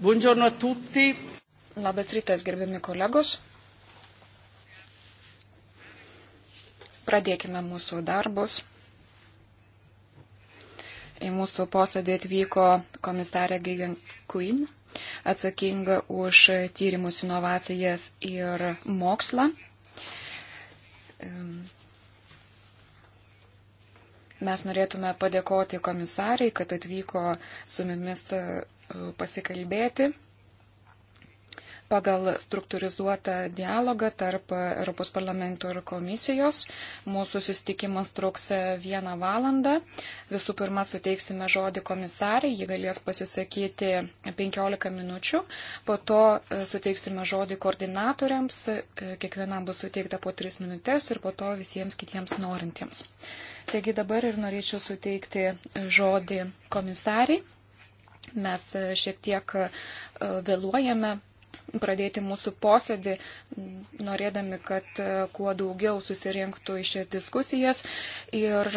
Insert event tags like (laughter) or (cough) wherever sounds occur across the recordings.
Buongiorno a tutti. Labas rytas, gerbiami kolegos. Pradėkime mūsų darbus. Į mūsų posėdį atvyko komisarė Gigan Queen, atsakinga už tyrimus, inovacijas ir mokslą. Mes norėtume padėkoti komisariai, kad atvyko su mumis pasikalbėti pagal struktūrizuotą dialogą tarp Europos parlamento ir komisijos. Mūsų susitikimas truks vieną valandą. Visų pirma, suteiksime žodį komisarai, ji galės pasisakyti 15 minučių, po to e, suteiksime žodį koordinatoriams, e, kiekvienam bus suteikta po 3 minutės ir po to visiems kitiems norintiems. Taigi dabar ir norėčiau suteikti žodį komisariai. Mes e, šiek tiek e, vėluojame pradėti mūsų posėdį, norėdami, kad e, kuo daugiau susirinktų į šias diskusijas. Ir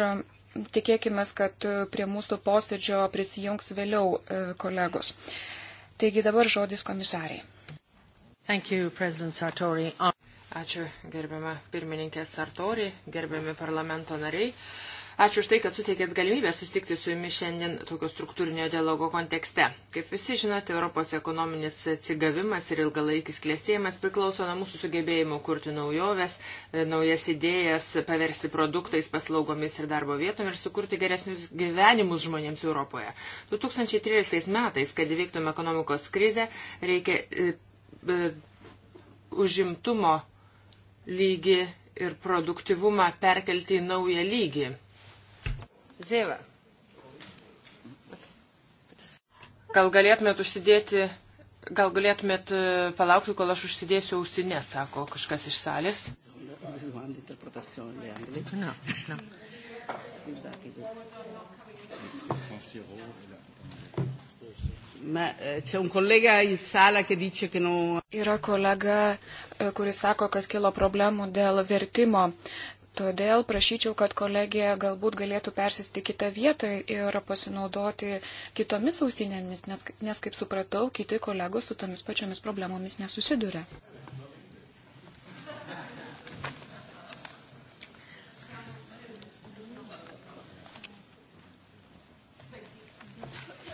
tikėkime, kad prie mūsų posėdžio prisijungs vėliau kolegos. Taigi dabar žodis komisariai. Thank you, President Sartori. Ačiū gerbiama pirmininkė Sartori, gerbiami parlamento nariai. Ačiū už tai, kad suteikėt galimybę susitikti su jumis šiandien tokio struktūrinio dialogo kontekste. Kaip visi žinote, Europos ekonominis atsigavimas ir ilgalaikis klėstėjimas priklauso nuo mūsų sugebėjimo kurti naujoves, e, naujas idėjas, paversti produktais, paslaugomis ir darbo vietom ir sukurti geresnius gyvenimus žmonėms Europoje. 2013 metais, kad įveiktum ekonomikos krizę, reikia e, e, užimtumo lygį ir produktivumą perkelti į naują lygį. Zėva. Gal galėtumėt užsidėti, gal galėtumėt e, palaukti, kol aš užsidėsiu ausinę, sako kažkas iš salės. No, no. Ma eh, c'è un collega in sala che dice che non... Yra kolega, eh, kuris sako, kad kilo problemų dėl vertimo. Todėl prašyčiau, kad kolegija galbūt galėtų persisti kitą vietą ir pasinaudoti kitomis ausinėmis, nes, nes kaip supratau, kiti kolegos su tomis pačiomis problemomis nesusiduria.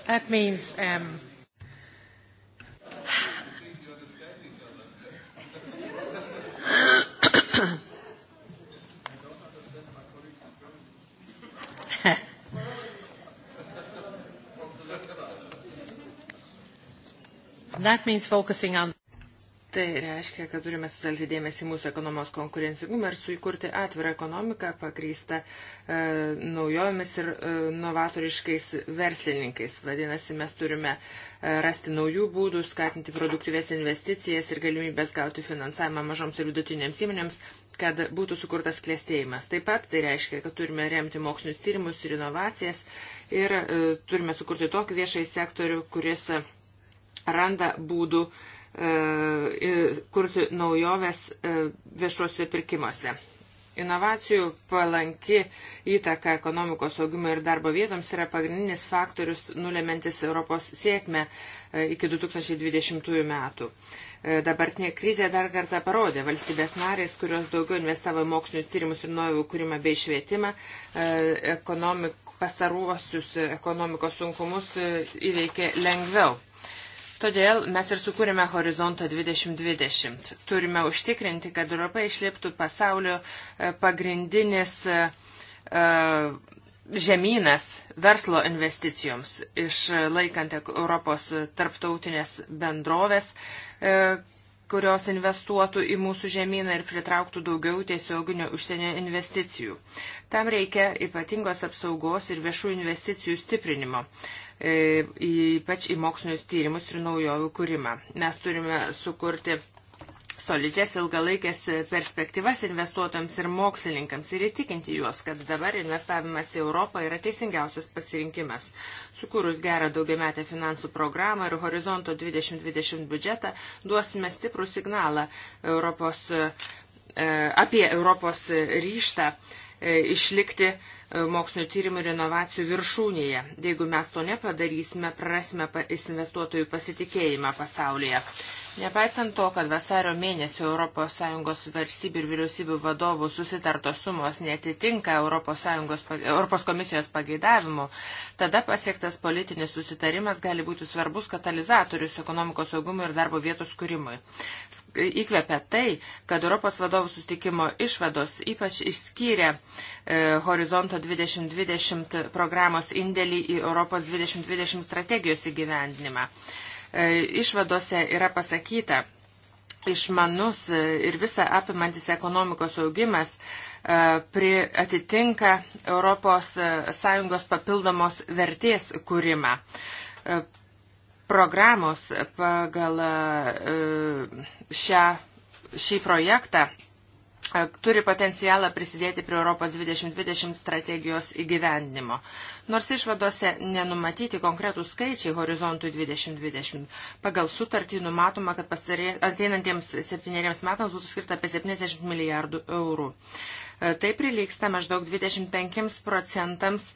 That means um, (coughs) On... Tai reiškia, kad turime sutelti dėmesį mūsų ekonomos konkurencingumą ir suikurti atvirą ekonomiką pagrįstą e, naujomis ir e, novatoriškais verslininkais. Vadinasi, mes turime e, rasti naujų būdų, skatinti produktyvės investicijas ir galimybės gauti finansavimą mažoms ir vidutinėms įmonėms, kad būtų sukurtas klėstėjimas. Taip pat tai reiškia, kad turime remti mokslinius tyrimus ir inovacijas ir e, turime sukurti tokį viešai sektorių, kuris e, randa būdų e, kurti naujoves e, viešuose pirkimuose. Inovacijų palanki įtaka ekonomikos augimui ir darbo vietoms yra pagrindinis faktorius nulemantis Europos sėkmę e, iki 2020 metų. Dabartinė krizė dar kartą parodė valstybės narės, kurios daugiau investavo į mokslinius tyrimus ir naujų kūrimą bei švietimą, ekonomik, pastaruosius ekonomikos sunkumus įveikė lengviau. Todėl mes ir sukūrėme horizontą 2020. Turime užtikrinti, kad Europa išliptų pasaulio e, pagrindinis e, e, žemynas verslo investicijoms, išlaikant Europos tarptautinės bendrovės, kurios investuotų į mūsų žemyną ir pritrauktų daugiau tiesioginių užsienio investicijų. Tam reikia ypatingos apsaugos ir viešų investicijų stiprinimo, e, ypač į mokslinius tyrimus ir naujovių kūrimą. Mes turime sukurti solidžias ilgalaikės perspektyvas investuotojams ir mokslininkams ir įtikinti juos, kad dabar investavimas į Europą yra teisingiausias pasirinkimas. Sukūrus gerą daugiametę finansų programą ir horizonto 2020 biudžetą duosime stiprų signalą Europos, e, apie Europos ryštą E, išlikti e, mokslinio tyrimų ir inovacijų viršūnėje. Tai jeigu mes to nepadarysime, prarasime investuotojų pasitikėjimą pasaulyje. Nepaisant to, kad vasario mėnesio ES valstybių ir vyriausybių vadovų susitartos sumos netitinka ES, ES komisijos pageidavimu, tada pasiektas politinis susitarimas gali būti svarbus katalizatorius ekonomikos saugumui ir darbo vietos kūrimui. Įkvepia tai, kad ES vadovų sustikimo išvados ypač išskyrė E, horizonto 2020 programos indėlį į Europos 2020 strategijos įgyvendinimą. E, išvadose yra pasakyta, išmanus e, ir visą apimantis ekonomikos augimas atitinka ES papildomos vertės kūrimą. Programos pagal šią, šį projektą E, turi potencialą prisidėti prie Europos 2020 strategijos įgyvendinimo. Nors išvadose nenumatyti konkretų skaičiai horizontui 2020, pagal sutartį numatoma, kad pastarė, ateinantiems septyneriems metams būtų skirta apie 70 milijardų eurų. E, tai prilyksta maždaug 25 procentams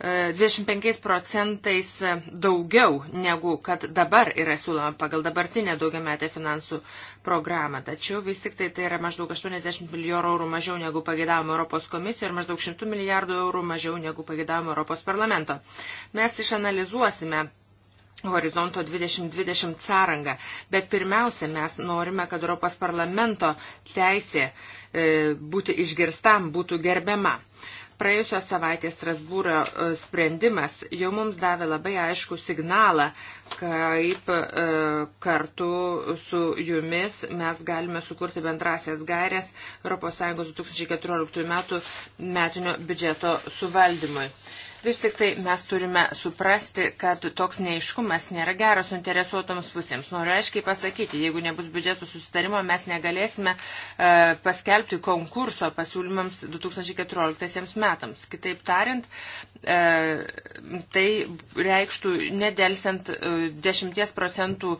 25 procentais daugiau negu kad dabar yra siūloma pagal dabartinę daugiametę finansų programą. Tačiau vis tik tai tai yra maždaug 80 milijonų eurų mažiau negu pagėdavome Europos komisijoje ir maždaug 100 milijardų eurų mažiau negu pagėdavome Europos parlamento. Mes išanalizuosime Horizonto 2020 sąrangą. Bet pirmiausia, mes norime, kad Europos parlamento teisė e, būti išgirstam būtų gerbiama. E, Praėjusios savaitės Strasbūro e, sprendimas jau mums davė labai aišku signalą, kaip e, kartu su jumis mes galime sukurti bendrasias gairias ES 2014 metų metinio biudžeto suvaldymui. Vis tik tai mes turime suprasti, kad toks neiškumas nėra geras suinteresuotoms pusėms. Noriu aiškiai pasakyti, jeigu nebus biudžeto susitarimo, mes negalėsime e, paskelbti konkurso pasiūlymams 2014 metams. Kitaip tariant, E, tai reikštų nedelsiant 10 e, procentų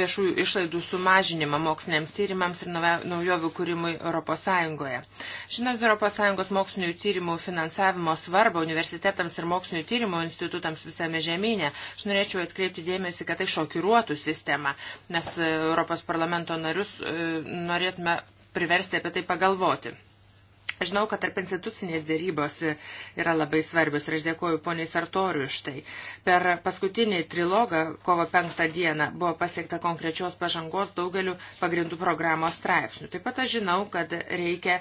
viešųjų išlaidų sumažinimą moksliniams tyrimams ir naujovių kūrimui ES. Žinant ES mokslinių tyrimų finansavimo svarbą universitetams ir mokslinių tyrimų institutams visame žemynė, aš norėčiau atkreipti dėmesį, kad tai šokiruotų sistemą, nes Europos parlamento narius e, norėtume priversti apie tai pagalvoti. Aš žinau, kad tarp institucinės dėrybos yra labai svarbios ir aš dėkuoju poniai Sartoriu už tai. Per paskutinį trilogą kovo penktą dieną buvo pasiekta konkrečios pažangos daugeliu pagrindų programos straipsnių. Taip pat aš žinau, kad reikia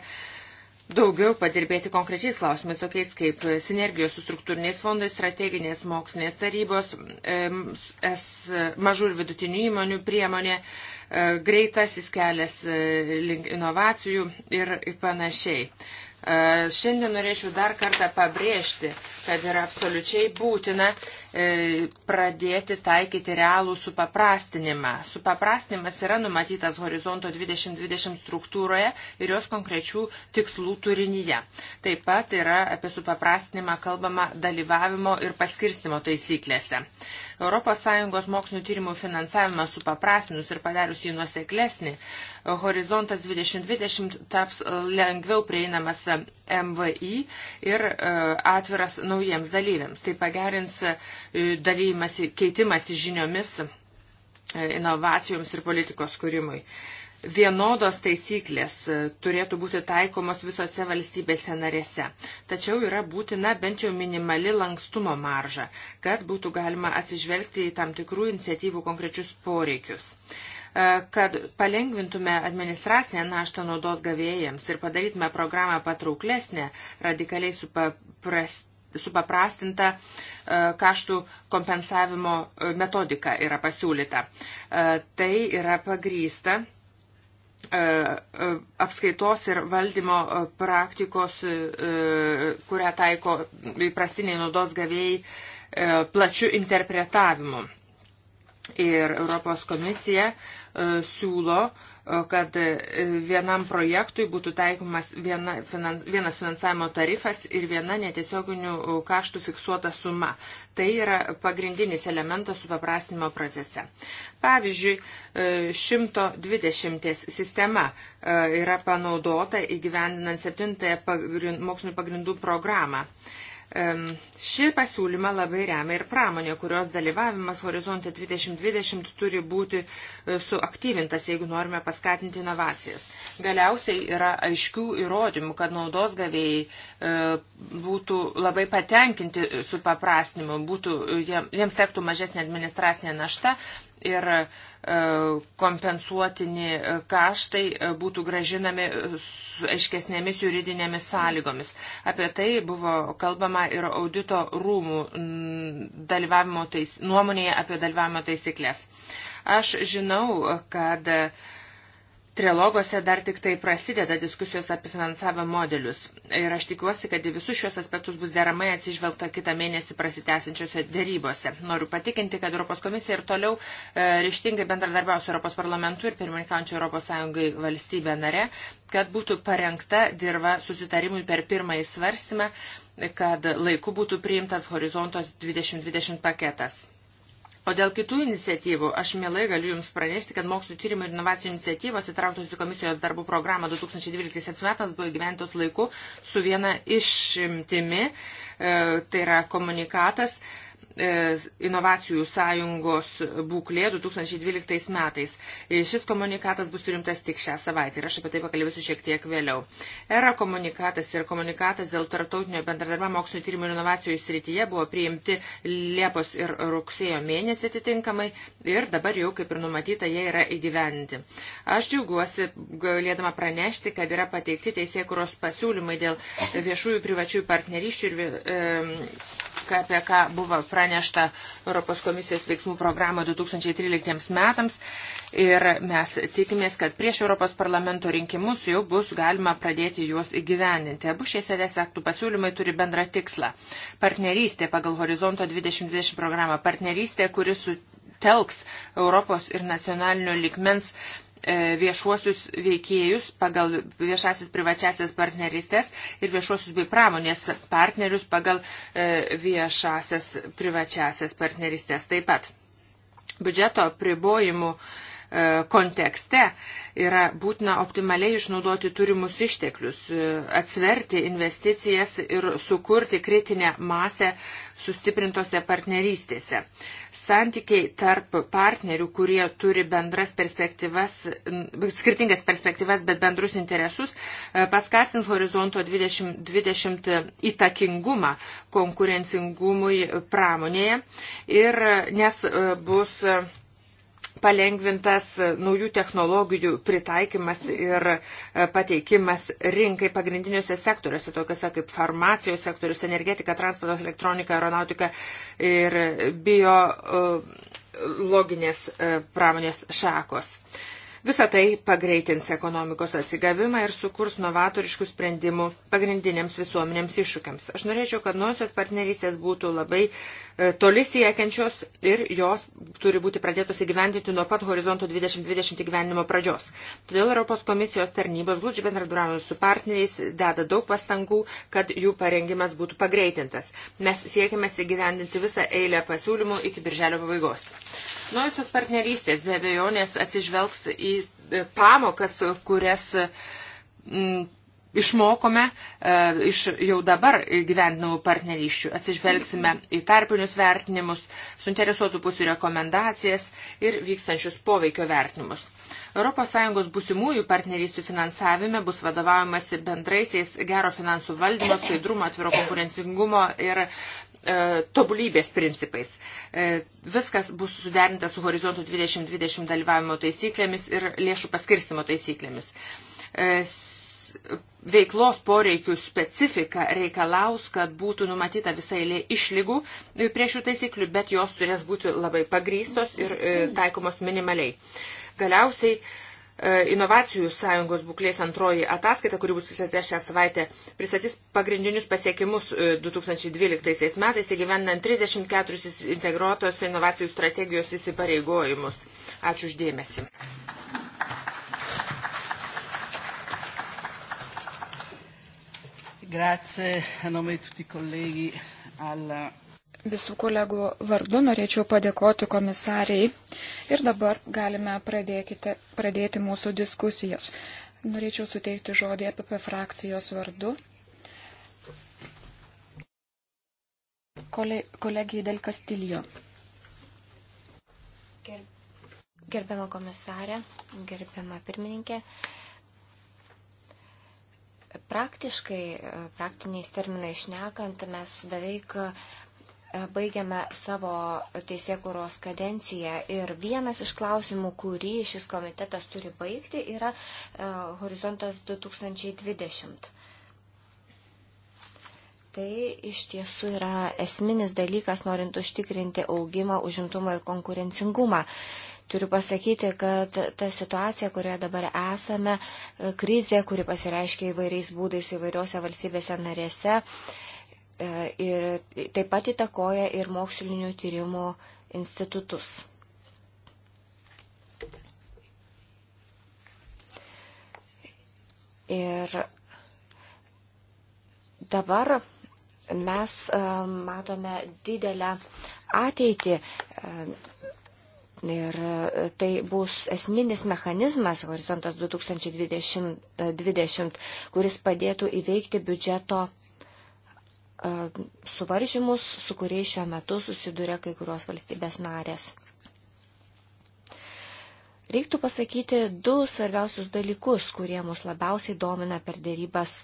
daugiau padirbėti konkrečiais klausimais, tokiais kaip sinergijos su struktūriniais fondais, strateginės mokslinės tarybos, es, mažų ir vidutinių įmonių priemonė. E, E, greitasis kelias e, link inovacijų ir panašiai. E, šiandien norėčiau dar kartą pabrėžti, kad yra absoliučiai būtina E, pradėti taikyti realų supaprastinimą. Supaprastinimas yra numatytas horizonto 2020 struktūroje ir jos konkrečių tikslų turinyje. Taip pat yra apie supaprastinimą kalbama dalyvavimo ir paskirstimo taisyklėse. ES mokslinio tyrimų finansavimą supaprastinus ir padarius jį nuoseklesnį, horizontas 2020 taps lengviau prieinamas MVI ir e, atviras naujiems dalyviams. Tai pagerins e, dalymas, keitimas žiniomis e, inovacijoms ir politikos kūrimui. Vienodos taisyklės turėtų būti taikomos visose valstybėse narėse, tačiau yra būtina bent jau minimali lankstumo marža, kad būtų galima atsižvelgti į tam tikrų iniciatyvų konkrečius poreikius kad palengvintume administracinę naštą naudos gavėjams ir padarytume programą patrauklesnę, radikaliai suprast, supaprastinta e, kaštų kompensavimo e, metodika yra pasiūlyta. E, tai yra pagrysta apskaitos ir valdymo praktikos, kurią taiko įprastiniai naudos gavėjai plačių interpretavimų. Ir Europos komisija uh, E, siūlo, e, kad e, vienam projektui būtų taikomas viena, finans, vienas finansavimo tarifas ir viena netiesioginių kaštų fiksuota suma. Tai yra pagrindinis elementas supaprastinimo procese. Pavyzdžiui, 120 sistema yra panaudota įgyvendinant 7 pagrindų, mokslinio pagrindų programą. Šį pasiūlymą labai remia ir pramonė, kurios dalyvavimas Horizonte 2020 turi būti e, suaktyvintas, jeigu norime paskatinti inovacijas. Galiausiai yra aiškių įrodymų, kad naudos gavėjai e, būtų labai patenkinti su paprastinimu, būtų, jiems tektų mažesnė administracinė našta ir e, kompensuotini e, kaštai e, būtų gražinami aiškesnėmis juridinėmis sąlygomis. Apie tai buvo kalbama ir audito rūmų tais, nuomonėje apie dalyvavimo taisyklės. Aš žinau, kad uh, Trilogose dar tik tai prasideda diskusijos apie finansavimo modelius ir aš tikiuosi, kad į visus šios aspektus bus deramai atsižvelgta kitą mėnesį prasitęsinčiose dėrybose. Noriu patikinti, kad Europos komisija ir toliau e, ryštingai bendradarbiaus Europos parlamentu ir pirmininkaujančio Europos Sąjungai valstybė nare, kad būtų parengta dirba susitarimui per pirmąjį svarstymą, kad laiku būtų priimtas horizontos 2020 paketas. O dėl kitų iniciatyvų, aš mielai galiu Jums pranešti, kad mokslo tyrimų ir inovacijų iniciatyvos įtrauktos į komisijos darbų programą 2012 metas buvo įgyventos laiku su viena išimtimi, e, tai yra komunikatas E, inovacijų sąjungos būklė 2012 metais. E, šis komunikatas bus priimtas tik šią savaitę ir aš apie tai pakalbėsiu šiek tiek vėliau. ERA komunikatas ir komunikatas dėl tarptautinio bendradarbiavimo mokslinio tyrimų ir inovacijų srityje buvo priimti Liepos ir rugsėjo mėnesį atitinkamai ir dabar jau, kaip ir numatyta, jie yra įgyveninti. Aš džiaugiuosi galėdama pranešti, kad yra pateikti teisėkuros pasiūlymai dėl viešųjų privačiųjų partnerysčių ir e, apie ką buvo pranešta Europos komisijos veiksmų programą 2013 metams. Ir mes tikimės, kad prieš Europos parlamento rinkimus jau bus galima pradėti juos įgyveninti. Abu šie sėdės aktų pasiūlymai turi bendrą tikslą. Partnerystė pagal Horizonto 2020 programą. Partnerystė, kuri sutelks Europos ir nacionalinio likmens E, viešuosius veikėjus pagal viešasis privačiasias partneristės ir viešuosius bei pramonės partnerius pagal e, viešasias privačiasias partneristės taip pat. Biudžeto pribojimų uh, E, kontekste yra būtina optimaliai išnaudoti turimus išteklius, e, atsverti investicijas ir sukurti kritinę masę sustiprintose partnerystėse. Santykiai tarp partnerių, kurie turi bendras perspektyvas, skirtingas perspektyvas, bet bendrus interesus, e, paskatins horizonto 2020 įtakingumą konkurencingumui pramonėje ir nes bus palengvintas naujų technologijų pritaikymas ir e, pateikimas rinkai pagrindiniuose sektoriuose, tokiuose kaip farmacijos sektorius, energetika, transportas, elektronika, aeronautika ir bio e, loginės e, pramonės šakos. Uh, Visą tai pagreitins ekonomikos atsigavimą ir sukurs novatoriškų sprendimų pagrindiniams visuomenėms iššūkiams. Aš norėčiau, kad nuosios partnerystės būtų labai e, toli siekiančios ir jos turi būti pradėtos įgyvendinti nuo pat horizonto 2020 gyvenimo pradžios. Todėl Europos komisijos tarnybos glūdžiai bendradarbiavimo su partneriais deda daug pastangų, kad jų parengimas būtų pagreitintas. Mes siekime įgyvendinti visą eilę pasiūlymų iki birželio pabaigos. Nuosios partnerystės be abejonės atsižvelgs į pamokas, kurias m, mm, išmokome e, iš jau dabar gyvendinamų partnerysčių. Atsižvelgsime į tarpinius vertinimus, suinteresuotų pusių rekomendacijas ir vykstančius poveikio vertinimus. ES busimųjų partnerysčių finansavime bus vadovaujamasi bendraisiais gero finansų valdymo, skaidrumo, atviro konkurencingumo ir e, E, tobulybės principais. E, viskas bus suderinta su horizontų 2020 dalyvavimo taisyklėmis ir lėšų paskirstimo taisyklėmis. E, veiklos poreikių specifika reikalaus, kad būtų numatyta visai eilė išlygų prie šių taisyklių, bet jos turės būti labai pagrystos ir taikomos minimaliai. Galiausiai E, inovacijų sąjungos būklės antroji ataskaita, kuri bus pristatyta šią savaitę, pristatys pagrindinius pasiekimus 2012 e, metais įgyvendant 34 integruotos inovacijų strategijos įsipareigojimus. Ačiū uždėmesi. Grazie a nome di tutti i colleghi alla visų kolegų vardu norėčiau padėkoti komisariai ir dabar galime pradėkite, pradėti mūsų diskusijas. Norėčiau suteikti žodį apie frakcijos vardu. Kole, kolegijai Del Castillo. Gerbiama komisarė, gerbiama pirmininkė praktiškai, praktiniais terminais šnekant, mes beveik baigiame savo teisėkuros kadenciją ir vienas iš klausimų, kurį šis komitetas turi baigti, yra e, horizontas 2020. Tai iš tiesų yra esminis dalykas, norint užtikrinti augimą, užimtumą ir konkurencingumą. Turiu pasakyti, kad ta situacija, kurioje dabar esame, e, krizė, kuri pasireiškia įvairiais būdais įvairiose valstybėse narėse, E, ir taip pat įtakoja ir mokslinių tyrimų institutus. Ir dabar mes e, matome didelę ateitį e, Ir tai bus esminis mechanizmas, horizontas 2020, 20, kuris padėtų įveikti biudžeto E, suvaržymus, su kuriais šiuo metu susiduria kai kurios valstybės narės. Reiktų pasakyti du svarbiausius dalykus, kurie mus labiausiai domina per dėrybas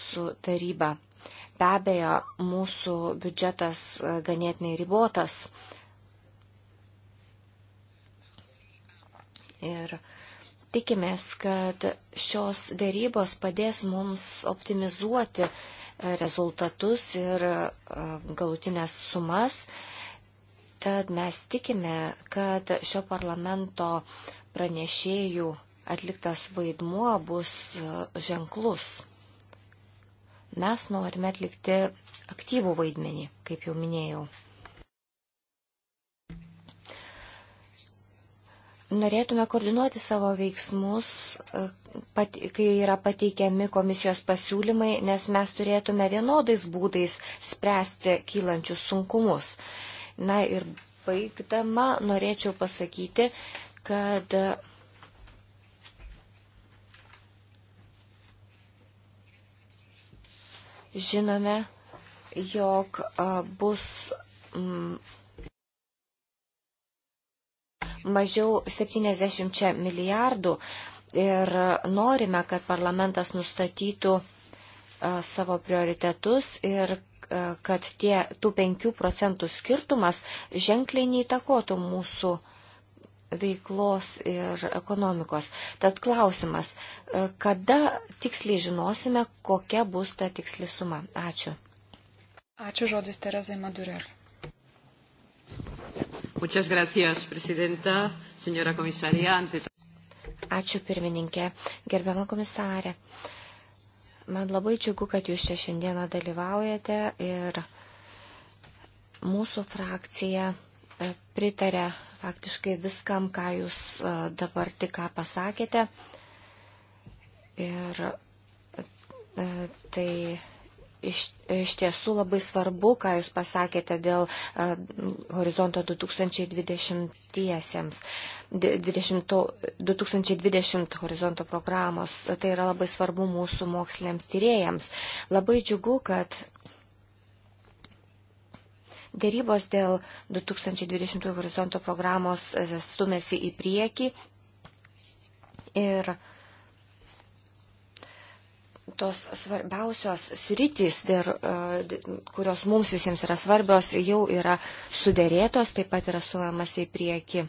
su taryba. Be abejo, mūsų biudžetas e, ganėtinai ribotas. Ir tikimės, kad šios dėrybos padės mums optimizuoti uh, rezultatus ir e, galutinės sumas. Tad mes tikime, kad šio parlamento pranešėjų atliktas vaidmuo bus e, ženklus. Mes norime atlikti aktyvų vaidmenį, kaip jau minėjau. norėtume koordinuoti savo veiksmus, e, pat, kai yra pateikiami komisijos pasiūlymai, nes mes turėtume vienodais būdais spręsti kylančius sunkumus. Na ir baigdama norėčiau pasakyti, kad žinome, jog bus mažiau 70 milijardų ir norime, kad parlamentas nustatytų e, savo prioritetus ir e, kad tie, tų 5 procentų skirtumas ženkliai neįtakotų mūsų veiklos ir ekonomikos. Tad klausimas, e, kada tiksliai žinosime, kokia bus ta tiksli suma? Ačiū. Ačiū žodis Terezai Madurel. Muchas gracias, presidenta, señora komisarija. Ante... Ačiū pirmininkė, gerbiama komisarė. Man labai džiugu, kad jūs čia šiandieną dalyvaujate ir mūsų frakcija e, pritarė faktiškai viskam, ką jūs e, dabar tik ką pasakėte. Ir e, tai Iš, iš tiesų labai svarbu, ką Jūs pasakėte dėl a, horizonto 2020-iesiems, 20, 2020 horizonto programos. Tai yra labai svarbu mūsų moksliniams tyrėjams. Labai džiugu, kad Dėrybos dėl 2020 horizonto programos e, stumėsi į priekį ir uh, tos svarbiausios sritys, e, dėl, kurios mums visiems yra svarbios, jau yra sudėrėtos, taip pat yra suojamas į priekį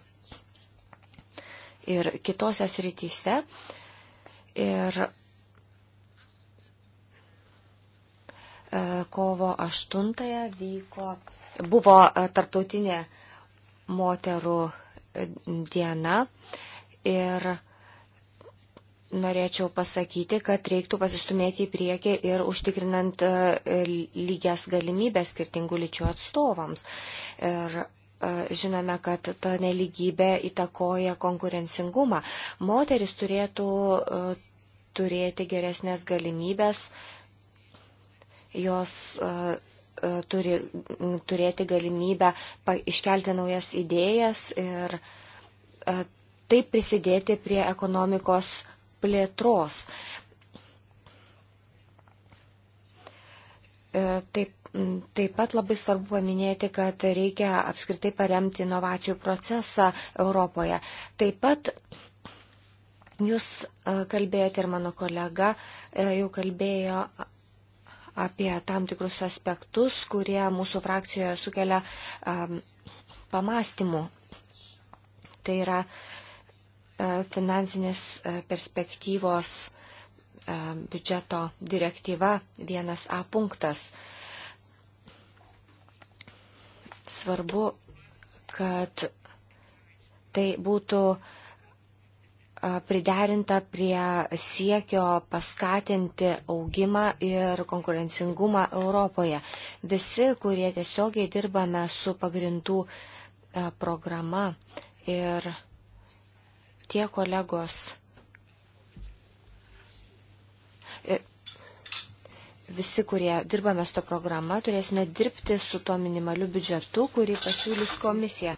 ir kitose srityse. Ir e, kovo 8 vyko, buvo e, tarptautinė moterų diena ir Norėčiau pasakyti, kad reiktų pasistumėti į priekį ir užtikrinant e, lygias galimybės skirtingų lyčių atstovams. Ir e, žinome, kad ta neligybė įtakoja konkurencingumą. Moteris turėtų e, turėti geresnės galimybės, jos turi turėti galimybę iškelti naujas idėjas ir taip prisidėti prie ekonomikos plėtros. E, taip Taip pat labai svarbu paminėti, kad reikia apskritai paremti inovacijų procesą Europoje. Taip pat jūs e, kalbėjote ir mano kolega e, jau kalbėjo apie tam tikrus aspektus, kurie mūsų frakcijoje sukelia um, pamastymų. Tai yra uh, E, finansinės e, perspektyvos e, biudžeto direktyva 1A punktas. Svarbu, kad tai būtų priderinta prie siekio paskatinti augimą ir konkurencingumą Europoje. Visi, kurie tiesiogiai dirbame su pagrindų programa ir tie kolegos. E, visi, kurie dirbame su to programa, turėsime dirbti su tuo minimaliu biudžetu, kurį pasiūlys komisija.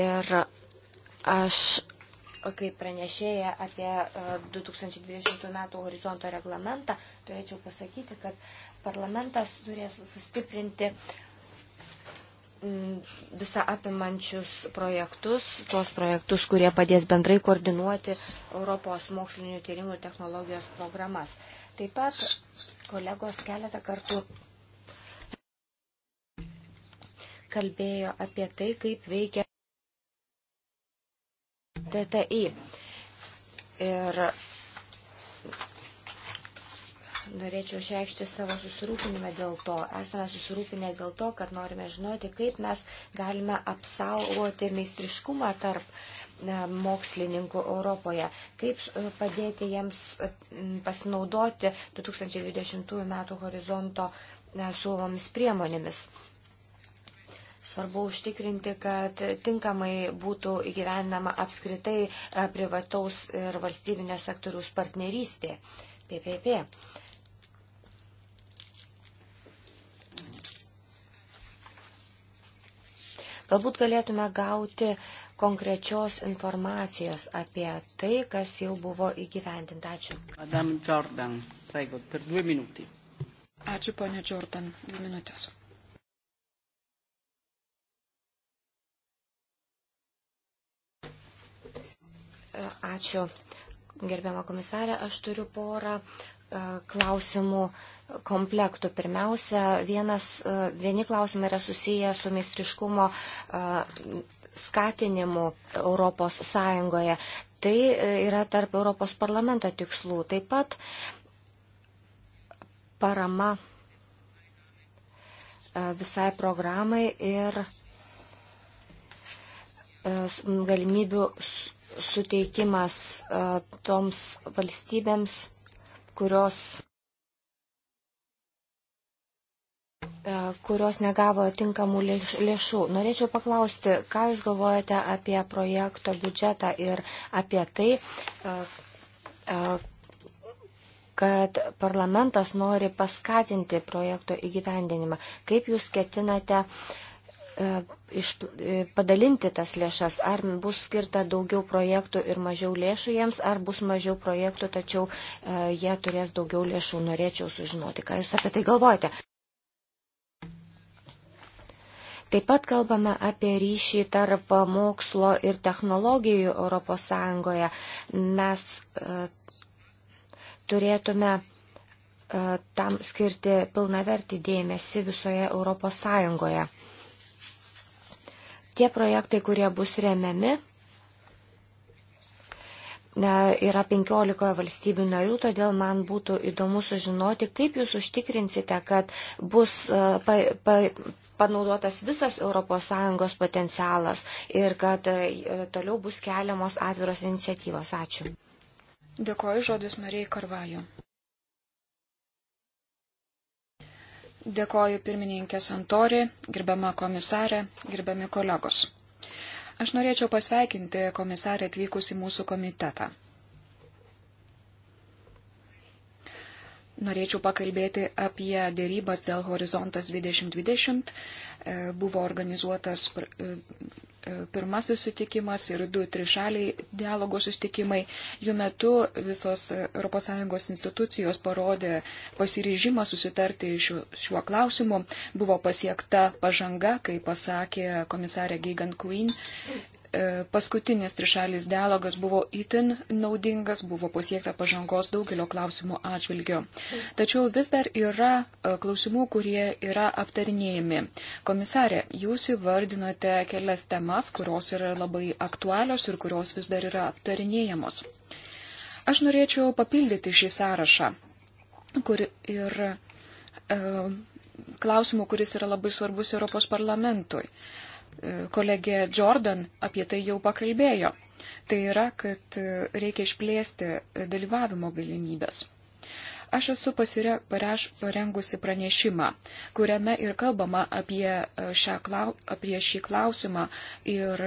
Ir aš, kaip pranešėja apie 2020 e, metų horizonto reglamentą, turėčiau pasakyti, kad parlamentas turės sustiprinti uh, Mm, visą apimančius projektus, tuos projektus, kurie padės bendrai koordinuoti Europos mokslinių tyrimų technologijos programas. Taip pat kolegos keletą kartų kalbėjo apie tai, kaip veikia TTI. Ir norėčiau išreikšti savo susirūpinimą dėl to. Esame susirūpinę dėl to, kad norime žinoti, kaip mes galime apsaugoti meistriškumą tarp e, mokslininkų Europoje, kaip e, padėti jiems e, pasinaudoti 2020 m. horizonto siūlomomis priemonėmis. Svarbu užtikrinti, kad tinkamai būtų įgyvendama apskritai privataus ir valstybinio sektoriaus partnerystė, PPP. Galbūt galėtume gauti konkrečios informacijos apie tai, kas jau buvo įgyvendinta. Ačiū. Madam Jordan, prego, per dvi minutį. Ačiū, ponė Jordan, dvi minutės. E, ačiū, gerbiama komisarė. Aš turiu porą e, klausimų komplektų. Pirmiausia, vienas, e, vieni klausimai yra susiję su meistriškumo e, skatinimu Europos Sąjungoje. Tai e, yra tarp Europos parlamento tikslų. Taip pat parama visai programai ir galimybių suteikimas toms valstybėms, kurios E, kurios negavo tinkamų lėšų. Norėčiau paklausti, ką Jūs galvojate apie projekto biudžetą ir apie tai, e, e, kad parlamentas nori paskatinti projekto įgyvendinimą. Kaip Jūs ketinate padalinti tas lėšas? Ar bus skirta daugiau projektų ir mažiau lėšų jiems, ar bus mažiau projektų, tačiau jie turės daugiau lėšų? Norėčiau sužinoti, ką Jūs apie tai galvojate. Taip pat kalbame apie ryšį tarp mokslo ir technologijų ES. Mes e, turėtume e, tam skirti pilnavertį dėmesį visoje ES. Tie projektai, kurie bus remiami, e, yra 15 valstybių narių, todėl man būtų įdomu sužinoti, kaip jūs užtikrinsite, kad bus pa, pa, panaudotas visas ES potencialas ir kad e, toliau bus keliamos atviros iniciatyvos. Ačiū. Dėkoju žodis Marijai Karvaju. Dėkoju pirmininkė Santori, gerbiama komisarė, gerbiami kolegos. Aš norėčiau pasveikinti komisarę atvykus į mūsų komitetą. Norėčiau pakalbėti apie dėrybas dėl Horizontas 2020. E, buvo organizuotas e, e, pirmasis sutikimas ir du trišaliai dialogo sustikimai. Jų metu visos ES institucijos parodė pasiryžimą susitarti šiuo, šiuo klausimu. Buvo pasiekta pažanga, kaip pasakė komisarė Gigan Queen. E, paskutinis trišalis dialogas buvo itin naudingas, buvo pasiekta pažangos daugelio klausimų atžvilgių. Tačiau vis dar yra e, klausimų, kurie yra aptarinėjami. Komisarė, jūs įvardinote kelias temas, kurios yra labai aktualios ir kurios vis dar yra aptarinėjamos. Aš norėčiau papildyti šį sąrašą, kur ir e, klausimų, kuris yra labai svarbus Europos parlamentui. E, E, kolegė Jordan apie tai jau pakalbėjo. Tai yra, kad e, reikia išplėsti dalyvavimo galimybės. Aš esu pasire, pareš, parengusi pranešimą, kuriame ir kalbama apie, e, šią, apie šį klausimą ir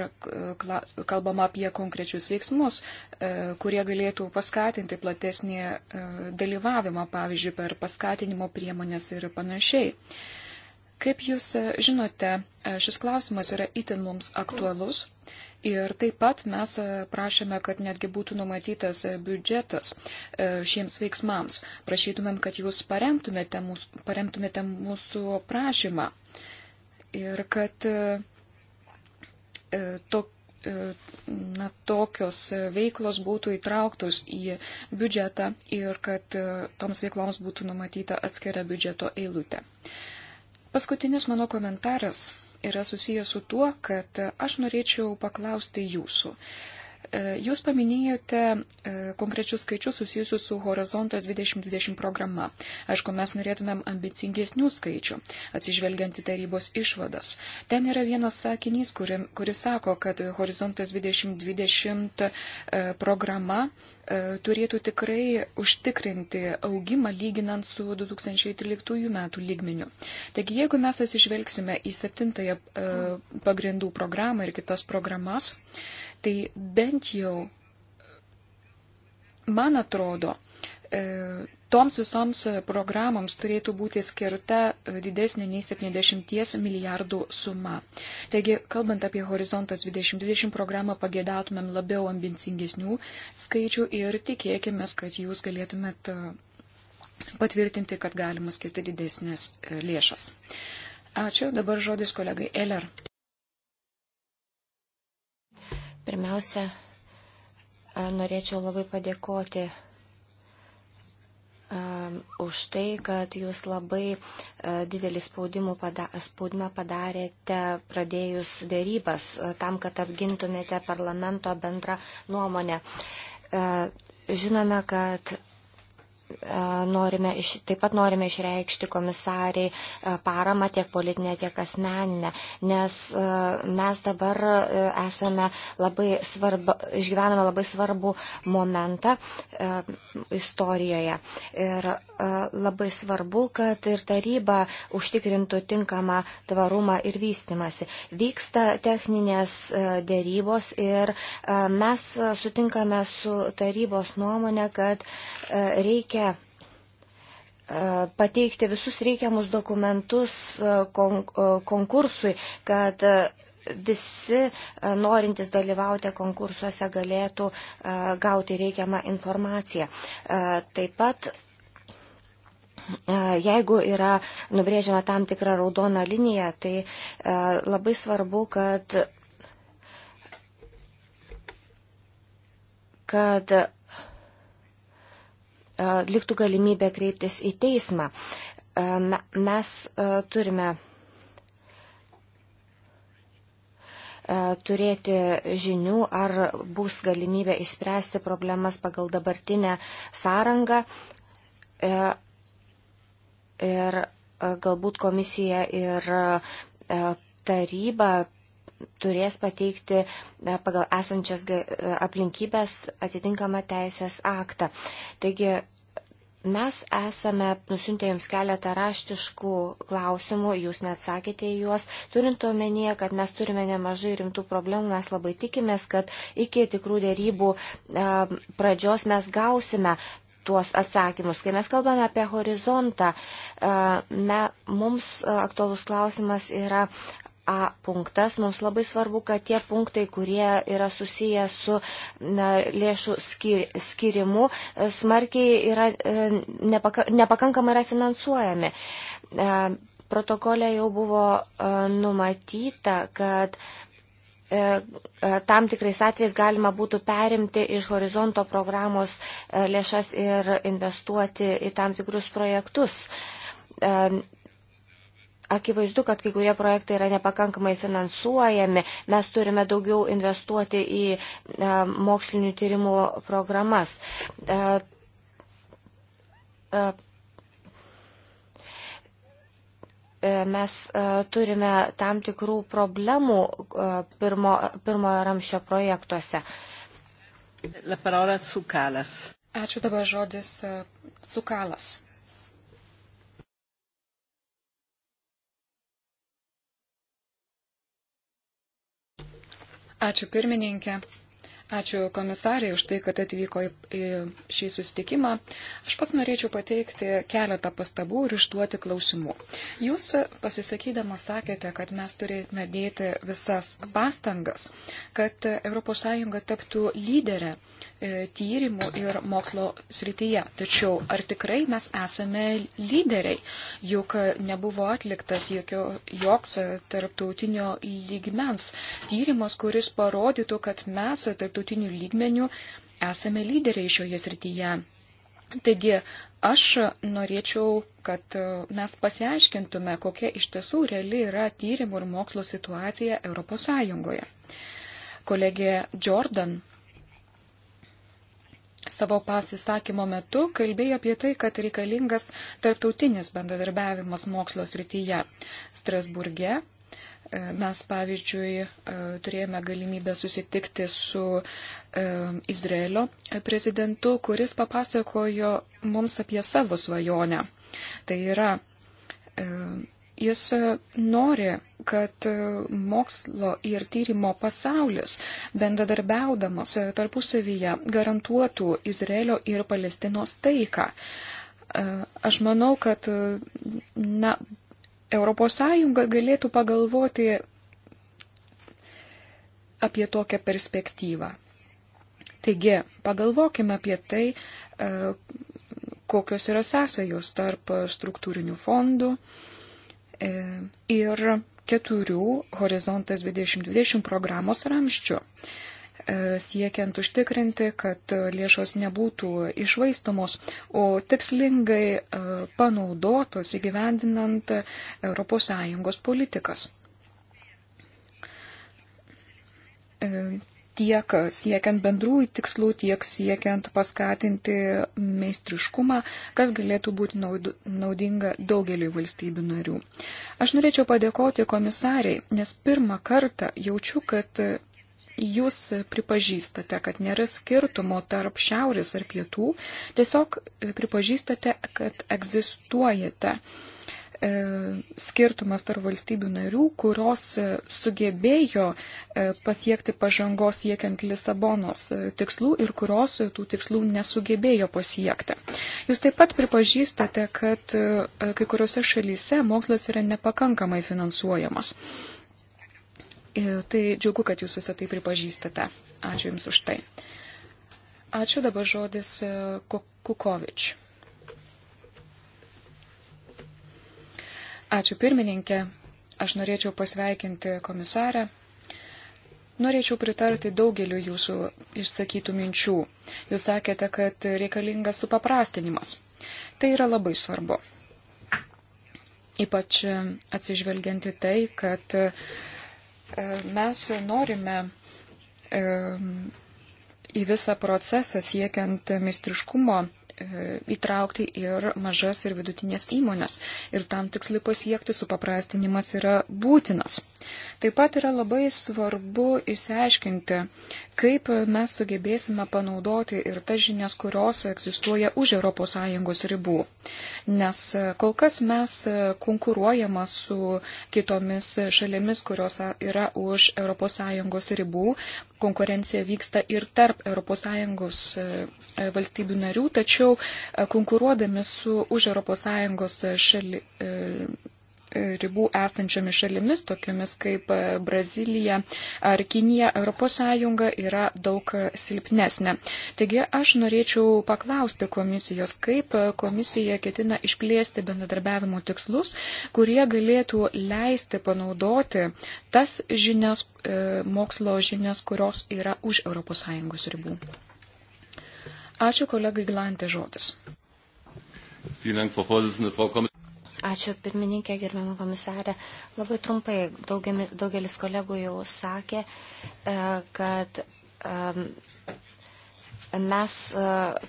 kla, kalbama apie konkrečius veiksmus, kurie galėtų paskatinti platesnį dalyvavimą, pavyzdžiui, per paskatinimo priemonės ir panašiai. Kaip jūs e, žinote, e, šis klausimas yra itin mums aktualus Ir taip pat mes e, prašėme, kad netgi būtų numatytas biudžetas šiems veiksmams. Prašytumėm, kad jūs paremtumėte mūsų, paremtumėte mūsų prašymą. Ir kad to, na, tokios veiklos būtų įtrauktos į biudžetą ir kad toms veikloms būtų numatyta atskira biudžeto eilutė. Paskutinis mano komentaras yra susijęs su tuo, kad aš norėčiau paklausti jūsų. E, jūs paminėjote e, konkrečius skaičius susijusius su Horizontas 2020 programa. Aišku, mes norėtumėm ambicingesnių skaičių, atsižvelgiant į tarybos išvadas. Ten yra vienas sakinys, kuris kuri sako, kad Horizontas 2020 e, programa turėtų tikrai užtikrinti augimą lyginant su 2013 metų lygmeniu. Taigi, jeigu mes atsižvelgsime į septintąją pagrindų programą ir kitas programas, tai bent jau, man atrodo, e, toms visoms programoms turėtų būti skirta didesnė nei 70 milijardų suma. Taigi, kalbant apie Horizontas 2020 programą, pagėdautumėm labiau ambicingesnių skaičių ir tikėkime, kad jūs galėtumėt e, patvirtinti, kad galima skirti didesnės e, lėšas. Ačiū, dabar žodis kolegai Eller. Pirmiausia, norėčiau labai padėkoti už tai, kad jūs labai didelį spaudimą padarėte pradėjus dėrybas tam, kad apgintumėte parlamento bendrą nuomonę. Žinome, kad norime, iš, taip pat norime išreikšti komisariai paramą tiek politinę, tiek asmeninę, nes mes dabar esame labai svarba, išgyvename labai svarbų momentą istorijoje. Ir labai svarbu, kad ir taryba užtikrintų tinkamą tvarumą ir vystimasi. Vyksta techninės dėrybos ir mes sutinkame su tarybos nuomonė, kad reikia reikia e, pateikti visus reikiamus dokumentus e, e, konkursui, kad visi norintys dalyvauti konkursuose galėtų gauti reikiamą informaciją. Taip pat Jeigu yra nubrėžiama tam tikra raudona linija, tai labai svarbu, kad, kad E, liktų galimybė kreiptis į teismą. E, mes e, turime turėti žinių, ar bus galimybė įspręsti problemas pagal dabartinę sąrangą. Ir galbūt komisija ir taryba turės pateikti e, pagal esančias e, aplinkybės atitinkamą teisės aktą. Taigi Mes esame nusintę jums keletą raštiškų klausimų, jūs neatsakėte į juos. Turint omenyje, kad mes turime nemažai rimtų problemų, mes labai tikimės, kad iki tikrų dėrybų e, pradžios mes gausime tuos atsakymus. Kai mes kalbame apie horizontą, e, me, mums e, aktuolus klausimas yra A punktas, mums labai svarbu, kad tie punktai, kurie yra susiję su na, lėšų skir, skirimu, e, smarkiai yra e, nepaka, nepakankamai yra finansuojami. E, Protokolė jau buvo numatyta, kad tam tikrais atvejais galima būtų perimti iš horizonto programos lėšas ir investuoti į tam tikrus projektus Akivaizdu, kad kai kurie projektai yra nepakankamai finansuojami. Mes turime daugiau investuoti į e, mokslinių tyrimų programas. E, e, e Mes e, turime tam tikrų problemų e, pirmo, pirmojo ramšio projektuose. La parola Cukalas. Ačiū dabar žodis Cukalas. Ačiū pirmininkė. Ačiū komisariai už tai, kad atvyko į šį sustikimą. Aš pats norėčiau pateikti keletą pastabų ir išduoti klausimų. Jūs pasisakydamas sakėte, kad mes turime dėti visas pastangas, kad ES taptų lyderę e, tyrimų ir mokslo srityje. Tačiau ar tikrai mes esame lyderiai, juk nebuvo atliktas jokio, joks tarptautinio lygmens tyrimas, kuris parodytų, kad mes tarptautinio tarptautiniu lygmeniu esame lyderiai šioje srityje. Taigi aš norėčiau, kad e, mes pasiaiškintume, kokia iš tiesų reali yra tyrimų ir mokslo situacija ES. Kolegė Jordan savo pasisakymo metu kalbėjo apie tai, kad reikalingas tarptautinis bendradarbiavimas mokslo srityje. Strasburge E, mes, pavyzdžiui, e, turėjome galimybę susitikti su e, Izraelio prezidentu, kuris papasakojo mums apie savo svajonę. Tai yra, jis nori, kad mokslo ir tyrimo pasaulis, bendradarbiaudamas tarpusavyje, garantuotų Izraelio ir Palestinos taiką. Aš manau, kad na, ES galėtų pagalvoti apie tokią perspektyvą. Taigi, pagalvokime apie tai, e, kokios yra sąsajos tarp struktūrinių fondų e, ir keturių Horizontas 2020 programos ramščių. E, siekiant užtikrinti, kad lėšos nebūtų išvaistomos, o tikslingai e, panaudotos įgyvendinant ES politikas. E, tiek siekiant bendrųjų tikslų, tiek siekiant paskatinti meistriškumą, kas galėtų būti naudinga daugeliu valstybių narių. Aš norėčiau padėkoti komisariai, nes pirmą kartą jaučiu, kad jūs pripažįstate, kad nėra skirtumo tarp šiaurės ar pietų, tiesiog e, pripažįstate, kad egzistuojate e, skirtumas tarp valstybių narių, kurios e, sugebėjo pasiekti pažangos siekiant Lisabonos tikslų ir kurios tų tikslų nesugebėjo pasiekti. Jūs taip pat pripažįstate, kad kai kuriuose šalyse mokslas yra nepakankamai finansuojamas. E, tai džiugu, kad jūs visą tai pripažįstate. Ačiū Jums už tai. Ačiū dabar žodis e, Kukovič. Ačiū pirmininkė. Aš norėčiau pasveikinti komisarę. Norėčiau pritarti daugeliu jūsų išsakytų minčių. Jūs sakėte, kad reikalingas supaprastinimas. Tai yra labai svarbu. Ypač e, atsižvelgianti tai, kad E, mes norime e, į visą procesą siekiant mistriškumo E, įtraukti ir mažas ir vidutinės įmonės. Ir tam tikslai pasiekti supaprastinimas yra būtinas. Taip pat yra labai svarbu įsiaiškinti, kaip mes sugebėsime panaudoti ir tas žinias, kurios egzistuoja už ES ribų. Nes kol kas mes konkuruojame su kitomis šalimis, kurios yra už ES ribų, konkurencija vyksta ir tarp ES e, valstybių narių, tačiau e, konkuruodami su už ES šali, e, ribų esančiomis šalimis, tokiomis kaip e, Brazilija ar Kinija, ES yra daug e, silpnesnė. Taigi aš norėčiau paklausti komisijos, kaip e, komisija ketina išplėsti bendradarbiavimo tikslus, kurie galėtų leisti panaudoti tas žinias, mokslo žinias, kurios yra už ES ribų. Ačiū kolegai Glantė žodis. Vielen Dank, Frau Vorsitzende, Frau Kommissarin. Ačiū pirmininkė, gerbiamą komisarę. Labai trumpai, daugelis kolegų jau sakė, e, kad mes, e,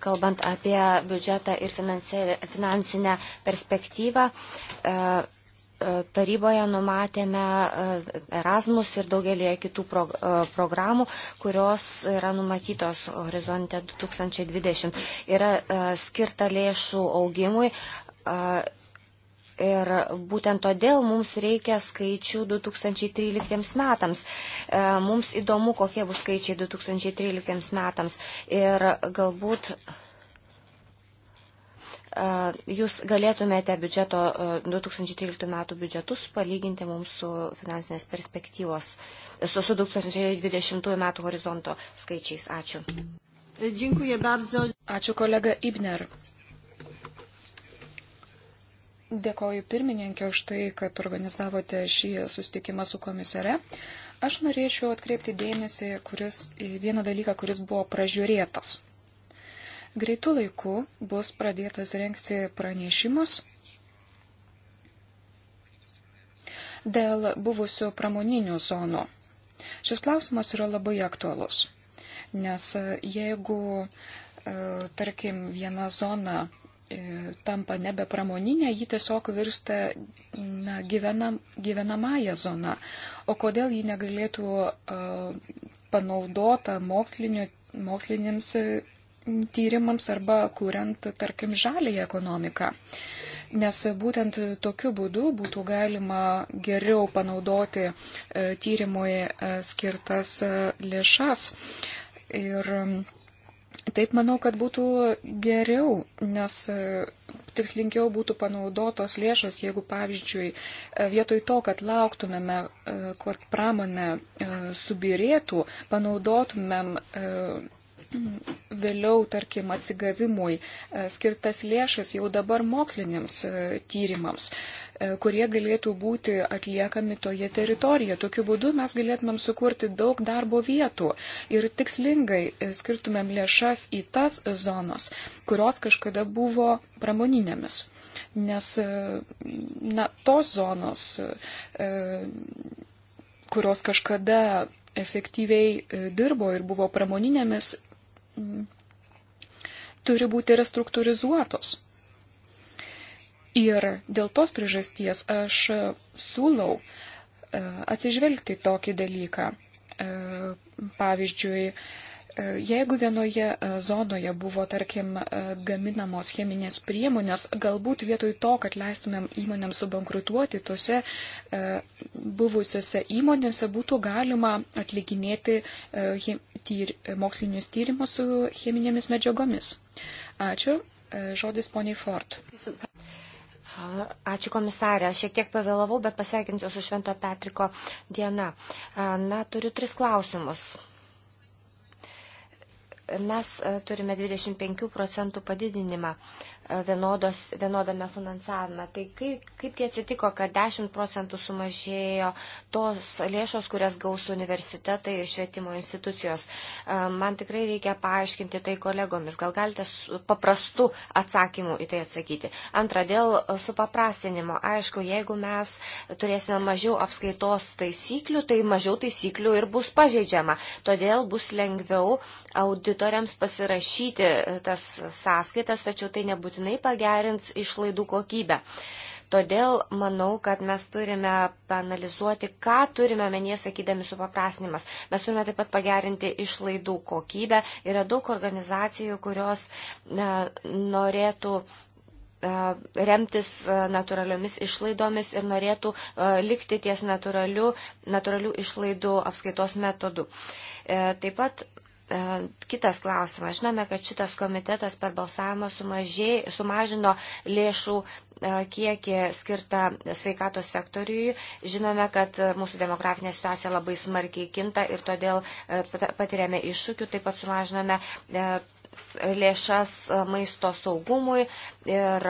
kalbant apie biudžetą ir finansinę perspektyvą, e, taryboje numatėme Erasmus ir daugelį kitų programų, kurios yra numatytos horizonte 2020. Yra skirta lėšų augimui Ir būtent todėl mums reikia skaičių 2013 metams. E, mums įdomu, kokie bus skaičiai 2013 metams. Ir galbūt e, jūs galėtumėte biudžeto 2013 e, metų biudžetus palyginti mums su finansinės perspektyvos, su, su 2020 metų horizonto skaičiais. Ačiū. Dziękuję bardzo. Ačiū kolega Ibner. Dėkoju pirmininkė už tai, kad organizavote šį susitikimą su komisare. Aš norėčiau atkreipti dėmesį kuris, į vieną dalyką, kuris buvo pražiūrėtas. Greitų laikų bus pradėtas renkti pranešimus dėl buvusių pramoninių zonų. Šis klausimas yra labai aktualus, nes jeigu, e, tarkim, viena zona E, tampa nebe pramoninė, ji tiesiog virsta na, gyvenam, gyvenamąją zoną. O kodėl ji negalėtų uh, panaudota moksliniams e, tyrimams arba kuriant, tarkim, žalį ekonomiką? Nes būtent tokiu būdu būtų galima geriau panaudoti uh, tyrimui uh, skirtas uh, lėšas. Ir um, Taip manau, kad būtų geriau, nes e, tikslinkiau būtų panaudotos lėšos, jeigu, pavyzdžiui, e, vietoj to, kad lauktumėme, e, kad pramonė subirėtų, panaudotumėm vėliau, tarkim, atsigavimui e, skirtas lėšas jau dabar moksliniams e, tyrimams, e, kurie galėtų būti atliekami toje teritorijoje. Tokiu būdu mes galėtumėm sukurti daug darbo vietų ir tikslingai skirtumėm lėšas į tas zonas, kurios kažkada buvo pramoninėmis. Nes na, tos zonos, kurios kažkada efektyviai dirbo ir buvo pramoninėmis turi būti restruktūrizuotos. Ir dėl tos priežasties aš siūlau e, atsižvelgti tokį dalyką. E, pavyzdžiui, E, jeigu vienoje e, zonoje buvo, tarkim, e, gaminamos cheminės priemonės, galbūt vietoj to, kad leistumėm įmonėms subankrutuoti, tose buvusiose įmonėse būtų galima atlikinėti mokslinius tyrimus su cheminėmis medžiagomis. Ačiū. Žodis poniai Ford. Ačiū komisarė, šiek tiek pavėlavau, bet pasveikinsiu su Švento Petriko diena. Na, turiu tris klausimus. Mes e, turime 25 procentų padidinimą vienodos, vienodame finansavime. Tai kaip, kaipgi atsitiko, kad 10 procentų sumažėjo tos lėšos, kurias gaus universitetai ir švietimo institucijos. E, man tikrai reikia paaiškinti tai kolegomis. Gal galite paprastų atsakymų į tai atsakyti. Antra, dėl supaprastinimo. Aišku, jeigu mes turėsime mažiau apskaitos taisyklių, tai mažiau taisyklių ir bus pažeidžiama. Todėl bus lengviau auditoriams pasirašyti tas sąskaitas, tačiau tai nebūtų nebūtinai pagerins išlaidų kokybę. Todėl manau, kad mes turime panalizuoti, ką turime menyje sakydami supaprasnimas. Mes turime taip pat pagerinti išlaidų kokybę. Yra daug organizacijų, kurios ne, norėtų remtis natūraliomis išlaidomis ir norėtų likti ties natūralių, natūralių išlaidų apskaitos metodu. E, taip pat E, kitas klausimas. Žinome, kad šitas komitetas per balsavimą sumažė, sumažino lėšų e, kiekį skirtą sveikatos sektoriui. Žinome, kad mūsų demografinė situacija labai smarkiai kinta ir todėl e, patiriame iššūkių, taip pat sumažiname lėšas maisto saugumui ir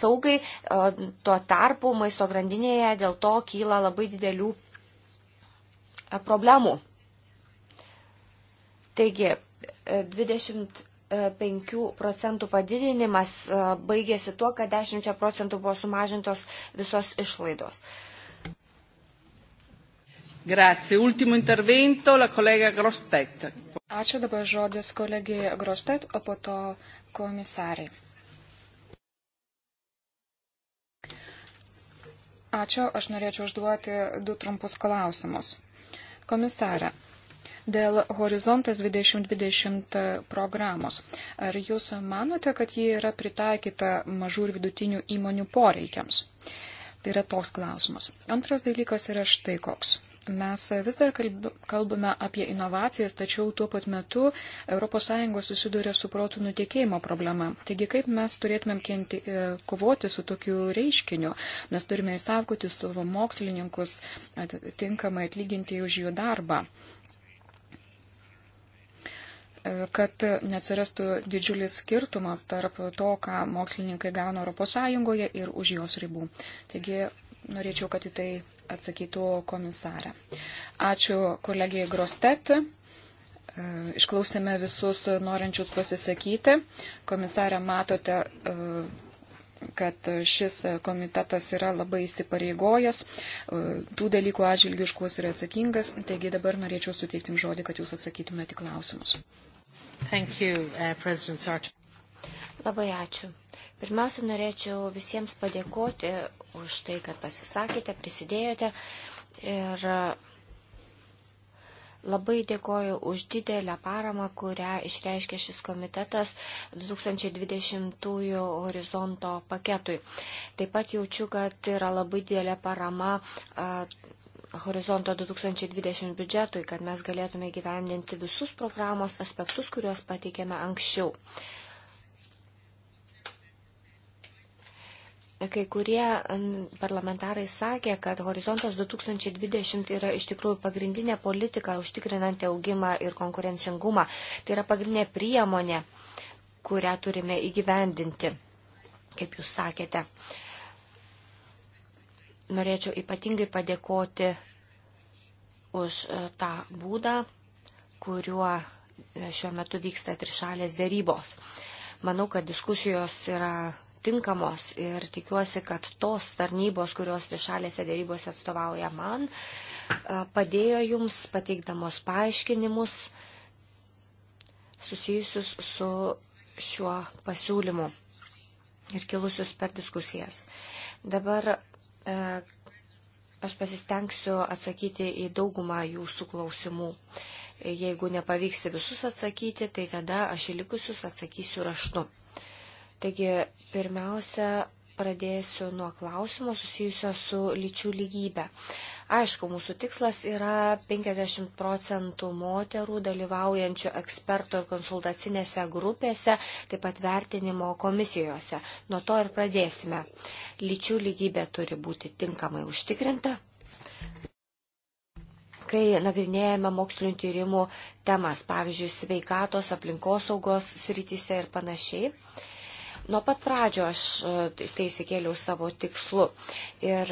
saugai. Tuo tarpu maisto grandinėje dėl to kyla labai didelių problemų. Taigi, 25 e, e, procentų padidinimas e, baigėsi tuo, kad 10 procentų buvo sumažintos visos išlaidos. Grazie. Ultimo intervento, la kolega Grostet. Ačiū dabar žodis kolegijai Grostet, o po to komisariai. Ačiū, aš norėčiau užduoti du trumpus klausimus. Komisarė, Dėl Horizontas 2020 e, programos. Ar jūs manote, kad ji yra pritaikyta mažų ir vidutinių įmonių poreikiams? Tai yra toks klausimas. Antras dalykas yra štai koks. Mes vis dar kalbame apie inovacijas, tačiau tuo pat metu ES susiduria su protų nutekėjimo problema. Taigi kaip mes turėtumėm kenti, e, kovoti su tokiu reiškiniu? Mes turime išsaugoti savo mokslininkus, atitinkamai atlyginti už jų darbą kad neatsirastų didžiulis skirtumas tarp to, ką mokslininkai gauna ES ir už jos ribų. Taigi norėčiau, kad į tai atsakytų komisarė. Ačiū kolegijai Grostet. E, išklausėme visus norinčius pasisakyti. Komisarė, matote, e, kad šis komitetas yra labai įsipareigojęs, e, tų dalykų atžvilgių iškuos yra atsakingas, taigi dabar norėčiau suteikti jums žodį, kad jūs atsakytumėte klausimus. Thank you, uh, President Sartre. Labai ačiū. Pirmiausia, norėčiau visiems padėkoti už tai, kad pasisakėte, prisidėjote ir uh, labai dėkoju už didelę paramą, kurią išreiškė šis komitetas 2020 horizonto paketui. Taip pat jaučiu, kad yra labai didelė parama uh, horizonto 2020 biudžetui, kad mes galėtume gyvendinti visus programos aspektus, kuriuos pateikėme anksčiau. Kai kurie parlamentarai sakė, kad horizontas 2020 yra iš tikrųjų pagrindinė politika užtikrinanti augimą ir konkurencingumą. Tai yra pagrindinė priemonė, kurią turime įgyvendinti, kaip jūs sakėte. Uh, norėčiau ypatingai padėkoti už e, tą būdą, kuriuo e, šiuo metu vyksta trišalės dėrybos. Manau, kad diskusijos yra tinkamos ir tikiuosi, kad tos tarnybos, kurios trišalėse dėrybose atstovauja man, e, padėjo jums pateikdamos paaiškinimus susijusius su šiuo pasiūlymu ir kilusius per diskusijas. Dabar E, aš pasistengsiu atsakyti į daugumą jūsų klausimų. Jeigu nepavyks visus atsakyti, tai tada aš į likusius atsakysiu raštu. Taigi, pirmiausia, pradėsiu nuo klausimo susijusio su lyčių lygybė. Aišku, mūsų tikslas yra 50 procentų moterų dalyvaujančių eksperto ir konsultacinėse grupėse, taip pat vertinimo komisijose. Nuo to ir pradėsime. Lyčių lygybė turi būti tinkamai užtikrinta. Kai nagrinėjame mokslinių tyrimų temas, pavyzdžiui, sveikatos, aplinkosaugos srityse ir panašiai, Nuo pat pradžio aš e, tai įsikėliau savo tikslu. Ir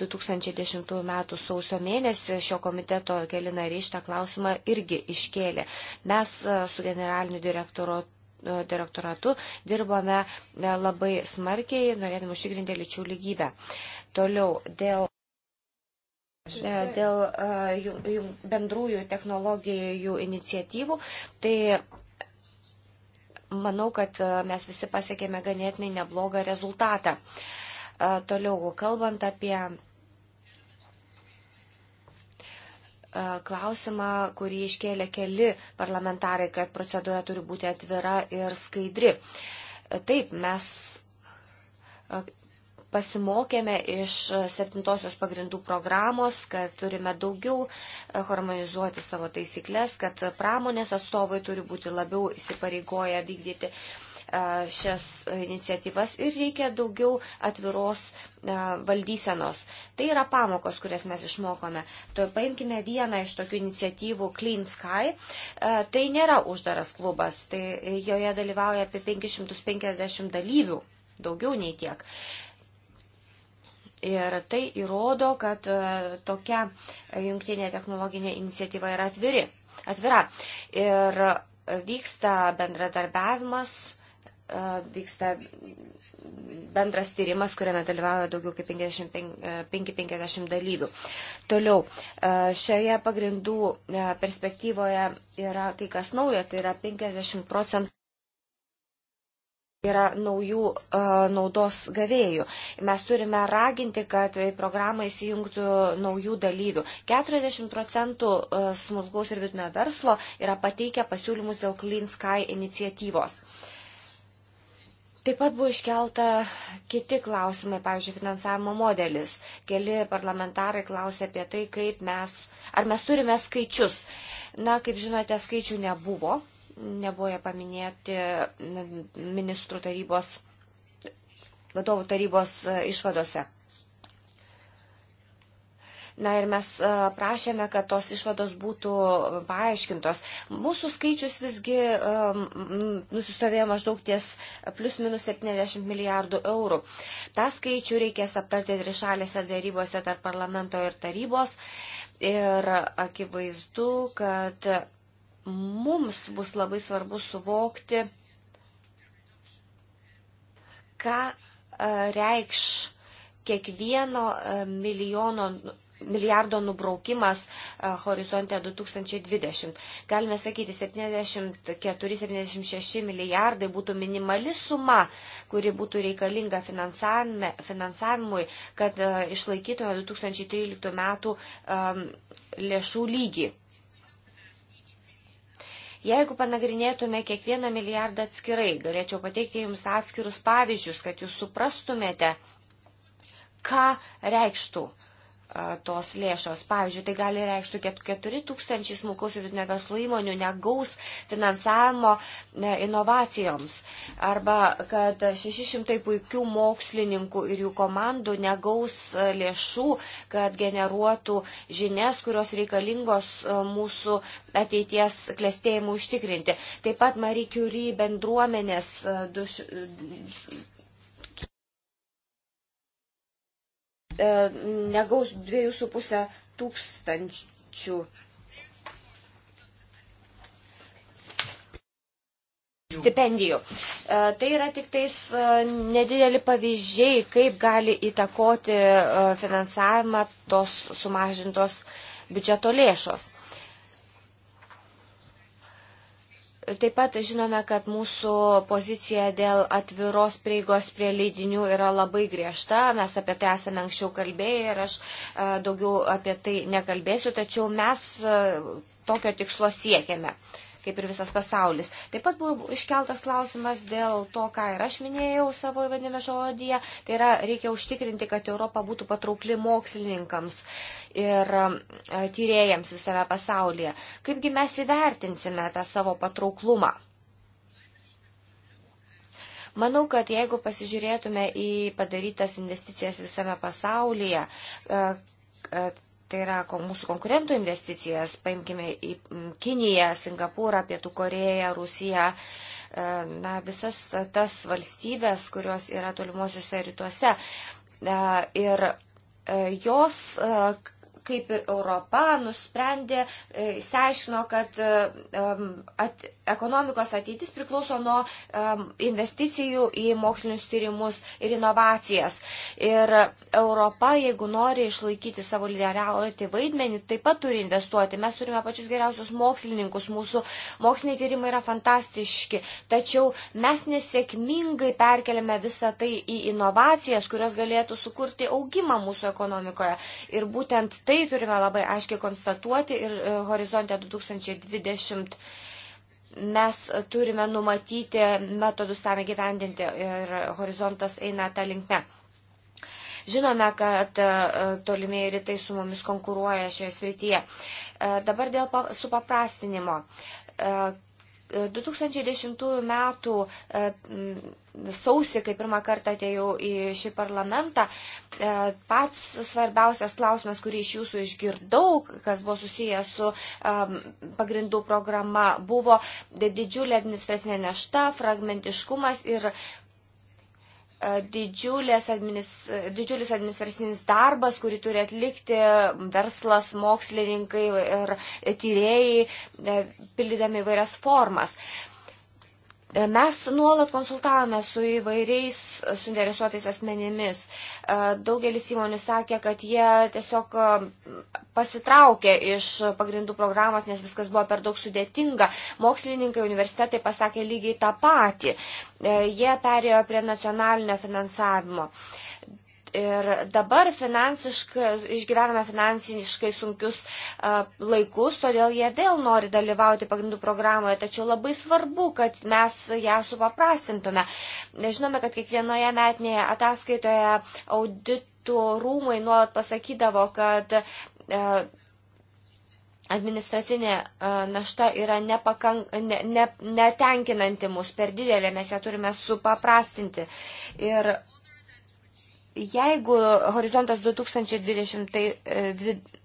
2010 e, m. sausio mėnesį šio komiteto keli nariai šitą klausimą irgi iškėlė. Mes e, su generaliniu direktoru direktoratu dirbame labai smarkiai, norėdami užtikrinti lyčių lygybę. Toliau, dėl dėl bendrųjų technologijų iniciatyvų, tai manau, kad e, mes visi pasiekėme ganėtinai neblogą rezultatą. E, toliau, kalbant apie e, klausimą, kurį iškėlė keli parlamentarai, kad procedūra turi būti atvira ir skaidri. Taip, mes pasimokėme iš septintosios pagrindų programos, kad turime daugiau e, harmonizuoti savo taisyklės, kad pramonės atstovai turi būti labiau įsipareigoję vykdyti e, šias iniciatyvas ir reikia daugiau atviros e, valdysenos. Tai yra pamokos, kurias mes išmokome. To paimkime vieną iš tokių iniciatyvų Clean Sky. Tai nėra uždaras klubas, tai joje dalyvauja apie 550 dalyvių daugiau nei tiek. Ir tai įrodo, kad e, tokia jungtinė technologinė iniciatyva yra atviri, atvira. Ir vyksta bendradarbiavimas, e, vyksta bendras tyrimas, kuriame dalyvauja daugiau kaip 50-50 e, dalyvių. Toliau, šioje pagrindų perspektyvoje yra kai kas naujo, tai yra 50 procentų yra naujų e, naudos gavėjų. Mes turime raginti, kad į programą įsijungtų naujų dalyvių. 40 procentų e, smulkaus ir vidutinio verslo yra pateikę pasiūlymus dėl Clean Sky iniciatyvos. Taip pat buvo iškelta kiti klausimai, pavyzdžiui, finansavimo modelis. Keli parlamentarai klausė apie tai, kaip mes, ar mes turime skaičius. Na, kaip žinote, skaičių nebuvo, nebuvo jie paminėti ministrų tarybos, vadovų tarybos e, išvadose. Na ir mes e, prašėme, kad tos išvados būtų paaiškintos. Mūsų skaičius visgi um, nusistovėjo maždaug ties plus minus 70 milijardų eurų. Ta skaičių reikės aptarti trišalėse dėrybose tarp parlamento ir tarybos. Ir akivaizdu, kad mums bus labai svarbu suvokti, ką e, reikš kiekvieno e, milijono milijardo nubraukimas e, horizonte 2020. Galime sakyti, 74-76 milijardai būtų minimali suma, kuri būtų reikalinga finansavimui, kad išlaikytume 2013 metų lėšų lygį. Jeigu panagrinėtume kiekvieną milijardą atskirai, galėčiau pateikti jums atskirus pavyzdžius, kad jūs suprastumėte, ką reikštų tos lėšos. Pavyzdžiui, tai gali reikšti, kad 4 tūkstančiai smulkaus ir vidutinio verslo įmonių negaus finansavimo e, inovacijoms. Arba kad 600 puikių mokslininkų ir jų komandų negaus e, lėšų, kad generuotų žinias, kurios reikalingos e, mūsų ateities klėstėjimų užtikrinti. Taip pat Marie Curie bendruomenės duš, E, negaus 2,5 tūkstančių. Stipendijų. E, tai yra tik tais e, nedideli pavyzdžiai, kaip gali įtakoti finansavimą tos sumažintos biudžeto lėšos. Taip pat žinome, kad mūsų pozicija dėl atviros prieigos prie leidinių yra labai griežta. Mes apie tai esame anksčiau kalbėję ir aš e, daugiau apie tai nekalbėsiu, tačiau mes e, tokio tikslo siekiame kaip ir visas pasaulis. Taip pat buvo iškeltas klausimas dėl to, ką ir aš minėjau savo įvadinėme žodyje, tai yra reikia užtikrinti, kad Europa būtų patraukli mokslininkams ir tyrėjams visame pasaulyje. Kaipgi mes įvertinsime tą savo patrauklumą? Manau, kad jeigu pasižiūrėtume į padarytas investicijas visame pasaulyje, Tai yra mūsų konkurentų investicijas, paimkime į Kiniją, Singapūrą, Pietų Koreją, Rusiją, e, na, visas tas valstybės, kurios yra tolimuosiuose rytuose. E, ir e, jos kaip ir Europa, nusprendė, e, išsiaiškino, kad e, at, ekonomikos ateitis priklauso nuo investicijų į mokslinius tyrimus ir inovacijas. Ir Europa, jeigu nori išlaikyti savo lyderiauti vaidmenį, taip pat turi investuoti. Mes turime pačius geriausius mokslininkus, mūsų moksliniai tyrimai yra fantastiški, tačiau mes nesėkmingai perkeliame visą tai į inovacijas, kurios galėtų sukurti augimą mūsų ekonomikoje. Ir būtent tai Tai turime labai aiškiai konstatuoti ir e, horizonte 2020 mes turime numatyti metodus tam įgyvendinti ir horizontas eina tą linkme. Žinome, kad e, tolimieji rytai su mumis konkuruoja šioje srityje. E, dabar dėl supaprastinimo 2010 metų e, sausį, kai pirmą kartą atėjau į šį parlamentą, e, pats svarbiausias klausimas, kurį iš jūsų išgirdau, kas buvo susijęs su e, pagrindų programa, buvo didžiulė administracinė nešta, fragmentiškumas ir E, didžiulis, administ, didžiulis administracinis darbas, kurį turi atlikti verslas, mokslininkai ir tyrėjai, e, pildydami vairias formas. Uh, Mes nuolat konsultavome su įvairiais suinteresuotais asmenimis. E, daugelis įmonių sakė, kad jie tiesiog e, pasitraukė iš pagrindų programos, nes viskas buvo per daug sudėtinga. Mokslininkai, universitetai pasakė lygiai tą patį. E, jie perėjo prie nacionalinio finansavimo. Ir dabar finansiškai, išgyvename finansiškai sunkius uh, laikus, todėl jie vėl nori dalyvauti pagrindų programoje, tačiau labai svarbu, kad mes ją supaprastintume. Žinome, kad kiekvienoje metinėje ataskaitoje auditų rūmai nuolat pasakydavo, kad uh, administracinė našta yra nepakank, ne, ne, netenkinanti mus per didelė, mes ją turime supaprastinti. Ir Jeigu horizontas 2020, tai,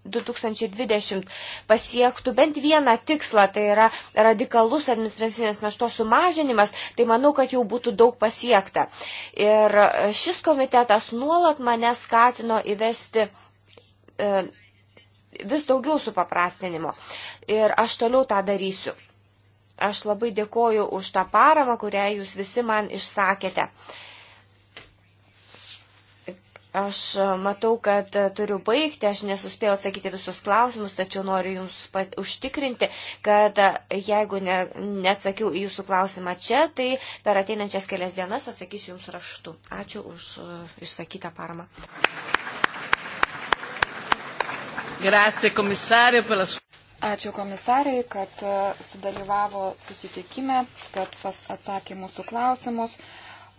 2020 pasiektų bent vieną tikslą, tai yra radikalus administracinės naštos sumažinimas, tai manau, kad jau būtų daug pasiekta. Ir šis komitetas nuolat mane skatino įvesti e, vis daugiau supaprastinimo. Ir aš toliau tą darysiu. Aš labai dėkoju už tą paramą, kurią jūs visi man išsakėte. Uh, Aš e, matau, kad e, turiu baigti, aš nesuspėjau atsakyti visus klausimus, tačiau noriu Jums pat, užtikrinti, kad e, jeigu ne, neatsakiau į Jūsų klausimą čia, tai per ateinančias kelias dienas atsakysiu Jums raštu. Ačiū už uh, išsakytą paramą. Grazie, komisarė, palas. Ačiū komisariai, kad sudalyvavo susitikime, kad atsakė mūsų klausimus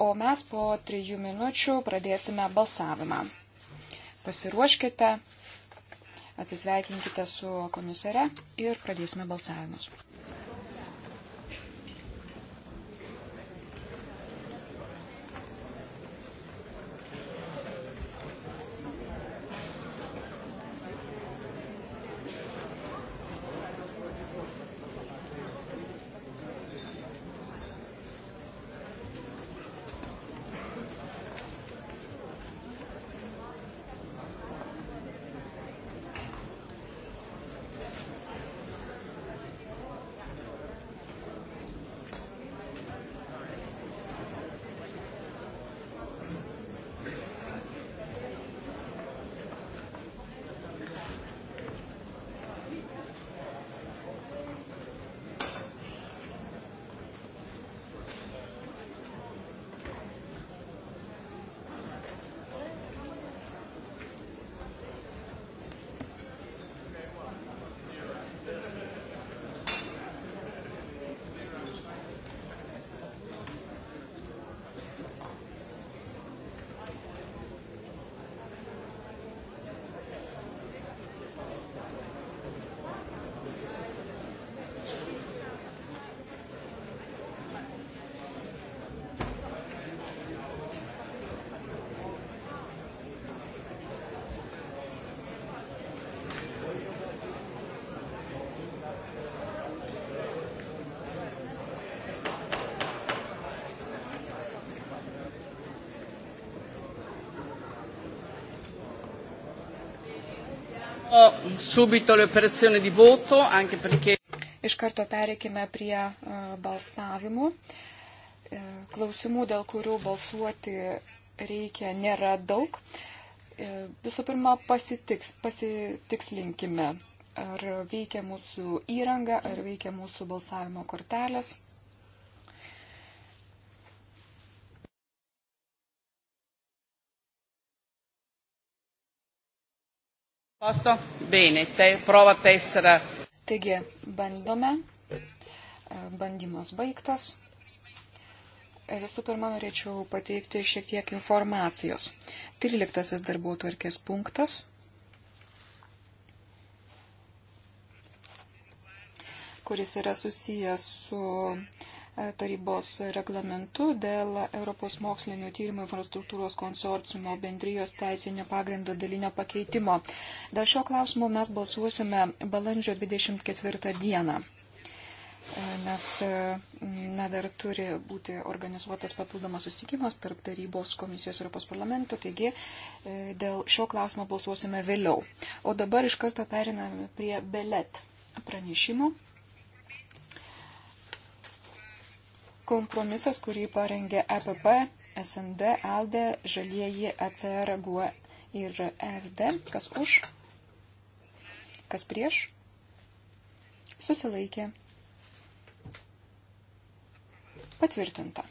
o mes po trijų minučių pradėsime balsavimą. Pasiruoškite, atsisveikinkite su komisare ir pradėsime balsavimus. subito le operazioni di voto, anche perché. Iš karto pereikime prie e, balsavimų. E, klausimų, dėl kurių balsuoti reikia, nėra daug. E, visų pirma, pasitiks, pasitikslinkime, ar veikia mūsų įranga, ar veikia mūsų balsavimo kortelės. Pasta, bene, te, prova tessera. Taigi, bandome. E, bandymas baigtas. E, visų pirma, norėčiau pateikti šiek tiek informacijos. 13 darbų tvarkės punktas. kuris yra susijęs su tarybos reglamentu dėl Europos mokslinio tyrimo infrastruktūros konsorciumo bendrijos teisinio pagrindo dalinio pakeitimo. Dėl šio klausimo mes balsuosime balandžio 24 dieną, nes na, dar turi būti organizuotas papildomas sustikimas tarp tarybos komisijos Europos parlamento, taigi e, dėl šio klausimo balsuosime vėliau. O dabar iš karto periname prie belet pranešimo. Kompromisas, kurį parengė EPP, SND, ALDE, Žalieji, ACR, GUE ir EFD. Kas už? Kas prieš? Susilaikė. Patvirtinta.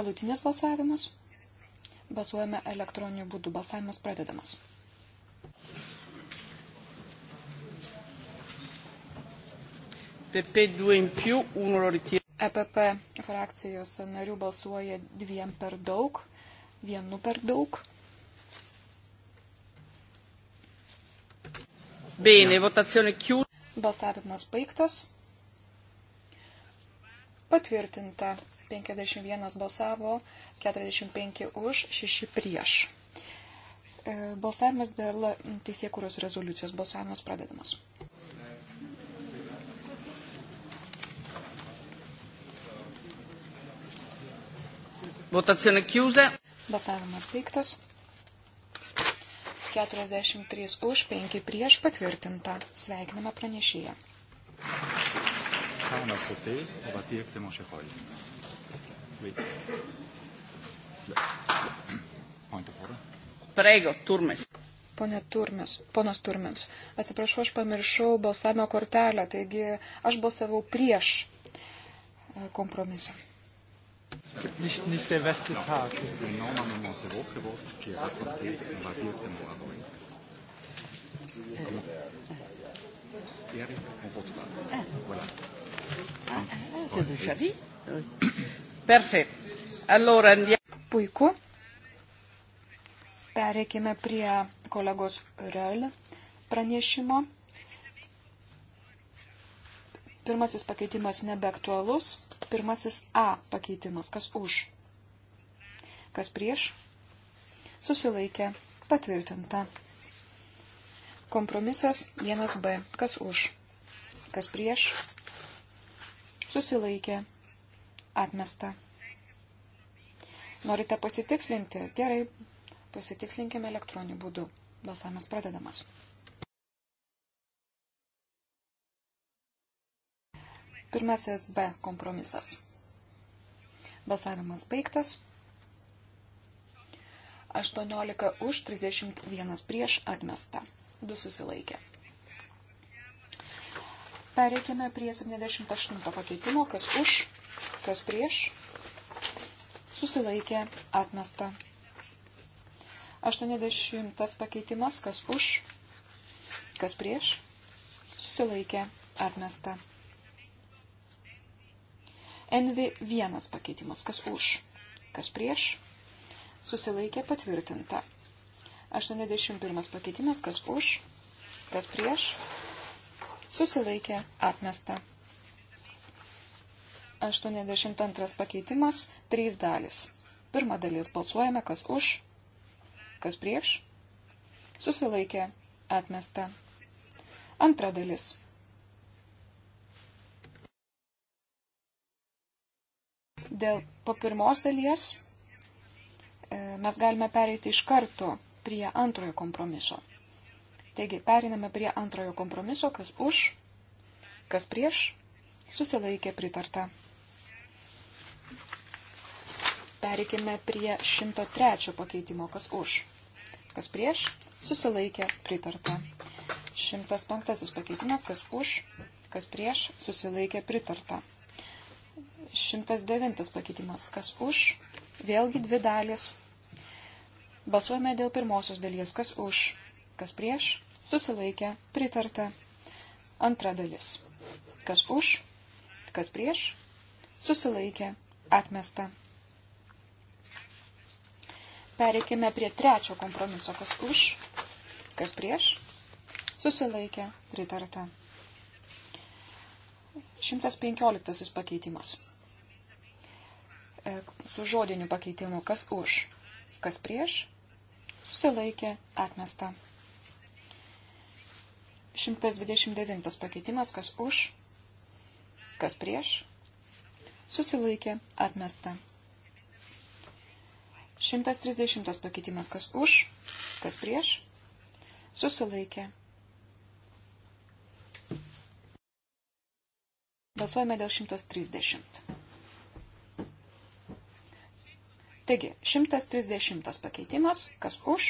Galutinės balsavimas. Balsuojame elektroniniu būdu. Balsavimas pradedamas. PP 2 in più, uno lo richiede. EPP frakcijos narių balsuoja dviem per daug, vienu per daug. Bene, votazione chiusa. Balsavimas baigtas. Patvirtinta. 51 balsavo, 45 už, 6 prieš. E, balsavimas dėl teisėkūros rezoliucijos. Balsavimas pradedamas. Votazione chiusa. Balsavimas baigtas. 43 už, 5 prieš patvirtinta. Sveikiname pranešėją. Sauna Sotė, tai, o va tiek tai mošė hoj. Prego, turmes. Pone Turmes, ponas Turmes, atsiprašau, aš pamiršau balsavimo kortelę, taigi aš balsavau prieš e, kompromisą. Nicht, nicht der beste Tag. Et arrive en retard. Ah. Voilà. Ah, ah, je l'ai déjà dit. Oui. Parfait. Allora andiamo. Puiku. Pereikime prie kolegos Reul pranešimo. Pirmasis pakeitimas nebeaktualus. Pirmasis A pakeitimas. Kas už? Kas prieš? Susilaikė. Patvirtinta. Kompromisas 1B. Kas už? Kas prieš? Susilaikė. Atmesta. Norite pasitikslinti? Gerai. Pasitikslinkime elektroniniu būdu. Balsavimas pradedamas. Pirmasis B kompromisas. Balsavimas baigtas. 18 už 31 prieš atmesta. 2 susilaikė. Pereikime prie 78 pakeitimo, kas už, kas prieš, susilaikė atmesta. 80 pakeitimas, kas už, kas prieš, susilaikė atmesta. NV1 pakeitimas. Kas už? Kas prieš? Susilaikė patvirtinta. 81 pakeitimas. Kas už? Kas prieš? Susilaikė atmesta. 82 pakeitimas. 3 dalis. Pirma dalis balsuojame. Kas už? Kas prieš? Susilaikė atmesta. Antra dalis. Dėl po pirmos dalies e, mes galime pereiti iš karto prie antrojo kompromiso. Taigi, periname prie antrojo kompromiso, kas už, kas prieš, susilaikė pritarta. Pereikime prie 103 pakeitimo, kas už, kas prieš, susilaikė pritarta. 105 pakeitimas, kas už, kas prieš, susilaikė pritarta. 109 pakeitimas. Kas už? Vėlgi dvi dalis. Balsuojame dėl pirmosios dalies. Kas už? Kas prieš? Susilaikė. Pritarta. Antra dalis. Kas už? Kas prieš? Susilaikė. Atmesta. Pereikime prie trečio kompromiso. Kas už? Kas prieš? Susilaikė. Pritarta. 115 pakeitimas. E, su žodiniu pakeitimu, kas už, kas prieš, susilaikė, atmesta. 129 pakeitimas, kas už, kas prieš, susilaikė, atmesta. 130 pakeitimas, kas už, kas prieš, susilaikė. Balsuojame dėl 130. Taigi, 130 pakeitimas, kas už,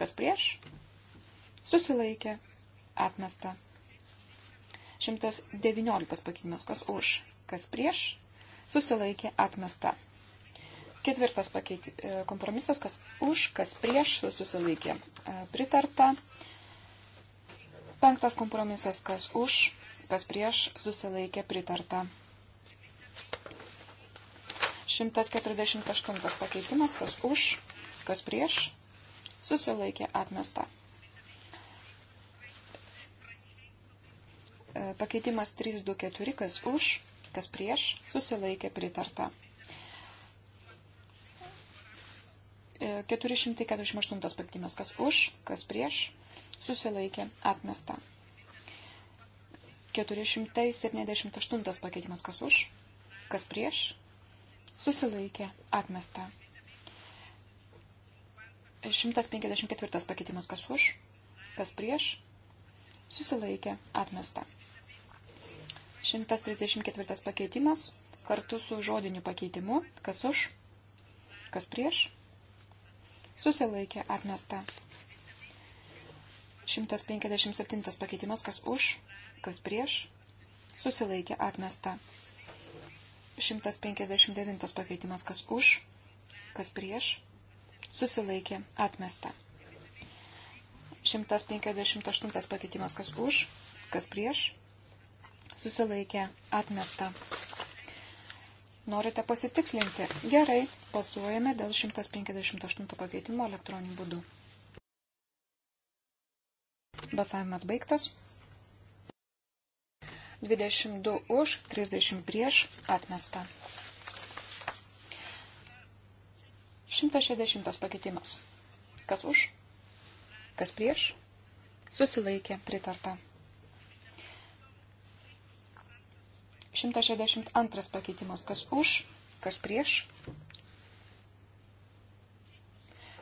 kas prieš, susilaikė, atmesta. 119 pakeitimas, kas už, kas prieš, susilaikė, atmesta. Ketvirtas pakeiti, e, kompromisas, kas už, kas prieš, susilaikė, e, pritarta. Penktas kompromisas, kas už, kas prieš, susilaikė, pritarta. 148 pakeitimas, kas už, kas prieš, susilaikė atmesta. E, pakeitimas 324, kas už, kas prieš, susilaikė pritarta. 448 e, pakeitimas, kas už, kas prieš, susilaikė atmesta. 478 pakeitimas, kas už, kas prieš, susilaikė, atmesta. 154 pakeitimas kas už, kas prieš, susilaikė, atmesta. 134 pakeitimas kartu su žodiniu pakeitimu, kas už, kas prieš, susilaikė, atmesta. 157 pakeitimas kas už, kas prieš, susilaikė, atmesta. 159 pakeitimas, kas už, kas prieš, susilaikė, atmesta. 158 pakeitimas, kas už, kas prieš, susilaikė, atmesta. Norite pasitikslinti? Gerai, balsuojame dėl 158 pakeitimo elektroniniu būdu. Balsavimas baigtas. 22 už, 30 prieš, atmesta. 160 pakeitimas. Kas už? Kas prieš? Susilaikė, pritarta. 162 pakeitimas. Kas už? Kas prieš?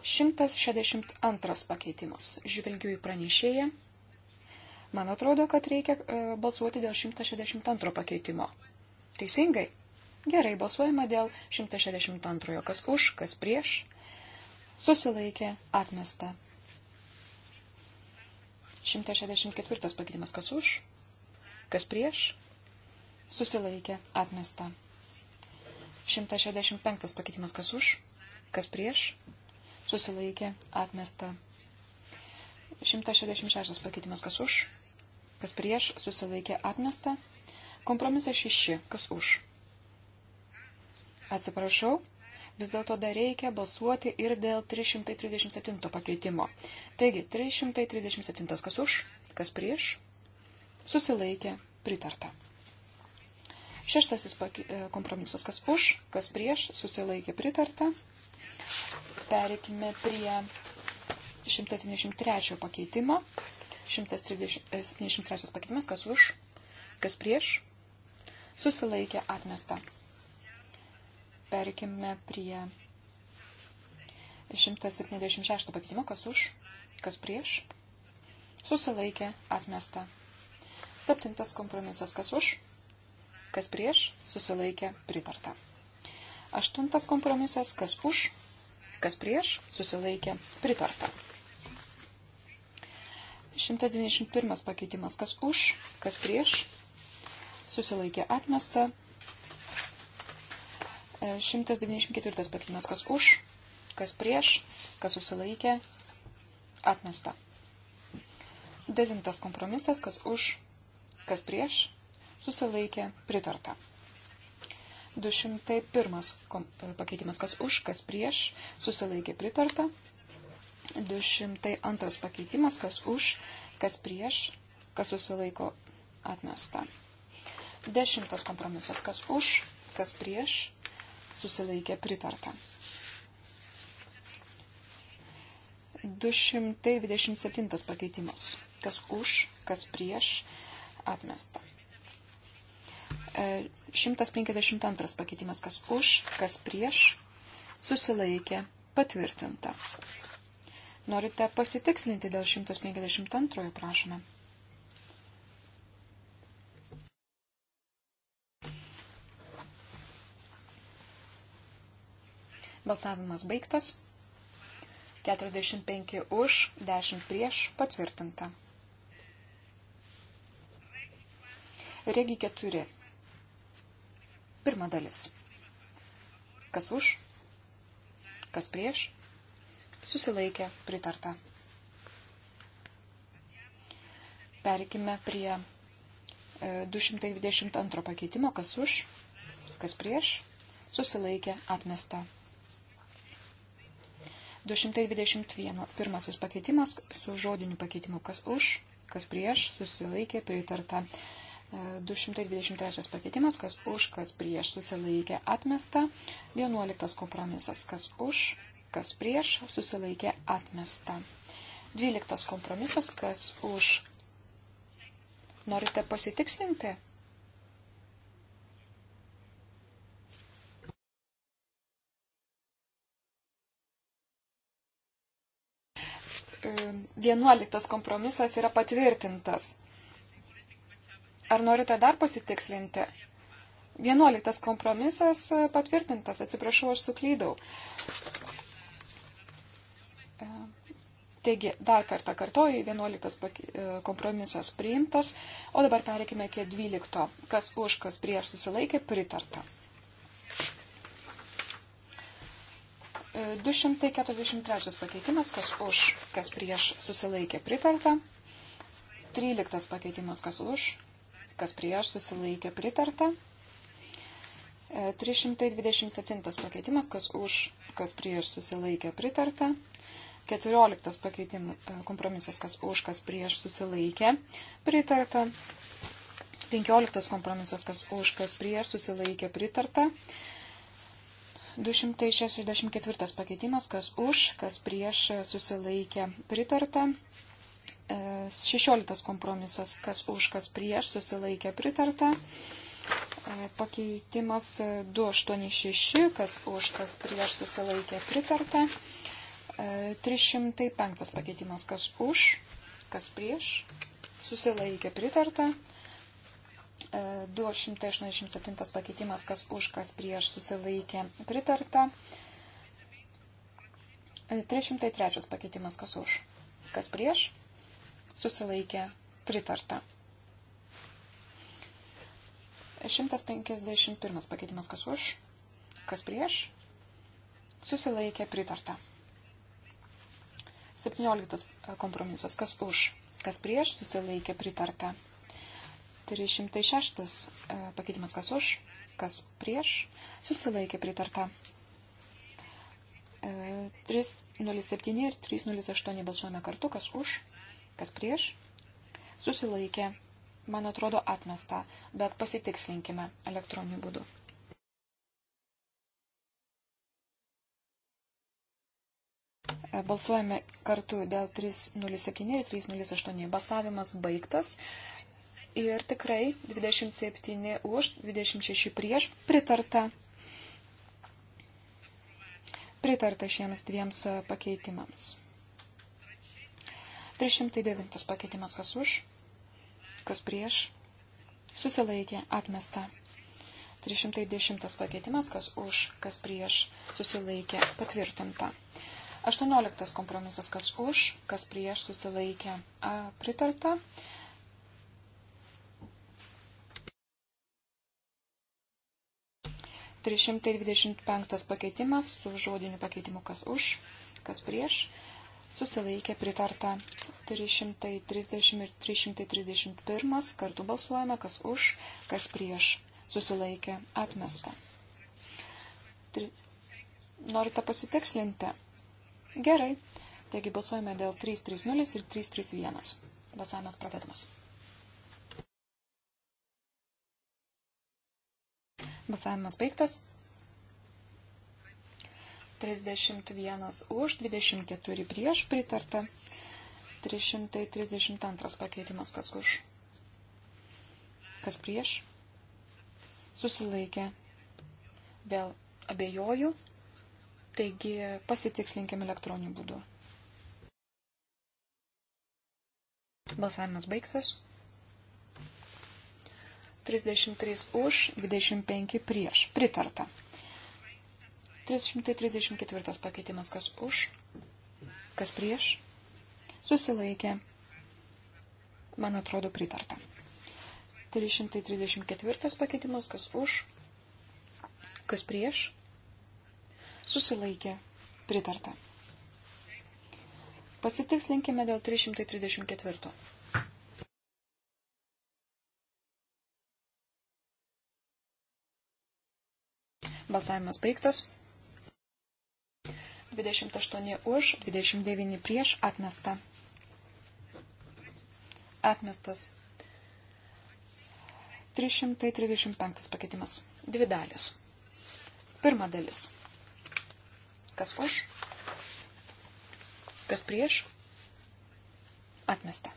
162 pakeitimas. Žvelgiu į pranešėją. Man atrodo, kad reikia e, balsuoti dėl 162 pakeitimo. Teisingai? Gerai, balsuojama dėl 162. Kas už, kas prieš? Susilaikė, atmesta. 164 pakeitimas. Kas už, kas prieš? Susilaikė, atmesta. 165 pakeitimas kas už, kas prieš, susilaikė, atmesta. 166 pakeitimas kas už, kas prieš susilaikė atmesta. Kompromisas 6, kas už. Atsiprašau, vis dėlto dar reikia balsuoti ir dėl 337 pakeitimo. Taigi, 337 kas už, kas prieš, susilaikė, pritarta. Šeštasis e, kompromisas, kas už, kas prieš, susilaikė, pritarta. Pereikime prie 173 pakeitimo, 173 e, pakeitimas, kas už, kas prieš, susilaikė atmesta. Perkime prie 176 pakeitimo, kas už, kas prieš, susilaikė atmesta. Septintas kompromisas, kas už, kas prieš, susilaikė pritarta. Aštuntas kompromisas, kas už, kas prieš, susilaikė pritarta. 191 pakeitimas. Kas už, kas prieš. Susilaikė atmesta. 194 e, pakeitimas. Kas už, kas prieš, kas susilaikė atmesta. Devintas kompromisas. Kas už, kas prieš. Susilaikė pritarta. 201 pakeitimas. Kas už, kas prieš. Susilaikė pritarta. 202 pakeitimas, kas už, kas prieš, kas susilaiko atmesta. Dešimtas kompromisas, kas už, kas prieš, susilaikė pritarta. 227 pakeitimas, kas už, kas prieš, atmesta. 152 pakeitimas, kas už, kas prieš, susilaikė patvirtinta. Norite pasitikslinti dėl 152, prašome. Balsavimas baigtas. 45 už, 10 prieš patvirtinta. Regi 4. Pirma dalis. Kas už? Kas prieš? susilaikė pritarta. Perkime prie 222 e, pakeitimo, kas už, kas prieš, susilaikė atmesta. 221 pirmasis pakeitimas su žodiniu pakeitimu, kas už, kas prieš, susilaikė pritarta. 223 e, pakeitimas, kas už, kas prieš, susilaikė atmesta. 11 kompromisas, kas už, kas prieš, susilaikė atmesta. Dvyliktas kompromisas, kas už. Norite pasitikslinti? Vienuoliktas kompromisas yra patvirtintas. Ar norite dar pasitikslinti? Vienuoliktas kompromisas e, patvirtintas, atsiprašau, aš suklydau. Taigi, dar kartą kartoju, 11 e, kompromisas priimtas, o dabar pereikime iki 12. Kas už, kas prieš susilaikė, pritarta. 243 e, pakeitimas, kas už, kas prieš susilaikė, pritarta. 13 pakeitimas, kas už, kas prieš susilaikė, pritarta. 327 e, pakeitimas, kas už, kas prieš susilaikė, pritarta. 14 pakeitim, e, kompromisas, kas už, kas prieš susilaikė, pritarta. 15 kompromisas, kas už, kas prieš susilaikė, pritarta. 264 pakeitimas, kas už, kas prieš susilaikė, pritarta. 16 e, kompromisas, kas už, kas prieš susilaikė, pritarta e, pakeitimas 286, kas už kas prieš susilaikė pritarta. 305 pakeitimas, kas už, kas prieš, susilaikė pritarta. 287 e, pakeitimas, kas už, kas prieš, susilaikė pritarta. 303 e, pakeitimas, kas už, kas prieš, susilaikė pritarta. 151 pakeitimas, kas už, kas prieš, susilaikė pritarta. 17 kompromisas. Kas už? Kas prieš? Susilaikė pritarta. 306 e, pakeitimas. Kas už? Kas prieš? Susilaikė pritarta. 307 e, ir 308 balsuojame kartu. Kas už? Kas prieš? Susilaikė. Man atrodo atmesta, bet pasitikslinkime elektroniniu būdu. E, balsuojame kartu dėl 307 ir 308. Balsavimas baigtas. Ir tikrai 27 už, 26 prieš pritarta. Pritarta šiems dviems pakeitimams. 309 pakeitimas kas už, kas prieš, susilaikė, atmesta. 310 pakeitimas kas už, kas prieš, susilaikė, patvirtinta. 18 kompromisas, kas už, kas prieš susilaikė pritarta. Trišimtai dvidešimt penktas pakeitimas su žodiniu pakeitimu kas už, kas prieš, susilaikė pritarta. 330 ir 331 kartu balsuojame, kas už, kas prieš, susilaikė atmesta. Tri... Norite pasitikslinti? Gerai. Taigi balsuojame dėl 330 ir 331. Balsavimas pradedamas. Balsavimas baigtas. 31 už, 24 prieš pritarta. 332 pakeitimas kas už. Kas prieš? Susilaikė. Vėl abejoju. Taigi pasitikslinkim elektroniniu būdu. Balsavimas baigtas. 33 už, 25 prieš. Pritarta. 334 pakeitimas kas už, kas prieš. Susilaikė. Man atrodo pritarta. 334 pakeitimas kas už, kas prieš susilaikė, pritarta. Pasitikslinkime dėl 334. Balsavimas baigtas. 28 už, 29 prieš, atmesta. Atmestas. 335 pakeitimas. Dvi dalis. Pirma dalis. Kas už? Kas prieš? Atmesta.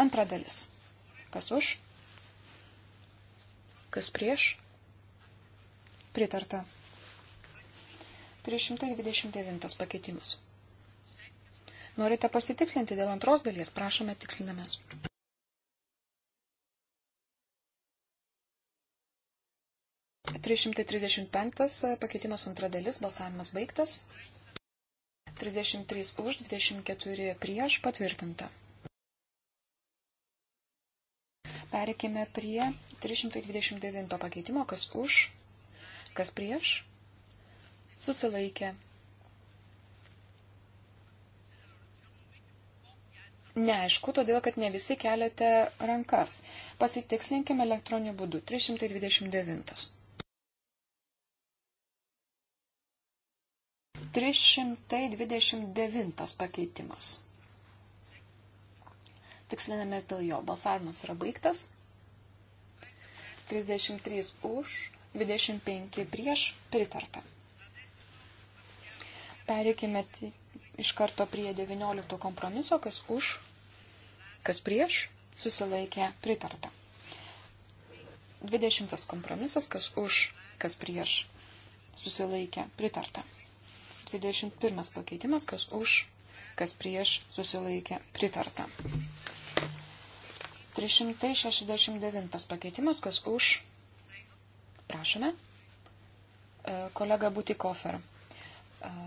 Antra dalis. Kas už? Kas prieš? Pritarta. 329 pakeitimas. Norite pasitikslinti dėl antros dalies, prašome tikslinamės. 335 e, pakeitimas antra dalis, balsavimas baigtas. 33 už, 24 prieš patvirtinta. Pereikime prie 329 pakeitimo, kas už, kas prieš, susilaikė. Neaišku, todėl, kad ne visi keliate rankas. Pasitikslinkime elektroniniu būdu. 329. 329 pakeitimas. Tikslinamės dėl jo. Balsavimas yra baigtas. 33 už, 25 prieš, pritarta. Pereikime iš karto prie 19 kompromiso, kas už, kas prieš, susilaikė, pritarta. 20 kompromisas, kas už, kas prieš, susilaikė, pritarta. 21 pakeitimas, kas už, kas prieš susilaikė pritarta. 369 pakeitimas, kas už. Prašome. E, kolega Butikofer. E,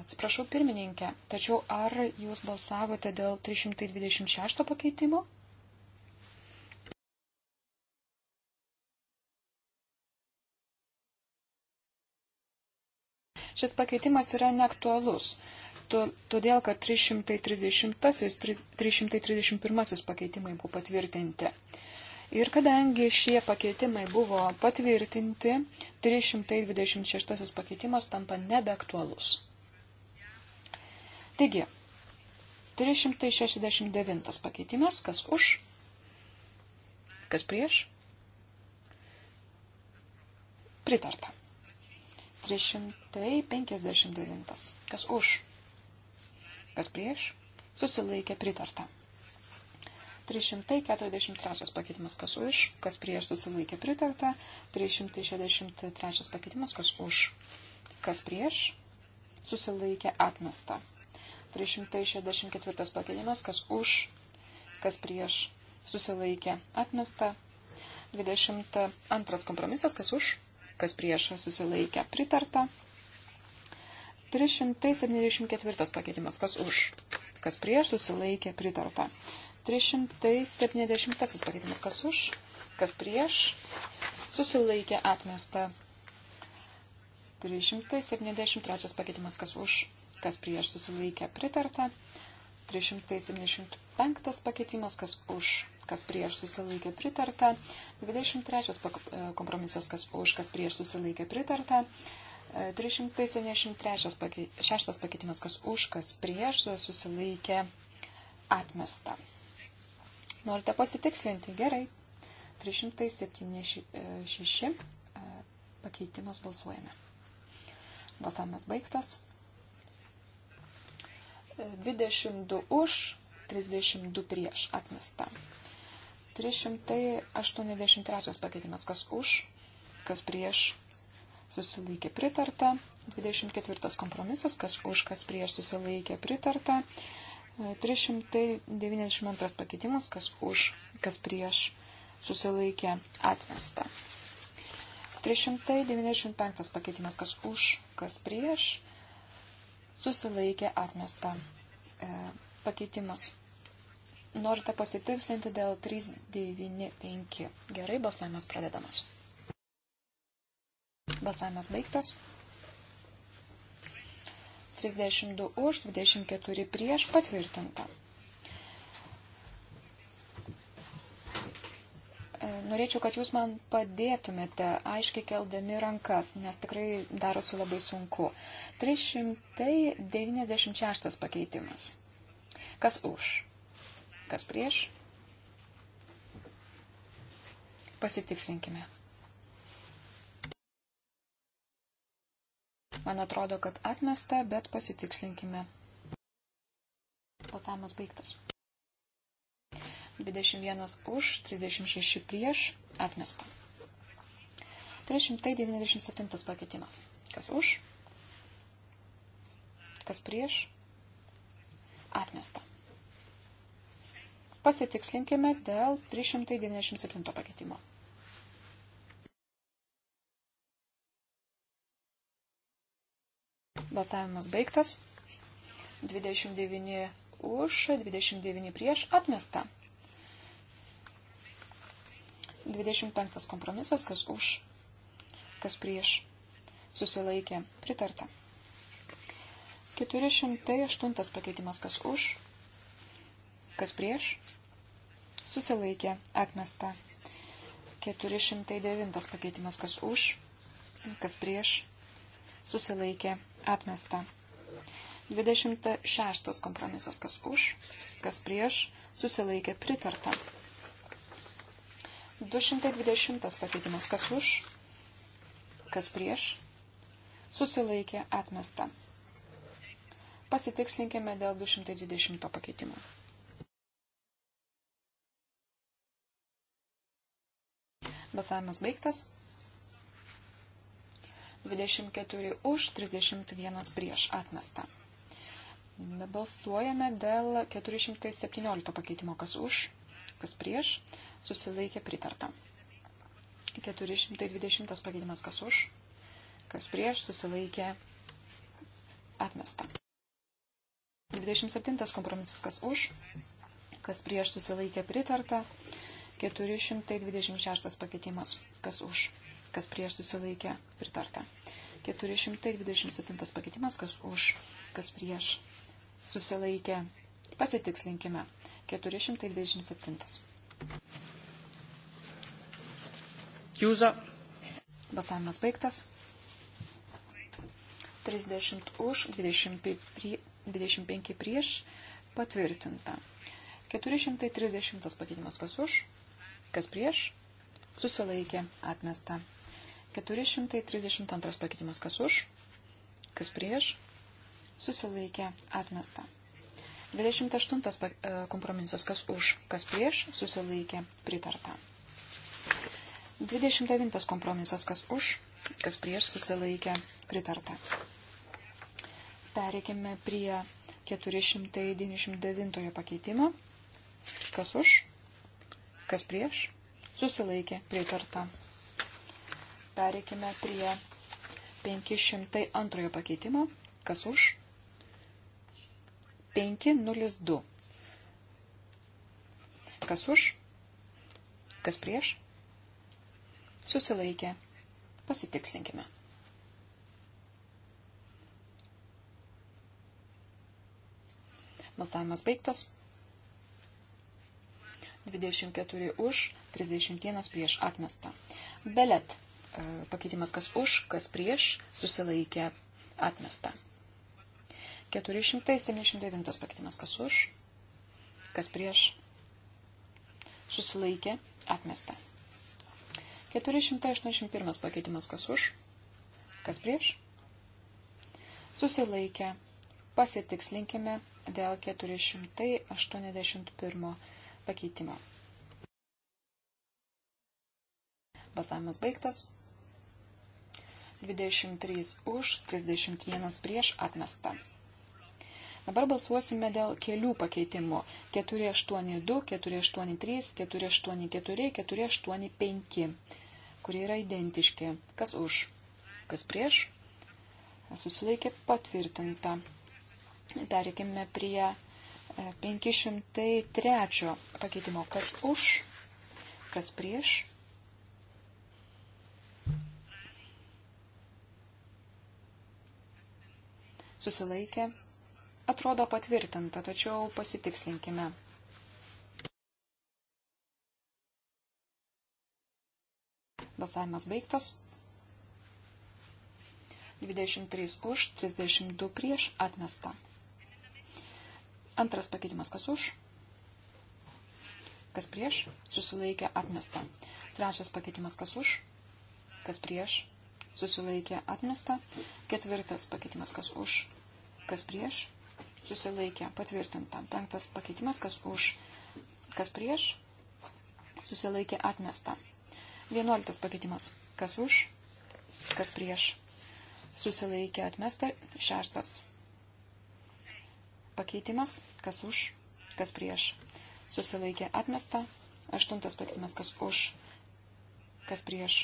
atsiprašau pirmininkę, tačiau ar jūs balsavote dėl 326 pakeitimo? Šis pakeitimas yra neaktualus, todėl kad 330, 331 pakeitimai buvo patvirtinti. Ir kadangi šie pakeitimai buvo patvirtinti, 326 pakeitimas tampa nebeaktualus. Taigi, 369 pakeitimas, kas už, kas prieš, pritarta. 300. 159. Kas už? Kas prieš? Susilaikė pritarta. 343 pakeitimas kas už, kas prieš susilaikė pritarta, 363 pakeitimas kas už, kas prieš susilaikė atmesta, 364 pakeitimas kas už, kas prieš susilaikė atmesta, 22 kompromisas kas už, kas prieš susilaikė pritarta, 374 pakeitimas. Kas už? Kas prieš susilaikė pritarta. 370 pakeitimas. Kas už? Kas prieš susilaikė atmesta. 373 pakeitimas. Kas už? Kas prieš susilaikė pritarta. 375 pakeitimas. Kas už? kas prieš susilaikė pritarta, 23 kompromisas, kas už, kas prieš susilaikė pritarta, 373 pakeitimas, kas už, kas prieš, susilaikė atmesta. Norite pasitikslinti? Gerai. 376 e, pakeitimas balsuojame. Balsavimas baigtas. 22 e, už, 32 prieš atmesta. 383 pakeitimas, kas už, kas prieš, susilaikė pritarta. 24 kompromisas, kas už, kas prieš susilaikė pritarta. 392 pakeitimas, kas už, kas prieš susilaikė atmesta. 395 pakeitimas, kas už, kas prieš susilaikė atmesta e, pakeitimas. Norite pasitikslinti dėl 395. Gerai, balsavimas pradedamas. Balsavimas baigtas. 32 už, 24 prieš patvirtinta. E, norėčiau, kad jūs man padėtumėte, aiškiai keldami rankas, nes tikrai darosi labai sunku. 396 pakeitimas. Kas už? Kas prieš? Pasitikslinkime. Man atrodo, kad atmesta, bet pasitikslinkime. Balsavimas baigtas. 21 už, 36 prieš, atmesta. 397 pakeitimas. Kas už? Kas prieš? Atmesta. Pasitikslinkime dėl 397 pakeitimo. Balsavimas baigtas. 29 už, 29 prieš, atmesta. 25 kompromisas, kas už, kas prieš, susilaikė, pritarta. 408 pakeitimas, kas už, kas prieš, susilaikė, atmesta. 409 pakeitimas, kas už, kas prieš, susilaikė, atmesta Atmesta. 26 kompromisas kas už, kas prieš, susilaikė pritarta. 220 pakeitimas kas už, kas prieš, susilaikė atmesta. Pasitikslinkime dėl 220 pakeitimo. Balsavimas baigtas. 24 už, 31 prieš atmestą. Balsuojame dėl 417 pakeitimo, kas už, kas prieš, susilaikė pritarta. 420 pakeitimas, kas už, kas prieš, susilaikė atmesta. 27 kompromisas, kas už, kas prieš, susilaikė pritarta. 426 pakeitimas, kas už, kas prieš susilaikė, pritarta. 427 pakeitimas, kas už, kas prieš susilaikė, pasitikslinkime. 427. Kiuza. Balsavimas baigtas. 30 už, 25 prieš, patvirtinta. 430 pakeitimas kas už, kas prieš, susilaikė, atmesta. 432 pakeitimas kas už, kas prieš, susilaikė atmesta. 28 e, kompromisas kas už, kas prieš, susilaikė pritarta. 29 kompromisas kas už, kas prieš, susilaikė pritarta. Pereikime prie 499 pakeitimo. Kas už, kas prieš, susilaikė pritarta. Pereikime prie 502 pakeitimo. Kas už? 502. Kas už? Kas prieš? Susilaikė. Pasitikslinkime. Balsavimas baigtas. 24 už, 31 prieš atmestą. Belet pakeitimas kas už, kas prieš, susilaikė atmesta. 479 pakeitimas kas už, kas prieš, susilaikė atmesta. 481 pakeitimas kas už, kas prieš, susilaikė. Pasitikslinkime dėl 481 pakeitimo. Balsavimas baigtas. 23 už, 31 prieš atmestą. Dabar balsuosime dėl kelių pakeitimų. 482, 483, 484, 485, kurie yra identiški. Kas už? Kas prieš? Susilaikė patvirtinta. Pereikime prie 503 e, pakeitimo. Kas už? Kas prieš? susilaikė, atrodo patvirtinta, tačiau pasitikslinkime. Balsavimas baigtas. 23 už, 32 prieš, atmesta. Antras pakeitimas kas už, kas prieš, susilaikė, atmesta. Trečias pakeitimas kas už, kas prieš, susilaikė, atmesta. Ketvirtas pakeitimas kas už, kas prieš, susilaikė, patvirtinta. Penktas pakeitimas, kas už, kas prieš, susilaikė, atmesta. Vienuoliktas pakeitimas, kas už, kas prieš, susilaikė, atmesta. Šeštas pakeitimas, kas už, kas prieš, susilaikė, atmesta. Aštuntas pakeitimas, kas už, kas prieš,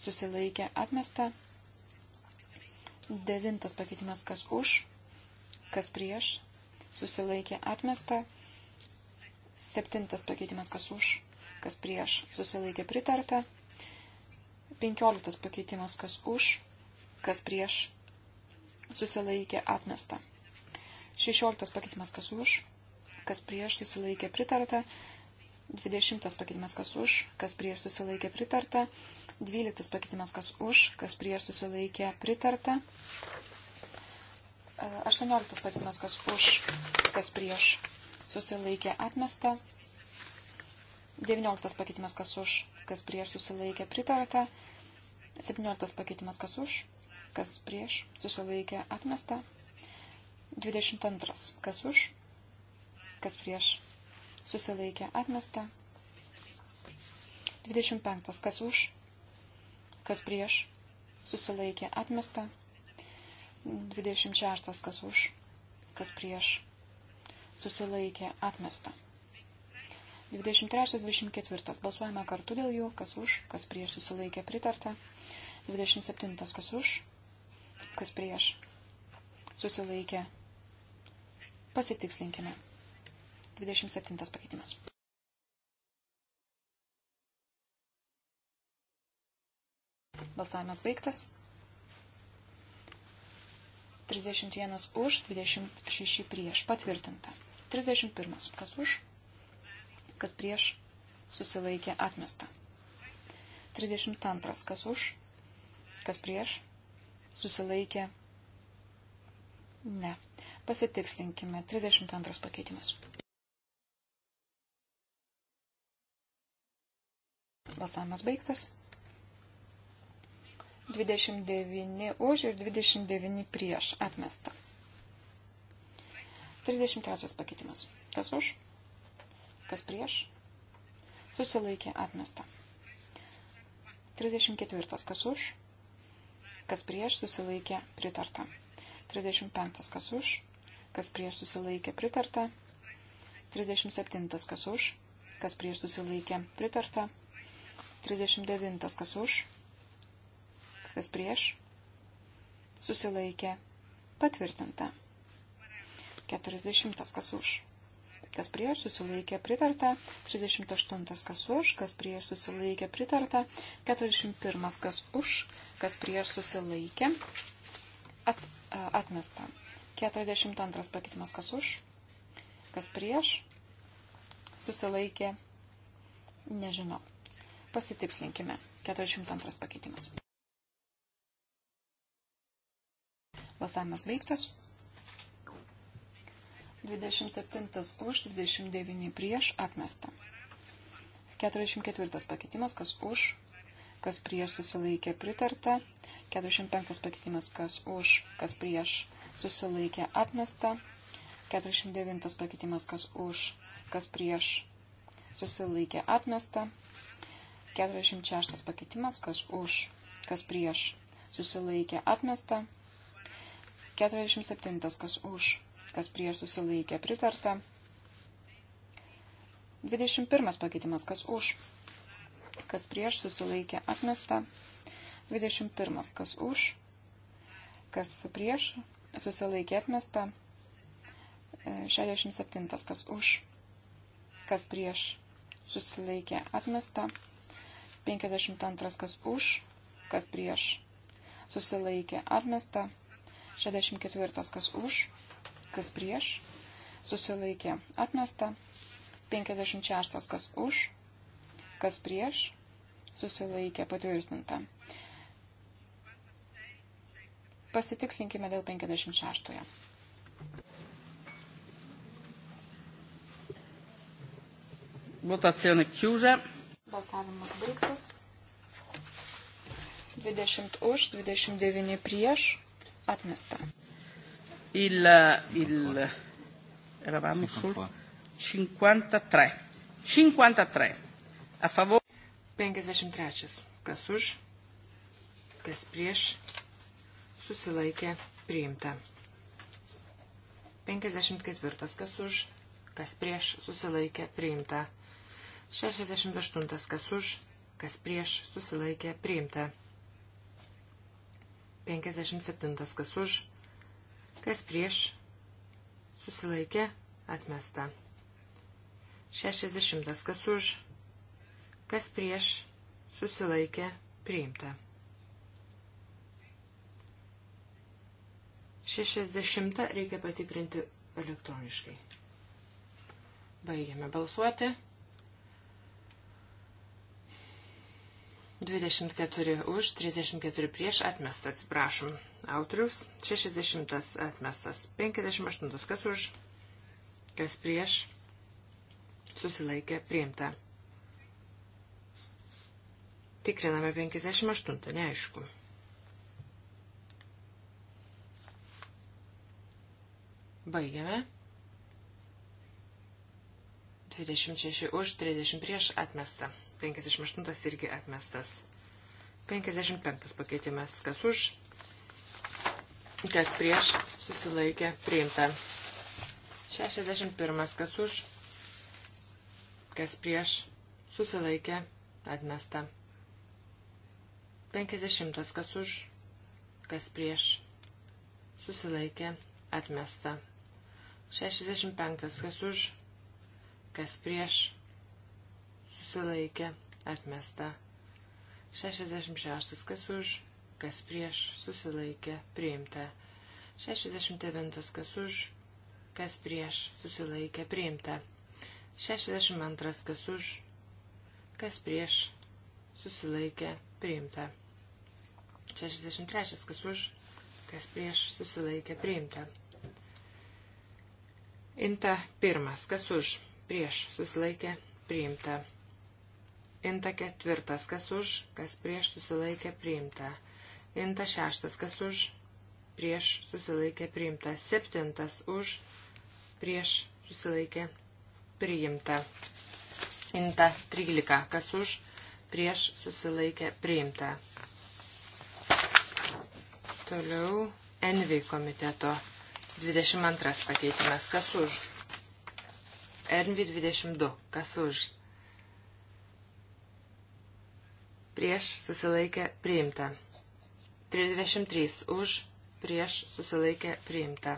susilaikė, atmesta. Devintas pakeitimas kas už, kas prieš, susilaikė atmesta. Septintas pakeitimas kas už, kas prieš, susilaikė pritarta. Penkioliktas pakeitimas kas už, kas prieš, susilaikė atmesta. Šešioliktas pakeitimas kas už, kas prieš, susilaikė pritarta. Dvidešimtas pakeitimas kas už, kas prieš, susilaikė pritarta. 20 12 pakeitimas, kas už, kas prieš susilaikė pritarta. 18 e, pakeitimas, kas už, kas prieš susilaikė atmesta. 19 pakeitimas, kas už, kas prieš susilaikė pritarta. 17 pakeitimas, kas už, kas prieš susilaikė atmesta. 22, kas už, kas prieš susilaikė atmesta. 25, kas už, kas prieš, susilaikė atmesta, 26 kas už, kas prieš, susilaikė atmesta. 23-24 balsuojame kartu dėl jų, kas už, kas prieš susilaikė pritarta. 27 kas už, kas prieš susilaikė. Pasitikslinkime. 27 pakeitimas. Balsavimas baigtas. 31 už, 26 prieš. Patvirtinta. 31. Kas už, kas prieš, susilaikė atmesta. 32. Kas už, kas prieš, susilaikė ne. Pasitikslinkime. 32 pakeitimas. Balsavimas baigtas. 29 už ir 29 prieš atmesta. 33 pakeitimas. Kas už? Kas prieš? Susilaikė atmesta. 34 kas už? Kas prieš susilaikė pritarta. 35 kas už? Kas prieš susilaikė pritarta. 37 kas už? Kas prieš susilaikė pritarta. 39 kas už? kas prieš, susilaikė, patvirtinta. 40 kas už, kas prieš, susilaikė, pritarta. 38 kas už, kas prieš, susilaikė, pritarta. 41 kas už, kas prieš, susilaikė, ats, atmesta. 42 pakeitimas kas už, kas prieš, susilaikė, nežinau. Pasitikslinkime. 42 pakeitimas. Balsavimas baigtas. 27 už, 29 prieš, atmesta. 44 pakeitimas, kas už, kas prieš susilaikė pritarta. 45 pakeitimas, kas už, kas prieš susilaikė atmesta. 49 pakeitimas, kas už, kas prieš susilaikė atmesta. 46 pakeitimas, kas už, kas prieš susilaikė atmesta. 47. Kas už, kas prieš susilaikė pritarta. 21. Pakeitimas. Kas už, kas prieš susilaikė atmesta. 21. Kas už, kas prieš susilaikė atmesta. 67. Kas už, kas prieš susilaikė atmesta. 52. Kas už, kas prieš susilaikė atmesta. 64 kas už, kas prieš, susilaikė atmesta, 56 kas už, kas prieš, susilaikė patvirtinta. Pasitikslinkime dėl 56. Votazione chiusa. Balsavimas baigtas. 20 už, 29 prieš, Atmesta. Il, il, eravamo sul 53. 53. A favore. 53. Kas už, kas prieš, susilaikė priimta. 54. Kas už, kas prieš, susilaikė priimta. 68. Kas už, kas prieš, susilaikė priimta. 57. Kas už, kas prieš, susilaikė, atmesta. 60. Kas už, kas prieš, susilaikė, priimta. 60 reikia patikrinti elektroniškai. Baigiame balsuoti. 24 už, 34 prieš atmestą, atsiprašom. Autorius 60 atmestas, 58 kas už, kas prieš, susilaikė priimta. Tikriname 58, neaišku. Baigiame. 26 už, 30 prieš atmestą. 58 irgi atmestas. 55 pakeitimas, kas už, kas prieš, susilaikė, priimta. 61, kas už, kas prieš, susilaikė, atmesta. 50, kas už, kas prieš, susilaikė, atmesta. 65, kas už, kas prieš, susilaikė, atmesta. 66. Kas už, kas prieš, susilaikė, priimta. 69. Kas už, kas prieš, susilaikė, priimta. 62. Kas už, kas prieš, susilaikė, priimta. 63. Kas už, kas prieš, susilaikė, priimta. Inta pirmas, kas už, prieš, susilaikė, priimta. Inta ketvirtas, kas už, kas prieš susilaikė priimta. Inta šeštas, kas už, prieš susilaikė priimta. Septintas už, prieš susilaikė priimta. Inta trylika, kas už, prieš susilaikė priimta. Toliau Envy komiteto 22 pakeitimas, kas už. Envy 22, kas už prieš susilaikę priimta. 33 už, prieš susilaikę priimta.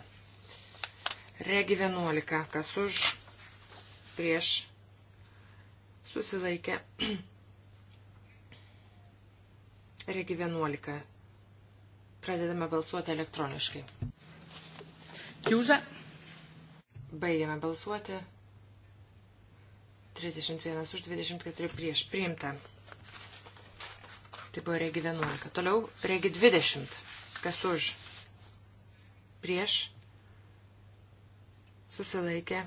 Regi 11, kas už, prieš susilaikę. (clears throat) Regi 11. Pradedame balsuoti elektroniškai. Kiuza. Baigiame balsuoti. 31 už 24 prieš priimta. Tai buvo regi 11. Toliau regi 20. Kas už? Prieš. Susilaikė.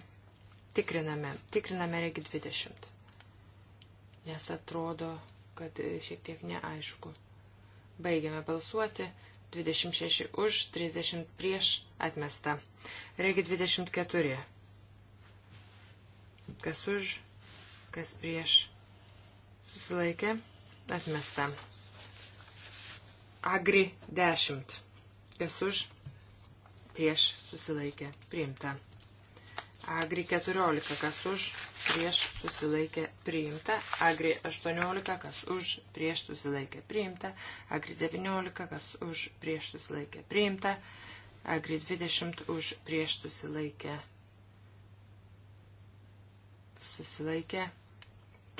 Tikriname. Tikriname regi 20. Nes atrodo, kad šiek tiek neaišku. Baigiame balsuoti. 26 už, 30 prieš atmesta. Regi 24. Kas už, kas prieš. Susilaikė. Atmesta. Agri 10. Kas už? Prieš susilaikė. Priimta. Agri 14. Kas už? Prieš susilaikė. Priimta. Agri 18. Kas už? Prieš susilaikė. Priimta. Agri 19. Kas už? Prieš susilaikė. Priimta. Agri 20. Už? Prieš susilaikė. Susilaikė.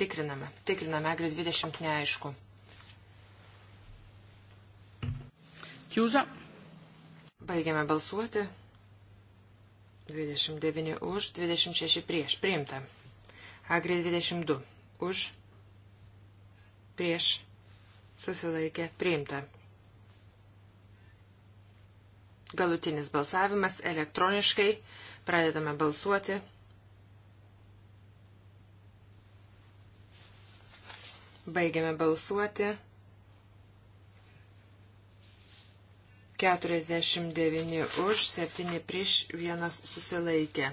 Tikriname. Tikriname. Agri 20 neaišku. chiusa. Baigiame balsuoti. 29 už, 26 prieš. Priimta. Agri 22 už, prieš, susilaikė, priimta. Galutinis balsavimas elektroniškai. Pradedame balsuoti. Baigiame balsuoti. 49 už, 7 prieš, 1 susilaikė.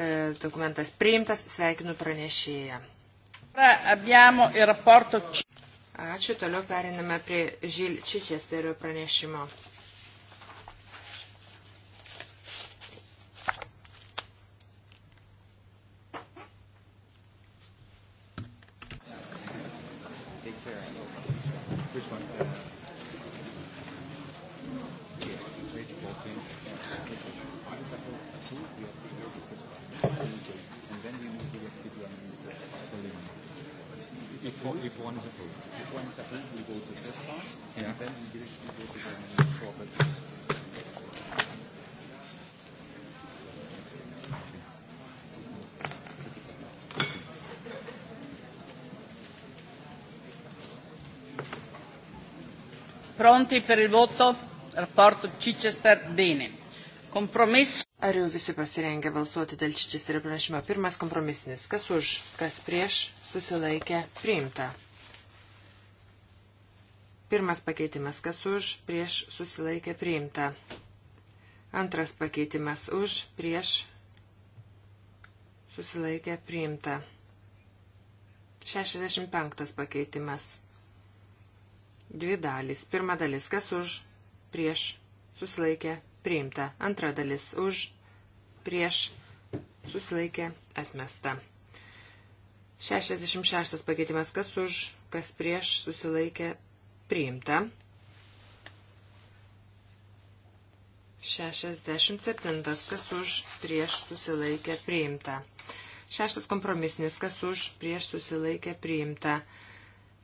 E, dokumentas priimtas, sveikinu pranešėją. Ačiū, toliau periname prie Žil Čičesterio pranešimo. Pronti per il voto? Rapporto Chichester Bene. Kompromis. Ar jau visi pasirengę balsuoti dėl Čičesterio pranešimo? Pirmas kompromisinis. Kas už, kas prieš, susilaikė, priimta. Pirmas pakeitimas. Kas už, prieš, susilaikė, priimta. Antras pakeitimas. Už, prieš, susilaikė, priimta. 65 pakeitimas. Dvi dalys. Pirma dalis, kas už, prieš, susilaikė, priimta. Antra dalis, už, prieš, susilaikė, atmesta. 66 pakeitimas, kas už, kas prieš, susilaikė, priimta. 67, kas už, prieš, susilaikė, priimta. Šeštas kompromisnis, kas už, prieš, susilaikė, priimta.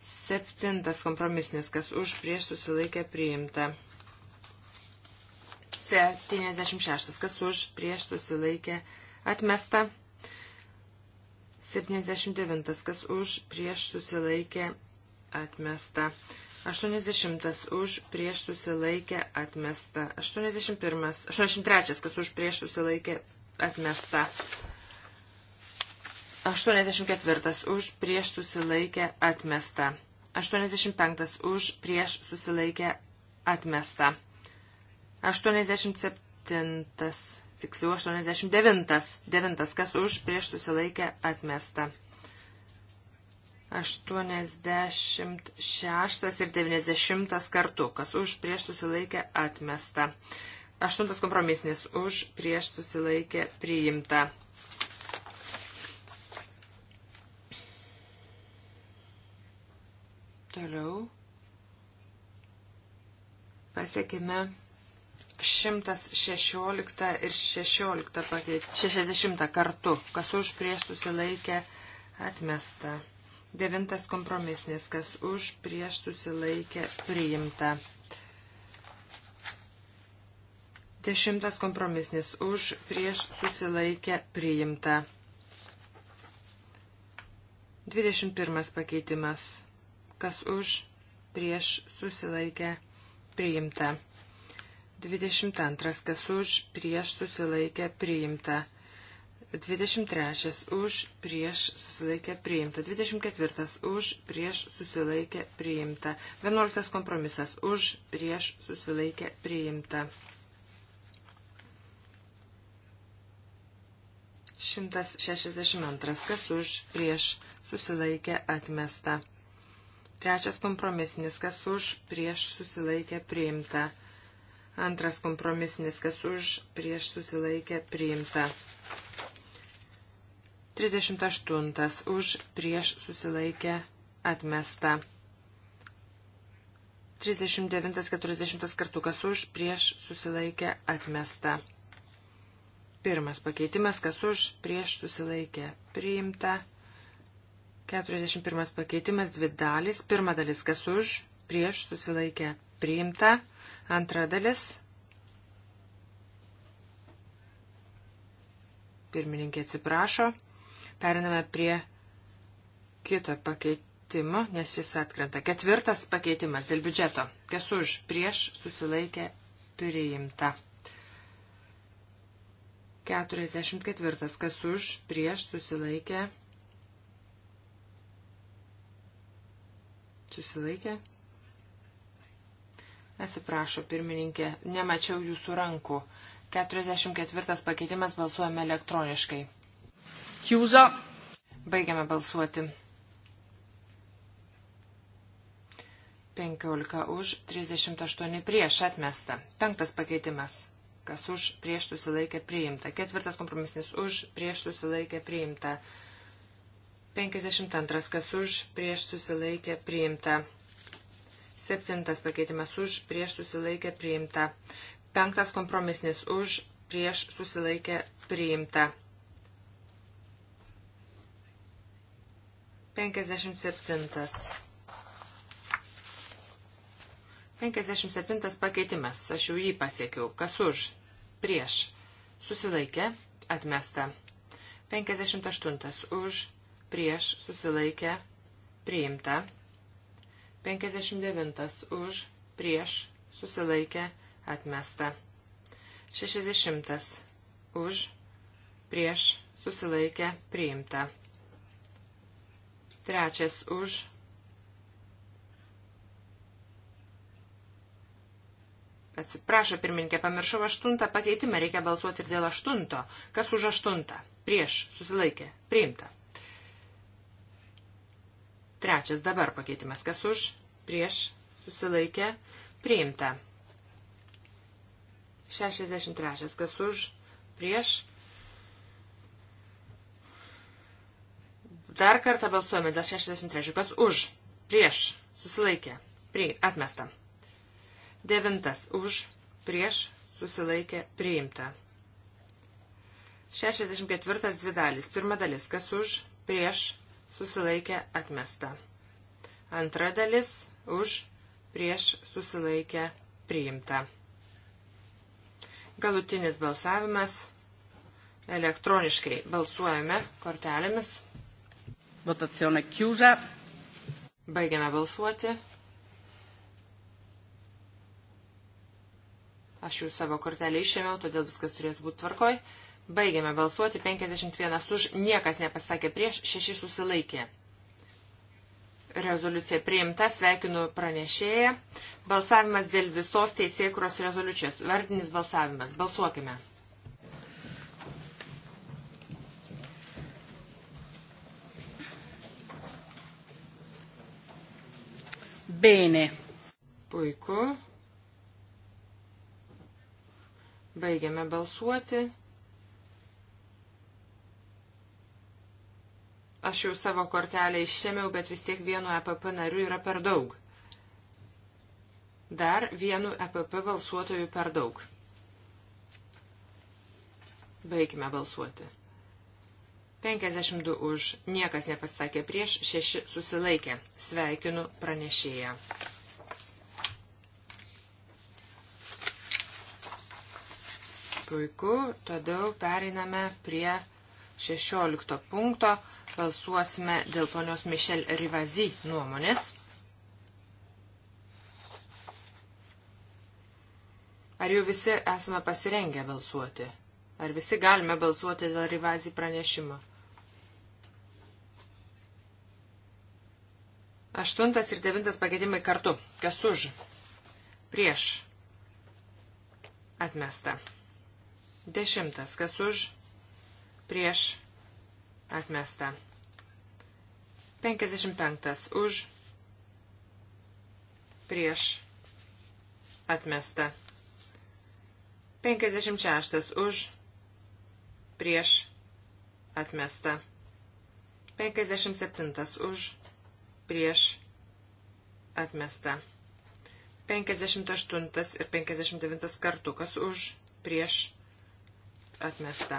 Septintas kompromisnis, kas už prieš susilaikė priimta. 76, kas už prieš susilaikė atmesta. 79, kas už prieš susilaikė atmesta. 80 už prieš susilaikę atmesta. 81, 83, kas už prieš susilaikę atmesta. 84 už prieš susilaikę atmesta. 85 už prieš susilaikę atmesta. 87, tiksliau 89, 9 kas už prieš susilaikę atmesta. 86 ir 90 kartu, kas už prieš susilaikę atmesta. Aštuntas kompromisnis už prieš susilaikę priimta. Toliau pasiekime 116 ir 16 pakeit, 60 kartu, kas už prieš susilaikė atmesta. Devintas kompromisnis, kas už prieš susilaikė priimta. Dešimtas kompromisnis, už prieš susilaikė priimta. 21 pakeitimas kas už, prieš susilaikę priimta. 22. Kas už, prieš susilaikę priimta. 23. Už, prieš susilaikę priimta. 24. Už, prieš susilaikę priimta. 11. Kompromisas. Už, prieš susilaikę priimta. 162. Kas už, prieš susilaikę atmesta. Trečias kompromisinis, kas už, prieš susilaikė priimta. Antras kompromisinis, kas už, prieš susilaikė priimta. 38. Už, prieš susilaikė atmesta. 39-40 kartų, kas už, prieš susilaikė atmesta. Pirmas pakeitimas, kas už, prieš susilaikė priimta. 41 pakeitimas, dvi dalis. Pirma dalis, kas už, prieš susilaikė priimta. Antra dalis. Pirmininkė atsiprašo. Periname prie kito pakeitimo, nes jis atkrenta. Ketvirtas pakeitimas dėl biudžeto. Kas už, prieš susilaikė priimta. 44. Kas už, prieš susilaikė priimta. susilaikė. Atsiprašau, pirmininkė, nemačiau jūsų rankų. 44 pakeitimas balsuojame elektroniškai. Kiuza. Baigiame balsuoti. 15 už, 38 prieš atmesta. Penktas pakeitimas. Kas už, prieš susilaikė priimta. Ketvirtas kompromisinis už, prieš susilaikė priimta. 52. Kas už prieš susilaikė priimta. 7. Pakeitimas už prieš susilaikė priimta. 5. Kompromisnis už prieš susilaikė priimta. 57. 57 pakeitimas. Aš jau jį pasiekiau. Kas už? Prieš. Susilaikė. Atmesta. 58. Už prieš susilaikę priimta. 59 už prieš susilaikę atmesta. 60 už prieš susilaikę priimta. Trečias už Atsiprašau, pirmininkė, pamiršau aštuntą pakeitimą, reikia balsuoti ir dėl aštunto. Kas už aštuntą? Prieš, susilaikė, priimta. Trečias dabar pakeitimas. Kas už, prieš, susilaikė, priimta. 63. Kas už, prieš. Dar kartą balsuojame dėl 63. Kas už, prieš, susilaikė, pri, atmesta. 9. Už, prieš, susilaikė, priimta. 64. Dvi dalis. Pirma dalis. Kas už, prieš, susilaikė atmesta. Antra dalis už prieš susilaikę priimta. Galutinis balsavimas. Elektroniškai balsuojame kortelėmis. Votacione Kiuža. Baigiame balsuoti. Aš jau savo kortelę išėmiau, todėl viskas turėtų būti tvarkoj. Baigėme balsuoti 51 už, niekas nepasakė prieš, 6 susilaikė. Rezoliucija priimta, sveikinu pranešėją. Balsavimas dėl visos teisėkuros rezoliucijos. Vardinis balsavimas. Balsuokime. Bene. Puiku. Baigiame balsuoti. Aš jau savo kortelę išsėmiau, bet vis tiek vienu EPP nariu yra per daug. Dar vienu EPP balsuotojų per daug. Baigime balsuoti. 52 už, niekas nepasakė prieš, 6 susilaikė. Sveikinu pranešėją. Puiku, todėl periname prie 16 punkto. Balsuosime dėl ponios Mišel Rivazy nuomonės. Ar jau visi esame pasirengę balsuoti? Ar visi galime balsuoti dėl Rivazy pranešimo? Aštuntas ir devintas pakeitimai kartu. Kas už? Prieš. Atmesta. Dešimtas. Kas už? Prieš. Atmesta. 55. Už. Prieš. Atmesta. 56. Už. Prieš. Atmesta. 57. Už. Prieš. Atmesta. 58 ir 59 kartu, kas už, prieš, atmesta.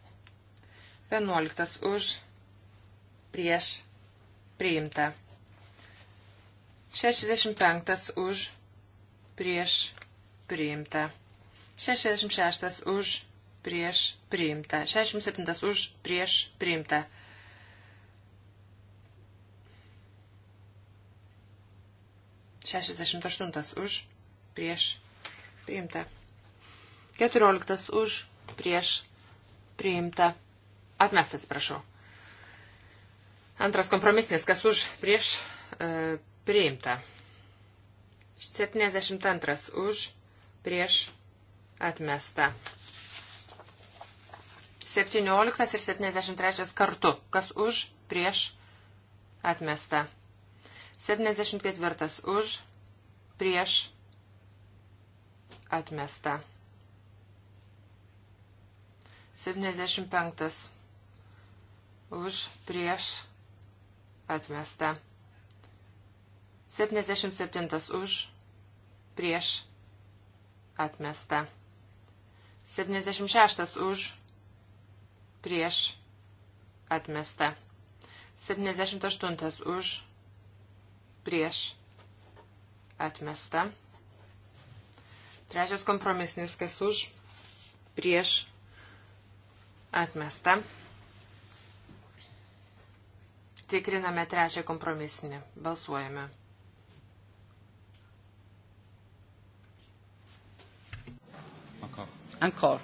11 už, prieš, priimta. 65 už, prieš, priimta. 66 už, prieš, priimta. 67 už, prieš, priimta. Šešiasdešimt aštuntas už, prieš, priimta. Keturioliktas už, prieš, priimta. Atmestas, prašau. Antras kompromisnis, kas už prieš e, priimta. 72 už prieš atmesta. 17 ir 73 kartu, kas už prieš atmesta. 74 už prieš atmesta. 75 už prieš atmesta. 77 už prieš atmesta. 76 už prieš atmesta. 78 už prieš atmesta. Trečias kompromisnis, kas už prieš atmesta. Tikriname trečią kompromisinį. Balsuojame. Ankor.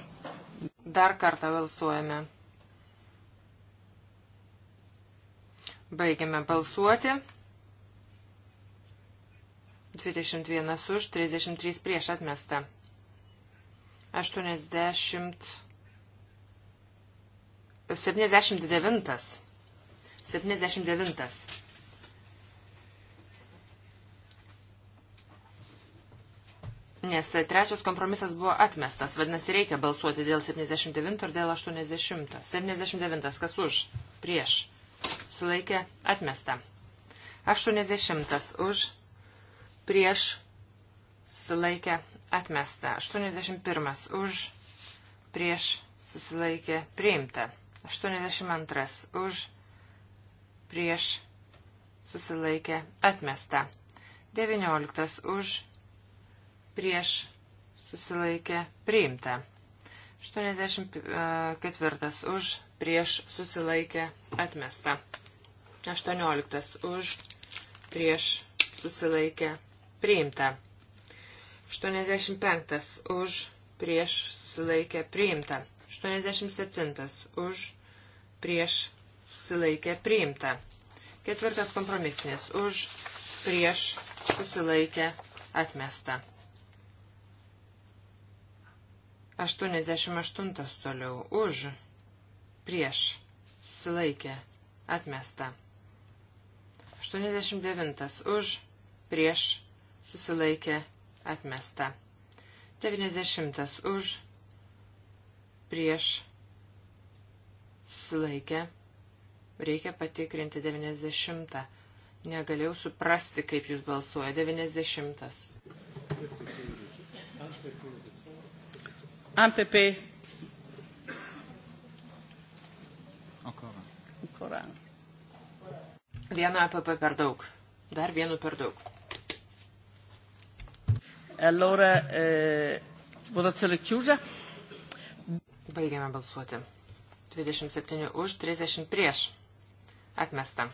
Dar kartą balsuojame. Baigiame balsuoti. 21 už, 33 prieš atmestą. 80. 79. 79. Nes trečias kompromisas buvo atmestas, vadinasi, reikia balsuoti dėl 79 ir dėl 80. 79, kas už, prieš, sulaikė, atmesta. 80 už, prieš, sulaikė, atmesta. 81 už, prieš, susilaikė, priimta. 82 už, prieš susilaikė atmesta. 19 už prieš susilaikė priimta. 84 e, už prieš susilaikė atmesta. 18 už prieš susilaikė priimta. 85 už prieš susilaikė priimta. 87 už prieš susilaikė priimta. Ketvirtas kompromisinis už prieš susilaikė atmesta. 88 toliau už prieš susilaikė atmesta. 89 už prieš susilaikė atmesta. 90 už prieš susilaikė atmesta Reikia patikrinti 90. Negalėjau suprasti, kaip jūs balsuoja. 90. Un PP. Ancora. Ancora. Vieno EPP per daug. Dar vienu per daug. E allora, eh, votazione chiusa. Baigiame balsuoti. 27 už, 30 prieš. Atmesta.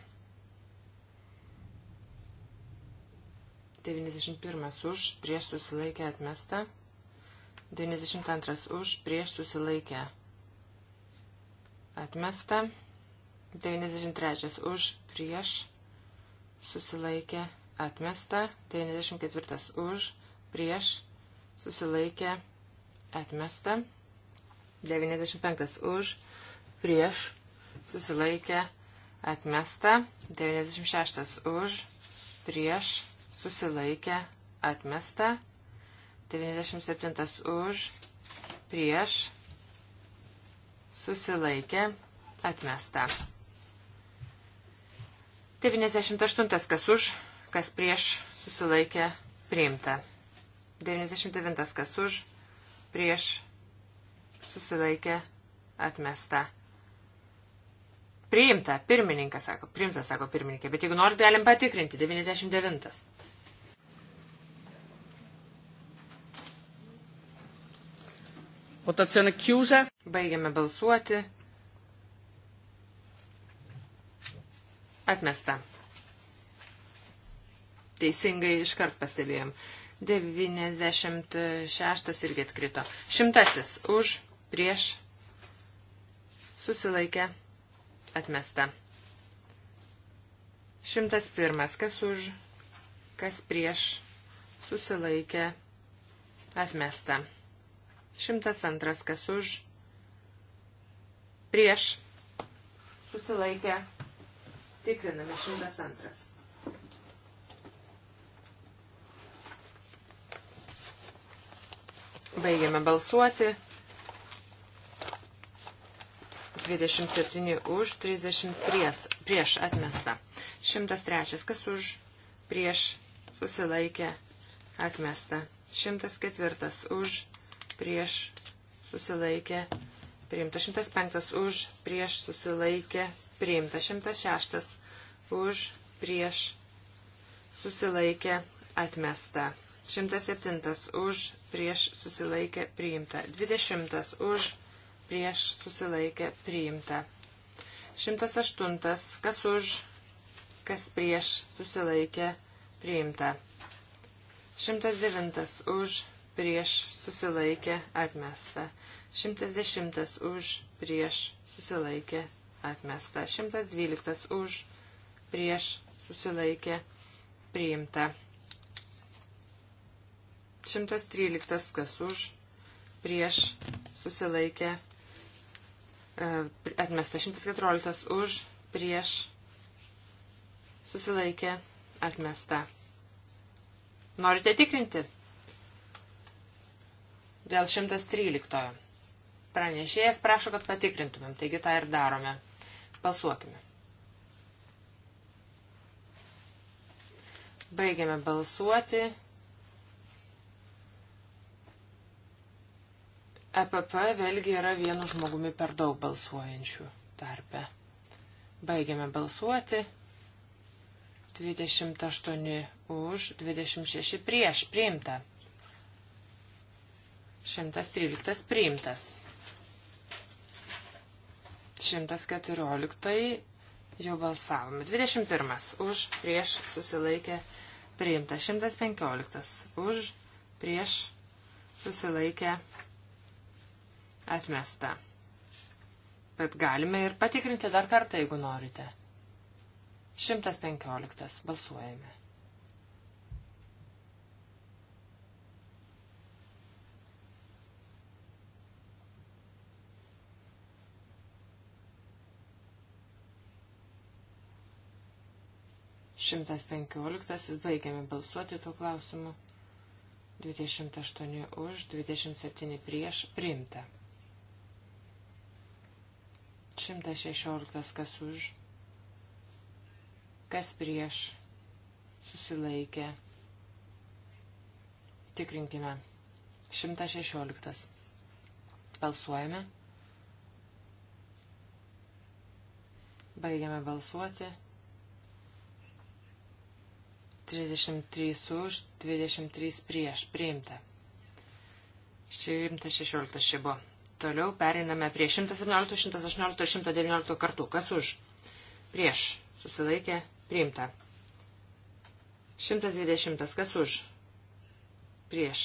91 už, prieš susilaikę atmesta. 92 už, prieš susilaikę atmesta. 93 už, prieš susilaikę atmesta. 94 už, prieš susilaikę atmesta. 95 už, prieš susilaikę atmesta atmesta, 96 už, prieš, susilaikė, atmesta, 97 už, prieš, susilaikė, atmesta. 98 kas už, kas prieš, susilaikė, priimta. 99 kas už, prieš, susilaikė, atmesta. Priimta, pirmininkas sako, priimta, sako pirmininkė, bet jeigu norit, galim patikrinti, 99. Votazione chiusa. Baigiame balsuoti. Atmesta. Teisingai iškart pastebėjom. 96 irgi atkrito. Šimtasis už prieš susilaikę Atmesta. 101. Kas už, kas prieš, susilaikė, atmesta. 102. Kas už, prieš, susilaikė, tikriname 102. Baigiame balsuoti. 27 už, 30 prieš, prieš atmesta. 103. Kas už, prieš, susilaikė, atmesta. 104. Už, prieš, susilaikė, priimta. 105. Už, prieš, susilaikė, priimta. 106. Už, prieš, susilaikė, atmesta. 107. Už, prieš, susilaikė, priimta. 20. Už, prieš susilaikė priimta. 108. Kas už, kas prieš susilaikė priimta. 109. Už, prieš susilaikė atmesta. 110. Už, prieš susilaikė atmesta. 112. Už, prieš susilaikė priimta. 113. Kas už, prieš susilaikė atmesta E, atmesta 114 už, prieš, susilaikė, atmesta. Norite tikrinti? Dėl 113. Pranešėjas prašo, kad patikrintumėm, taigi tą ir darome. Balsuokime. Baigiame balsuoti. EPP vėlgi yra vienu žmogumi per daug balsuojančių tarpe. Baigiame balsuoti. 28 už, 26 prieš priimta. 113 priimtas. 114 jau balsavome. 21 už, prieš susilaikė priimta. 115 už, prieš susilaikė priimta Atmesta. Bet galime ir patikrinti dar kartą, jeigu norite. 115. Balsuojame. Šimtas penkioliktasis baigiame balsuoti tuo klausimu. 28 už, 27 prieš, priimta. 116 kas už, kas prieš, susilaikė. Tikrinkime. 116. Balsuojame. Baigiame balsuoti. 33 už, 23 prieš. Priimta. 116 čia buvo. Toliau pereiname prie 117, 118 ir 119 kartų. Kas už? Prieš. Susilaikė. Priimta. 120. Kas už? Prieš.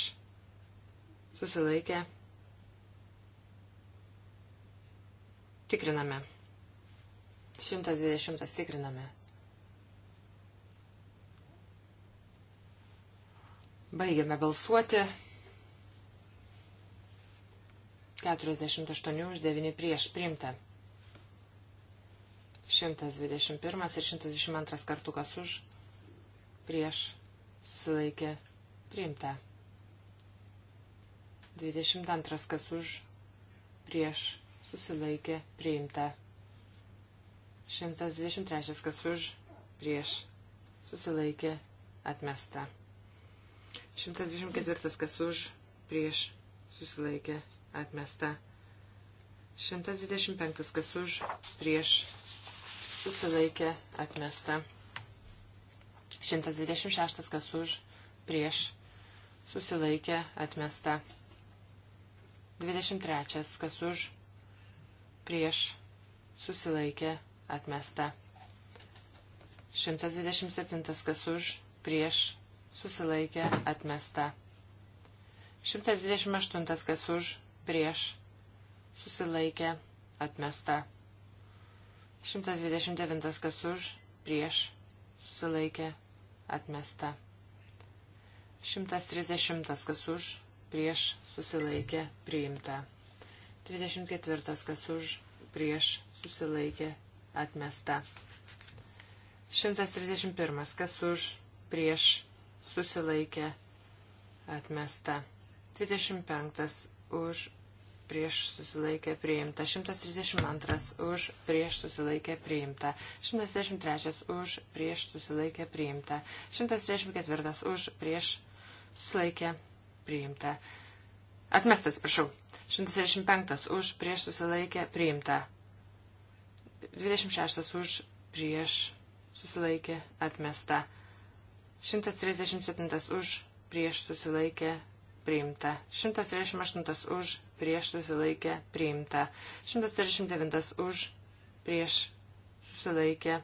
Susilaikė. Tikriname. 120 tikriname. Baigiame balsuoti. 48 už 9 prieš priimta. 121 ir 122 kartų kas už prieš susilaikė priimta. 22 kas už prieš susilaikė priimta. 123 kas už prieš susilaikė atmesta. 124 kas už prieš susilaikė priimta atmesta. 125 kas už, prieš, susilaikė, atmesta. 126 kas už, prieš, susilaikė, atmesta. 23 kas už, prieš, susilaikė, atmesta. 127 kas už, prieš, susilaikė, atmesta. 128 kas už, prieš, susilaikė, atmesta. 129 kas už, prieš, susilaikė, atmesta. 130 kas už, prieš, susilaikė, priimta. 24 kas už, prieš, susilaikė, atmesta. 131 kas už, prieš, susilaikė, atmesta. 25 už prieš susilaikę priimta, 132 už prieš susilaikę priimta, 163 už prieš susilaikę priimta, 164 už prieš susilaikę priimta. Atmestas, prašau. 165 už prieš susilaikę priimta. 26 už prieš susilaikė atmesta. 137 už prieš susilaikė priimta. 138 už prieš susilaikę priimta. 139 už prieš susilaikę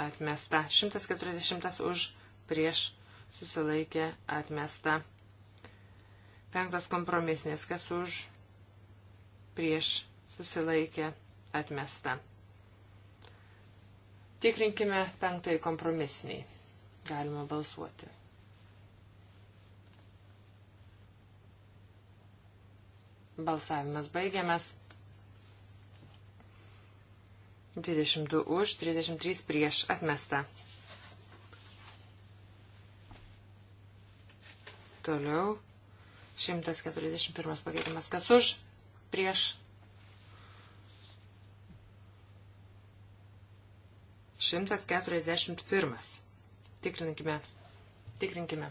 atmesta. 140 už prieš susilaikę atmesta. Penktas kompromisnis, kas už prieš susilaikę atmesta. Tikrinkime penktąjį kompromisinį. Galima balsuoti. Balsavimas baigiamas. 22 už, 33 prieš atmesta. Toliau 141 pakeitimas. Kas už, prieš. 141. Tikrinkime. Tikrinkime.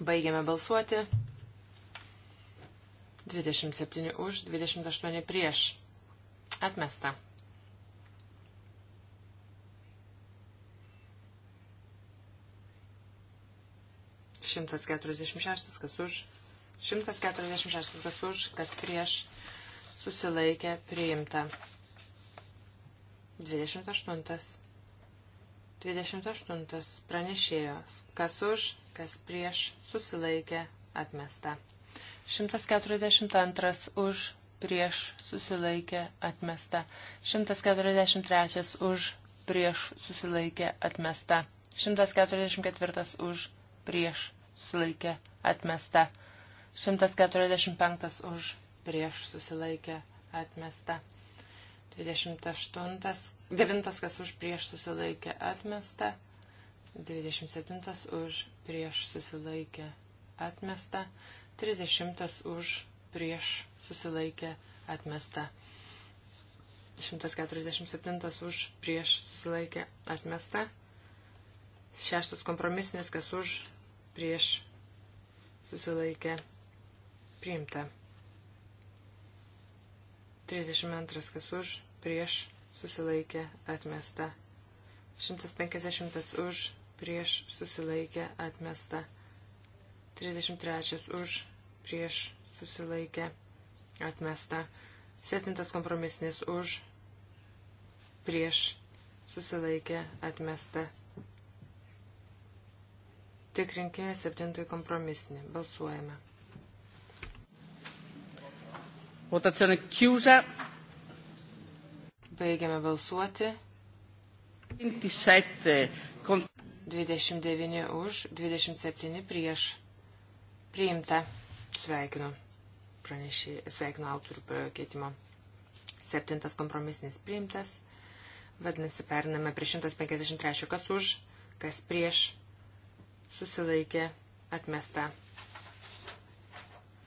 Baigiame balsuoti. 27 už, 28 prieš. Atmesta. Šimtas keturiasdešimt šeštas, kas už. Šimtas keturiasdešimt šeštas, kas už, kas prieš. Susilaikė, priimta. Dvidešimt aštuntas. 28. Pranešėjo, kas už, kas prieš, susilaikė, atmesta. 142. Už, prieš, susilaikė, atmesta. 143. Už, prieš, susilaikė, atmesta. 144. Už, prieš, susilaikė, atmesta. 145. Už, prieš, susilaikė, atmesta. 28, 9 kas už prieš susilaikė atmesta, 27 už prieš susilaikė atmesta, 30 už prieš susilaikė atmesta, 147 už prieš susilaikė atmesta, 6 kompromisinis kas už prieš susilaikė priimta. 32 kas už, prieš, susilaikė, atmesta. 150 už, prieš, susilaikė, atmesta. 33 už, prieš, susilaikė, atmesta. 7 kompromisnis už, prieš, susilaikė, atmesta. Tikrinkė 7 kompromisinį. Balsuojame. Votazione chiusa. Baigiame balsuoti. 27 kont... 29 už, 27 prieš. Priimta. Sveikinu. Pranešė, sveikinu autorių pakeitimą. Septintas kompromisinis priimtas. Vadinasi, periname prie 153. Kas už, kas prieš. Susilaikė. Atmesta.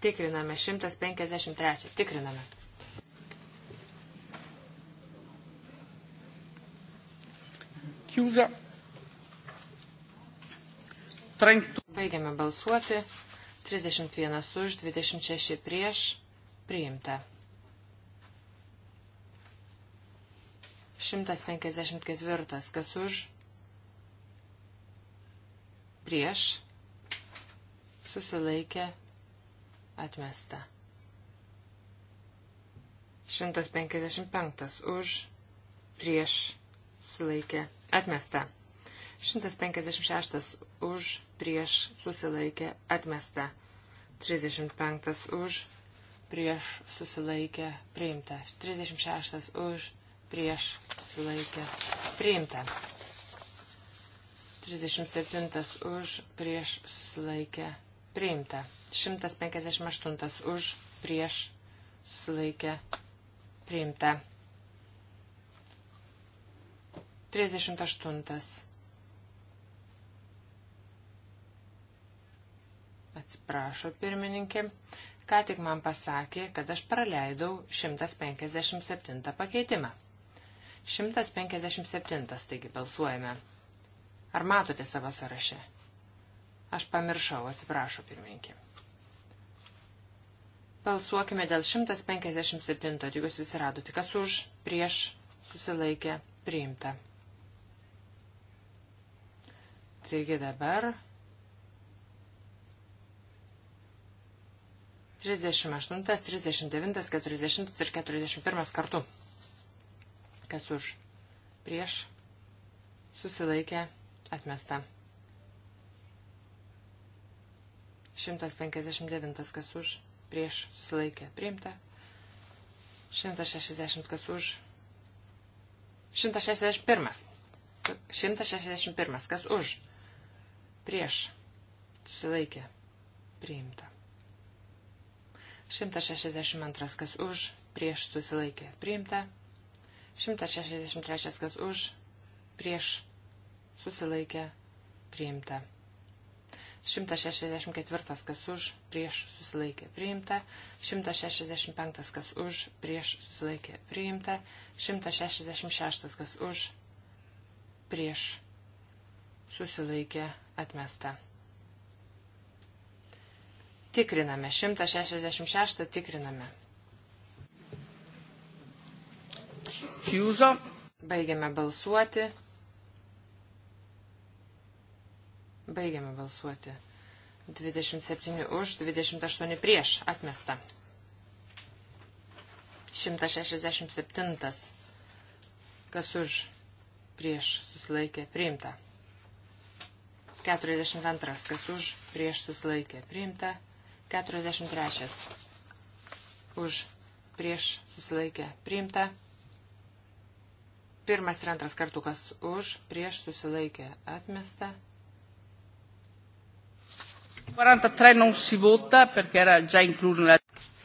Tikriname 153. Tikriname. Kiuza. Baigiame balsuoti. 31 už, 26 prieš. Priimta. 154. Kas už? Prieš. Susilaikė Atmesta. 155 už, prieš, sulaikė, atmesta. 156 už, prieš, susilaikė, atmesta. 35 už, prieš, susilaikė, priimta. 36 už, prieš, susilaikė, priimta. 37 už, prieš, susilaikė, Priimta. 158 už, prieš, susilaikė, priimta. 38. Atsiprašo pirmininkė, ką tik man pasakė, kad aš praleidau 157 pakeitimą. 157, taigi balsuojame. Ar matote savo sąraše? Aš pamiršau, atsiprašau, pirmininkė. Balsuokime dėl 157, tikiuosi visi radote, kas už, prieš, susilaikė, priimta. Taigi dabar 38, 39, 40 ir 41 kartu. Kas už, prieš, susilaikė, atmesta. 159 kas už, prieš susilaikė priimta, 160 kas už, 161, 161 kas už, prieš susilaikė priimta, 162 kas už, prieš susilaikė priimta, 163 kas už, prieš susilaikė priimta. 164 kas už, prieš susilaikė priimta, 165 kas už, prieš susilaikė priimta, 166 kas už, prieš susilaikė atmesta. Tikriname, 166 tikriname. Chiuso. Baigiame balsuoti. Baigiame balsuoti. 27 už, 28 prieš atmesta. 167. Kas už prieš susilaikė priimta. 42. Kas už prieš susilaikė priimta. 43. Už prieš susilaikė priimta. Pirmas ir antras kartukas už prieš susilaikė atmesta. 43 non si vota perché era già incluso nella...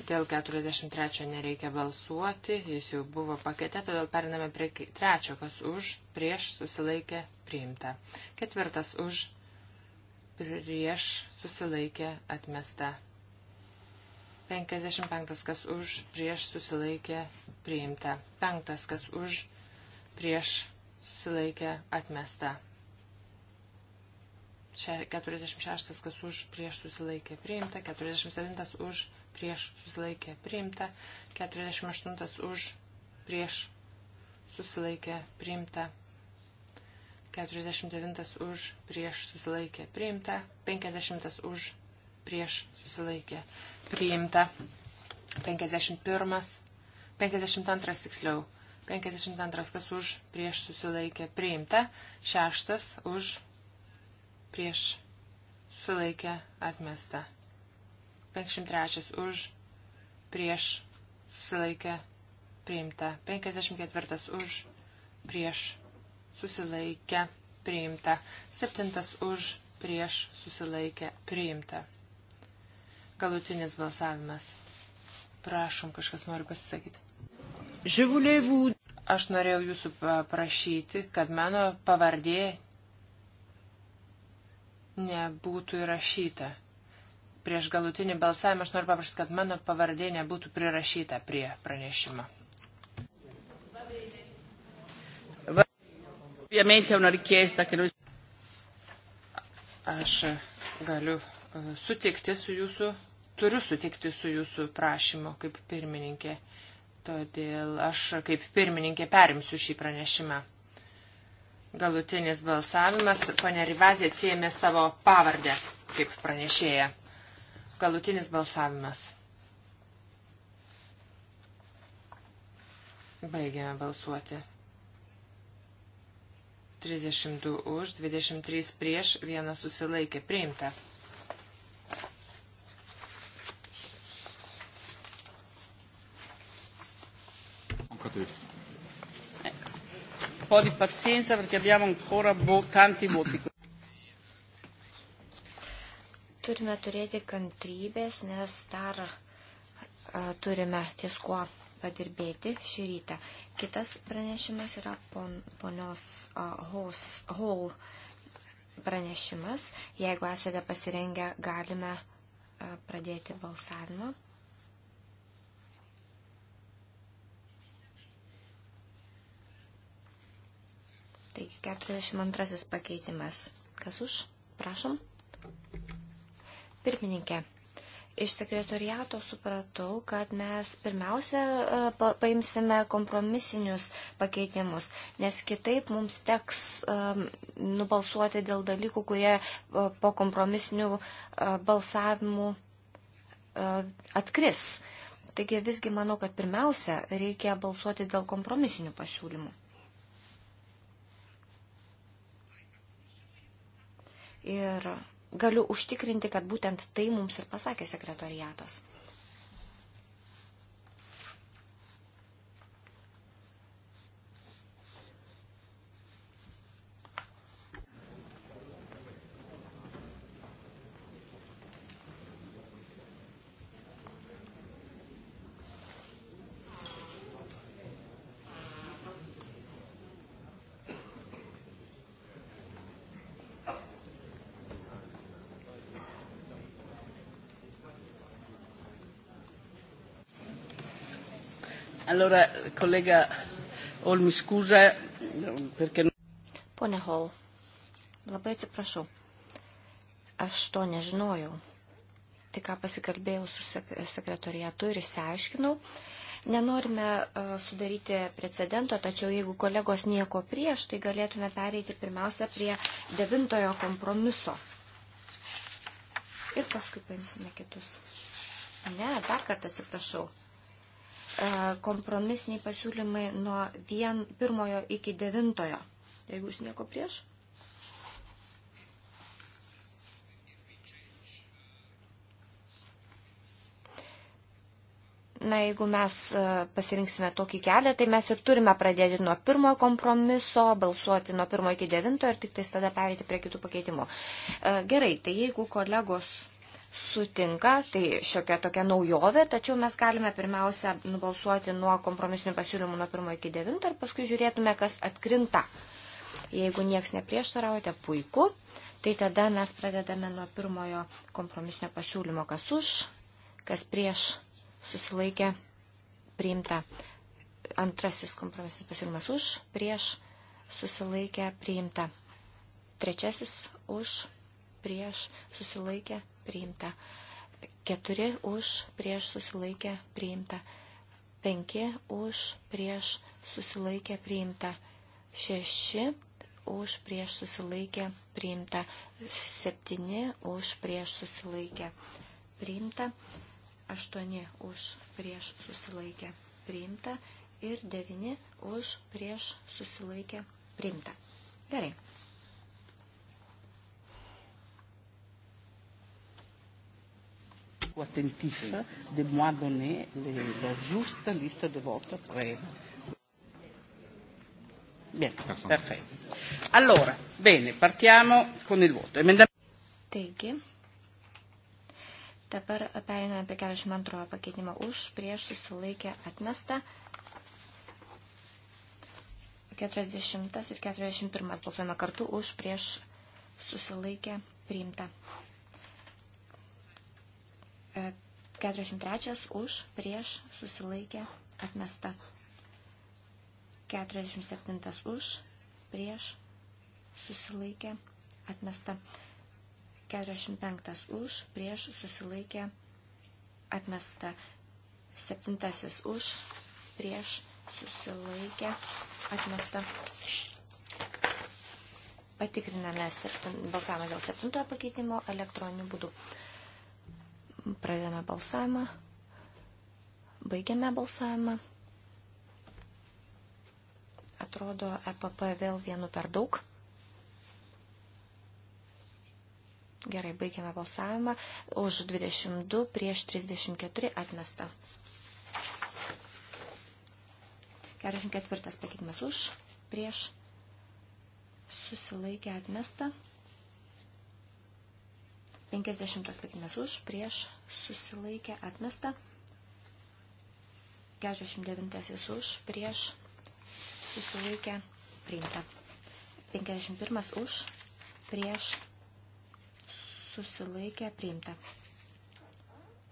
Dėl 43 nereikia balsuoti, jis jau buvo pakete, todėl periname prie trečio, kas už, prieš, susilaikė, priimta. Ketvirtas už, prieš, susilaikė, atmesta. 55 kas už, prieš, susilaikė, priimta. 5 kas už, prieš, susilaikė, atmesta. 46 kas už prieš susilaikė priimta, 47 už prieš susilaikė priimta, 48 už prieš susilaikė priimta, 49 už prieš susilaikė priimta, 50 už prieš susilaikė priimta, 51, 52 tiksliau, 52 kas už prieš susilaikė priimta, 6 už prieš sulaikę atmesta. 53 už prieš susilaikę priimta. 54 už prieš susilaikę priimta. 7 už prieš susilaikę priimta. Galutinis balsavimas. Prašom, kažkas nori pasisakyti. Aš norėjau jūsų paprašyti, kad mano pavardė nebūtų įrašyta. Prieš galutinį balsavimą aš noriu paprašyti, kad mano pavardė nebūtų prirašyta prie pranešimo. Aš galiu e, sutikti su jūsų, turiu sutikti su jūsų prašymu kaip pirmininkė. Todėl aš kaip pirmininkė perimsiu šį pranešimą galutinis balsavimas. Pane Rivazė atsijėmė savo pavardę kaip pranešėja. Galutinis balsavimas. Baigėme balsuoti. 32 už, 23 prieš, vienas susilaikė priimta. Encore deux po' di pazienza perché abbiamo ancora vo tanti voti. Turime turėti kantrybės, nes dar a, e, turime ties kuo padirbėti šį rytą. Kitas pranešimas yra pon, ponios a, e, hos, Hall pranešimas. Jeigu esate pasirengę, galime a, e, pradėti balsavimą. Taigi 42 pakeitimas. Kas už? Prašom. Pirmininkė. Iš sekretoriato supratau, kad mes pirmiausia e, pa, paimsime kompromisinius pakeitimus, nes kitaip mums teks um, nubalsuoti dėl dalykų, kurie uh, po kompromisinių uh, balsavimų uh, atkris. Taigi visgi manau, kad pirmiausia reikia balsuoti dėl kompromisinių pasiūlymų. Ir galiu užtikrinti, kad būtent tai mums ir pasakė sekretoriatas. Allora, collega Hall, mi scusa perché... Pone Hall, labai atsiprašau. Aš to nežinojau. Tik ką pasikalbėjau su sek sekretoriatu ir išsiaiškinau. Nenorime uh, sudaryti precedento, tačiau jeigu kolegos nieko prieš, tai galėtume pereiti pirmiausia prie devintojo kompromiso. Ir paskui paimsime kitus. Ne, dar kartą atsiprašau. E, kompromisiniai pasiūlymai nuo vien, pirmojo iki devintojo. Jeigu jūs nieko prieš. Na, jeigu mes e, pasirinksime tokį kelią, tai mes ir turime pradėti nuo pirmojo kompromiso, balsuoti nuo pirmojo iki devintojo ir tik tais tada perėti prie kitų pakeitimų. E, gerai, tai jeigu kolegos sutinka, tai šiokia tokia naujovė, tačiau mes galime pirmiausia nubalsuoti nuo kompromisinių pasiūlymų nuo 1 iki 9 ir paskui žiūrėtume, kas atkrinta. Jeigu nieks neprieštaraujate, puiku, tai tada mes pradedame nuo pirmojo kompromisinio pasiūlymo, kas už, kas prieš susilaikė priimta. Antrasis kompromisinis pasiūlymas už, prieš susilaikė priimta. Trečiasis už, prieš susilaikė priimta priimta. 4 už prieš susilaikę priimta. 5 už prieš susilaikę priimta. 6 už prieš susilaikę priimta. 7 už prieš susilaikę priimta. 8 už prieš susilaikę priimta. Ir 9 už prieš susilaikę priimta. Gerai. surtout attentif de moi donner le, la juste liste de votes après. Bene, perfetto. Allora, bene, partiamo con il voto. Emendamento. Taigi, dabar periname prie 42 pakeitimo už, prieš susilaikę atmestą. 40 ir 41 balsuojame kartu už, prieš susilaikę priimtą. 43 e, už, prieš, susilaikė, atmesta. 47 už, prieš, susilaikė, atmesta. 45 už, prieš, susilaikė, atmesta. 7 už, prieš, susilaikė, atmesta. Patikriname balsavimą dėl 7 pakeitimo elektroniniu būdu. Pradedame balsavimą. Baigiame balsavimą. Atrodo, EPP vėl vienu per daug. Gerai, baigiame balsavimą. Už 22 prieš 34 atmesta. 44 pakeitimas už prieš susilaikę atmesta. 50 pakeitimas už, prieš susilaikė atmesta. 49 už, prieš susilaikė priimta. 51 už, prieš susilaikė priimta.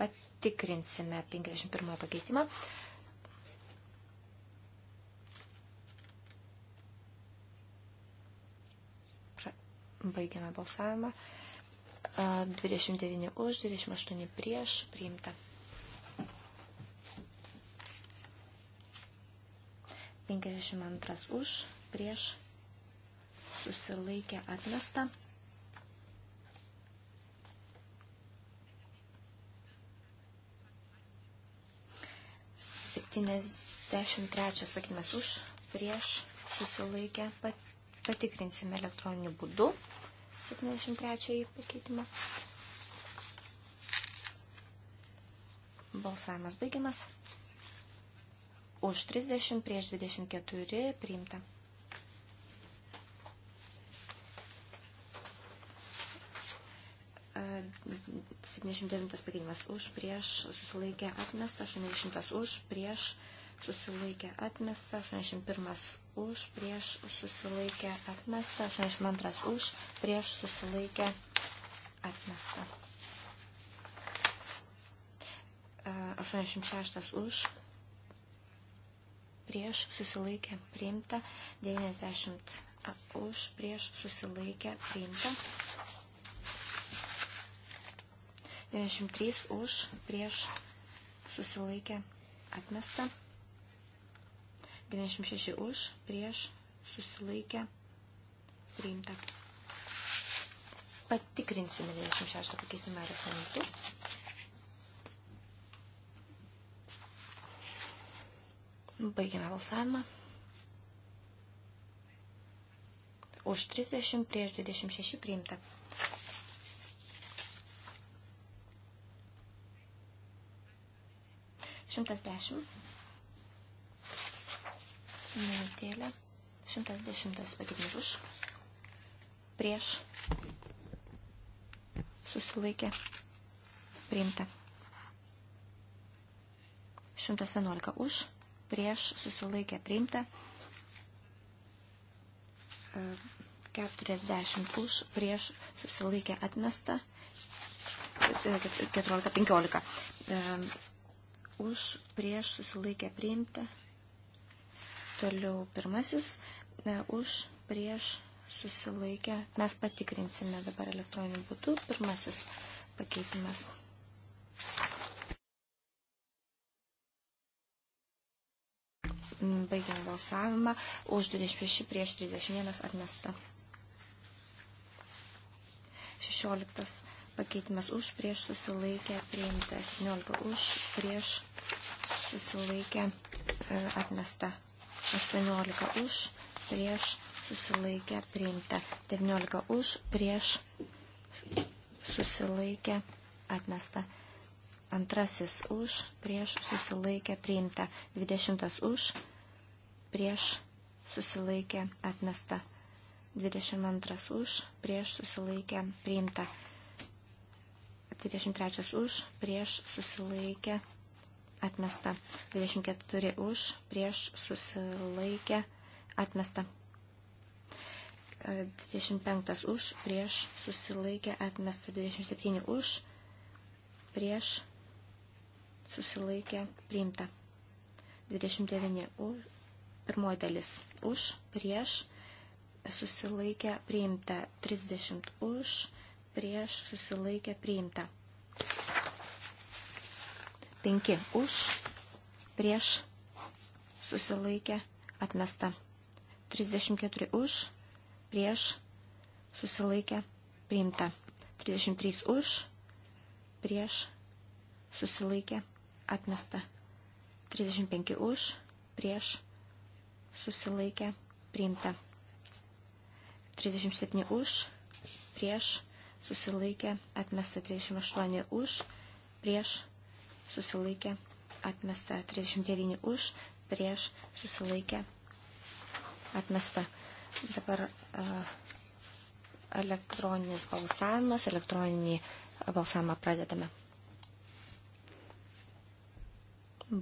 Patikrinsime 51 pakeitimą. Baigiame balsavimą. 29 už, 28 prieš, priimta. 52 už, prieš, susilaikė atmesta. Septyniasdešimt trečias pakeitimas už, prieš, susilaikė, pat, patikrinsime elektroniniu būdu. 73 pakeitimą. Balsavimas baigiamas. Už 30 prieš 24 priimta. E, 79 pakeitimas už prieš susilaikę atmestą, 80 už prieš susilaikę atmestą, 81 už, prieš susilaikę atmestą, 82 už, prieš susilaikę atmestą. 86 už, prieš susilaikę priimta, 90 už, prieš susilaikę priimta. 93 už, prieš susilaikę atmestą. 96 už, prieš, susilaikę, priimta. Patikrinsime 96 pakeitimą referentų. Baigiame balsavimą. Už 30 prieš 26 priimta. Šimtas dešimt minutėlę. 110 patikrinti už. Prieš. Susilaikė. Priimta. 111 už. Prieš. Susilaikė. Priimta. 40 e, už. Prieš. Susilaikė. Atmesta. 14.15. E, už. Prieš. Susilaikė. Priimta. Toliau pirmasis ne, už prieš susilaikę. Mes patikrinsime dabar elektroniniu būdu. Pirmasis pakeitimas. Baigiam balsavimą. Už 26 prieš 31 atmesta. 16 pakeitimas už prieš susilaikę priimta. 17 už prieš susilaikę e, atmesta. 18 už, prieš susilaikę priimta. 19 už, prieš susilaikę atmesta. Antrasis už, prieš susilaikę priimta. 20 už, prieš susilaikę atmesta. 22 už, prieš susilaikę priimta. 23 už, prieš susilaikę atmesta. 24 už, prieš susilaikę, atmesta. 25 už, prieš susilaikę, atmesta. 27 už, prieš susilaikę, priimta. 29 už, pirmoji dalis už, prieš susilaikę, priimta. 30 už, prieš susilaikę, priimta. 5 už, prieš, susilaikė, atmesta. 34 už, prieš, susilaikė, priimta. 33 už, prieš, susilaikė, atmesta. 35 už, prieš, susilaikė, priimta. 37 už, prieš, susilaikė, atmesta. 38 už, prieš, susilaikė atmesta. 39 už, prieš susilaikė atmesta. Dabar uh, elektroninis balsavimas, elektroninį balsavimą pradedame.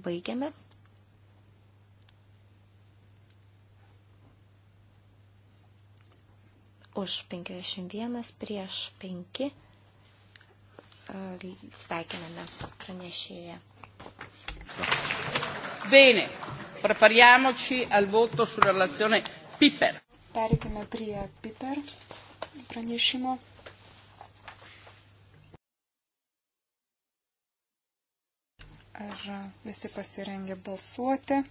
Baigiame. Už 51, prieš 5 sveikiname pranešėją. Bene, prepariamoci al voto sulla relazione Piper. Perikime prie Piper pranešimo. Ar visi pasirengė balsuoti?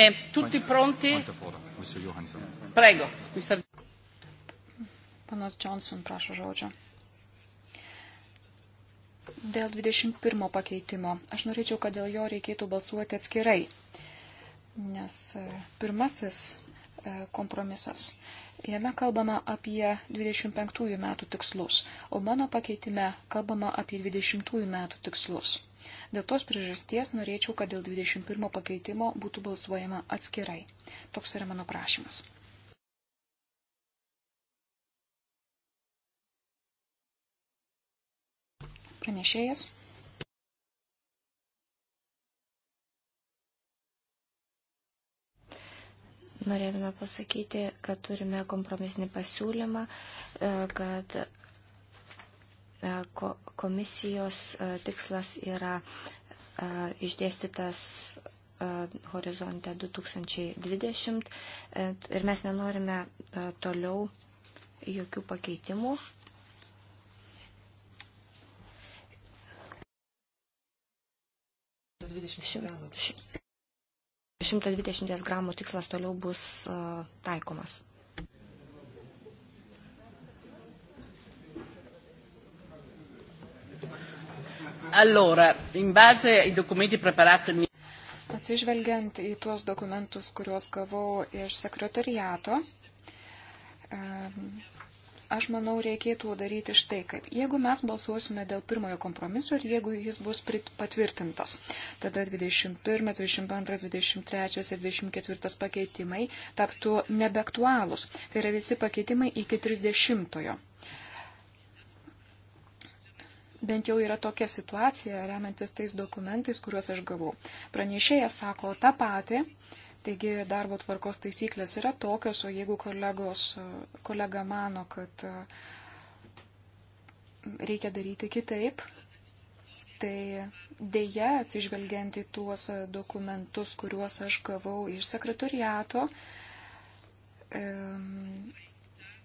Bene, tutti pronti? Prego. Panas Johnson prašo žodžio. Dėl 21 pakeitimo. Aš norėčiau, kad dėl jo reikėtų balsuoti atskirai, nes e, pirmasis e, kompromisas Jame kalbama apie 25 metų tikslus, o mano pakeitime kalbama apie 20 metų tikslus. Dėl tos priežasties norėčiau, kad dėl 21 pakeitimo būtų balsuojama atskirai. Toks yra mano prašymas. Pranešėjas. norėtume pasakyti, kad turime kompromisinį pasiūlymą, e, kad e, komisijos e, tikslas yra išdėstytas horizonte 2020 ir mes nenorime toliau jokių pakeitimų. Dvidešimt 120 gramų tikslas toliau bus e, taikomas. Allora, in base ai documenti preparati. Atsižvelgiant į tuos dokumentus, kuriuos gavau iš sekretariato, aš manau, reikėtų daryti štai kaip. Jeigu mes balsuosime dėl pirmojo kompromiso ir jeigu jis bus patvirtintas, tada 21, 22, 23 ir 24 pakeitimai taptų nebeaktualūs. Tai yra visi pakeitimai iki 30-ojo. Bent jau yra tokia situacija, remiantis tais dokumentais, kuriuos aš gavau. Pranešėjas sako tą patį, Taigi darbo tvarkos taisyklės yra tokios, o jeigu kolegos, kolega mano, kad mm, reikia daryti kitaip, tai dėja atsižvelgiant į tuos dokumentus, kuriuos aš gavau iš sekretoriato,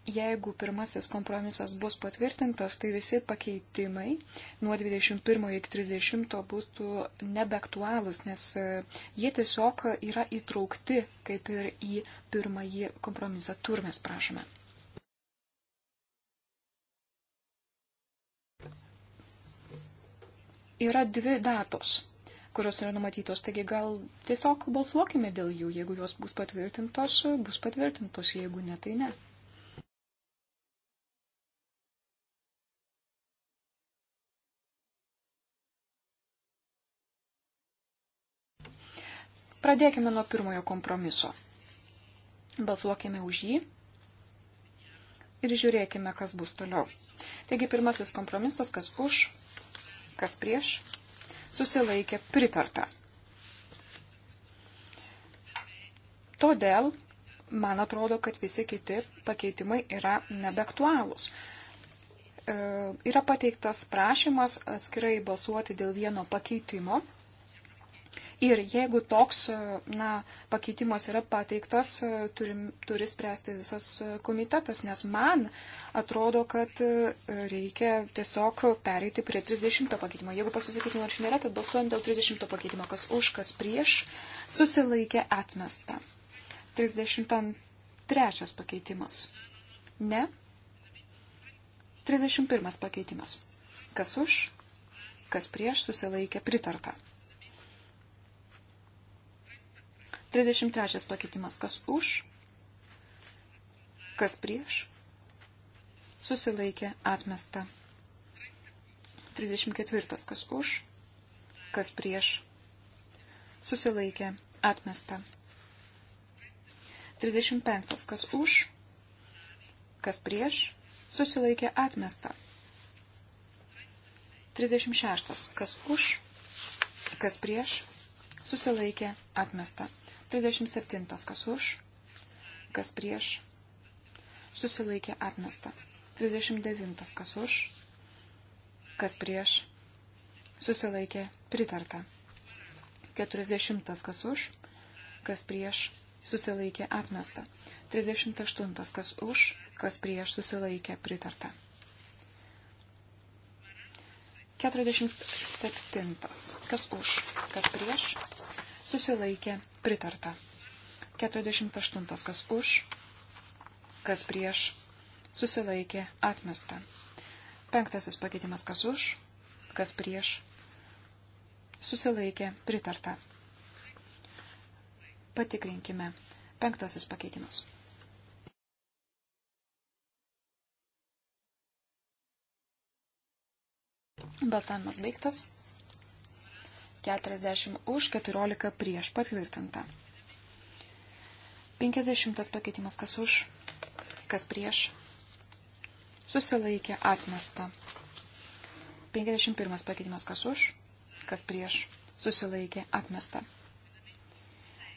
jeigu pirmasis kompromisas bus patvirtintas, tai visi pakeitimai nuo 21 iki 30 būtų nebeaktualūs, nes e, jie tiesiog yra įtraukti kaip ir į pirmąjį kompromisą. Turmes prašome. Yra dvi datos kurios yra numatytos. Taigi gal tiesiog balsuokime dėl jų, jeigu jos bus patvirtintos, bus patvirtintos, jeigu ne, tai ne. Pradėkime nuo pirmojo kompromiso. Balsuokime už jį ir žiūrėkime, kas bus toliau. Taigi pirmasis kompromisas, kas už, kas prieš, susilaikė pritarta. Todėl, man atrodo, kad visi kiti pakeitimai yra nebeaktualūs. E, yra pateiktas prašymas atskirai balsuoti dėl vieno pakeitimo Ir jeigu toks na, pakeitimas yra pateiktas, turim, turi spręsti visas komitetas, nes man atrodo, kad e, reikia tiesiog pereiti prie 30 pakeitimo. Jeigu pasisakyti nors nėra, tad balsuojam dėl 30 pakeitimo. Kas už, kas prieš, susilaikė atmesta. 33 pakeitimas. Ne. 31 pakeitimas. Kas už, kas prieš, susilaikė pritarta. 33 pakeitimas. Kas už? Kas prieš? Susilaikė atmesta. 34. Kas už? Kas prieš? Susilaikė atmesta. 35. Kas už? Kas prieš? Susilaikė atmesta. 36. Kas už? Kas prieš? Susilaikė atmesta. 37. Kas už, kas prieš, susilaikė atmesta. 39. Kas už, kas prieš, susilaikė pritarta. 40. Kas už, kas prieš, susilaikė atmesta. 38. Kas už, kas prieš, susilaikė pritarta. 47. Kas už, kas prieš, susilaikė, pritarta. 48. Kas už, kas prieš, susilaikė, atmesta. Penktasis pakeitimas. Kas už, kas prieš, susilaikė, pritarta. Patikrinkime. Penktasis pakeitimas. Balsavimas baigtas. 40 už, 14 prieš patvirtinta. 50 pakeitimas kas už, kas prieš. Susilaikė atmesta. 51 pakeitimas kas už, kas prieš. Susilaikė atmesta.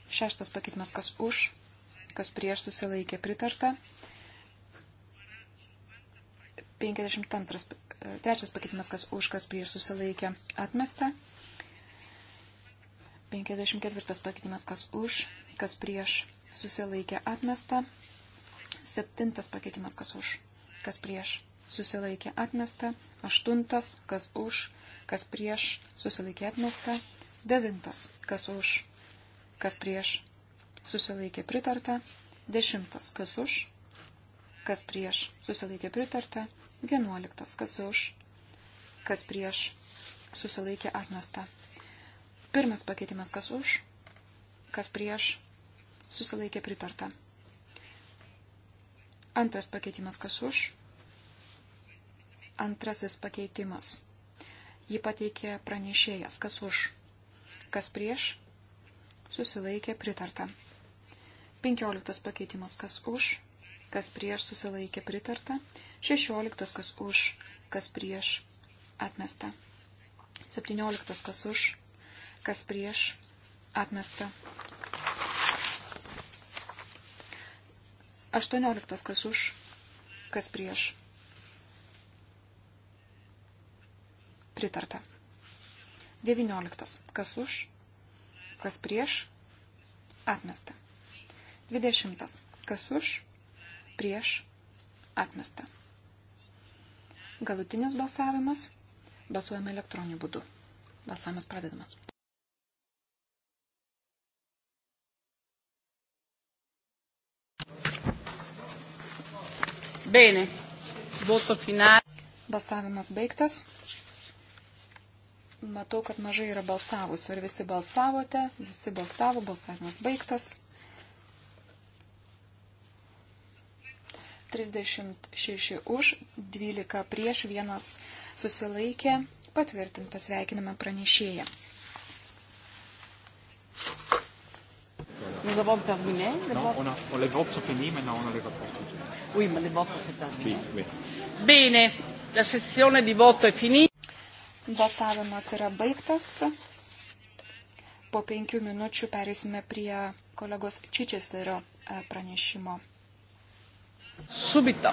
Šeštas pakeitimas kas už, kas prieš susilaikė pritarta. 52. Trečias pakeitimas, kas už, kas prieš susilaikė, atmesta. 54 pakeitimas, kas už, kas prieš, susilaikė atmesta. 7 pakeitimas, kas už, kas prieš, susilaikė atmesta. 8 kas už, kas prieš, susilaikė atmesta. 9 kas už, kas prieš, susilaikė pritarta. 10 kas už, kas prieš, susilaikė pritarta. 11 kas už, kas prieš, susilaikė atmesta. Pirmas pakeitimas, kas už, kas prieš, susilaikė pritarta. Antras pakeitimas, kas už, antrasis pakeitimas. Jį pateikė pranešėjas, kas už, kas prieš, susilaikė pritarta. Penkioliktas pakeitimas, kas už, kas prieš, susilaikė pritarta. Šešioliktas, kas už, kas prieš, atmesta. Septynioliktas, kas už, kas prieš atmesta. 18. Kas už, kas prieš. Pritarta. 19. Kas už, kas prieš. Atmesta. 20. Kas už, prieš. Atmesta. Galutinis balsavimas. Balsuojame elektroniniu būdu. Balsavimas pradedamas. Bene, voto finale. Balsavimas baigtas. Matau, kad mažai yra balsavusių. Ir visi balsavote, visi balsavo, balsavimas baigtas. 36 už, 12 prieš, 1 susilaikė, patvirtintas sveikiname pranešėją. Nous avons terminé. Non, on, a, on les votes sont finis, maintenant on a les rapports. Oui, ma le voto settanta. Sì, beh. Bene, la sessione di voto è finita. Balsavimas yra baigtas. Po penkių minučių perėsime prie kolegos Čičesterio e, pranešimo. Subito.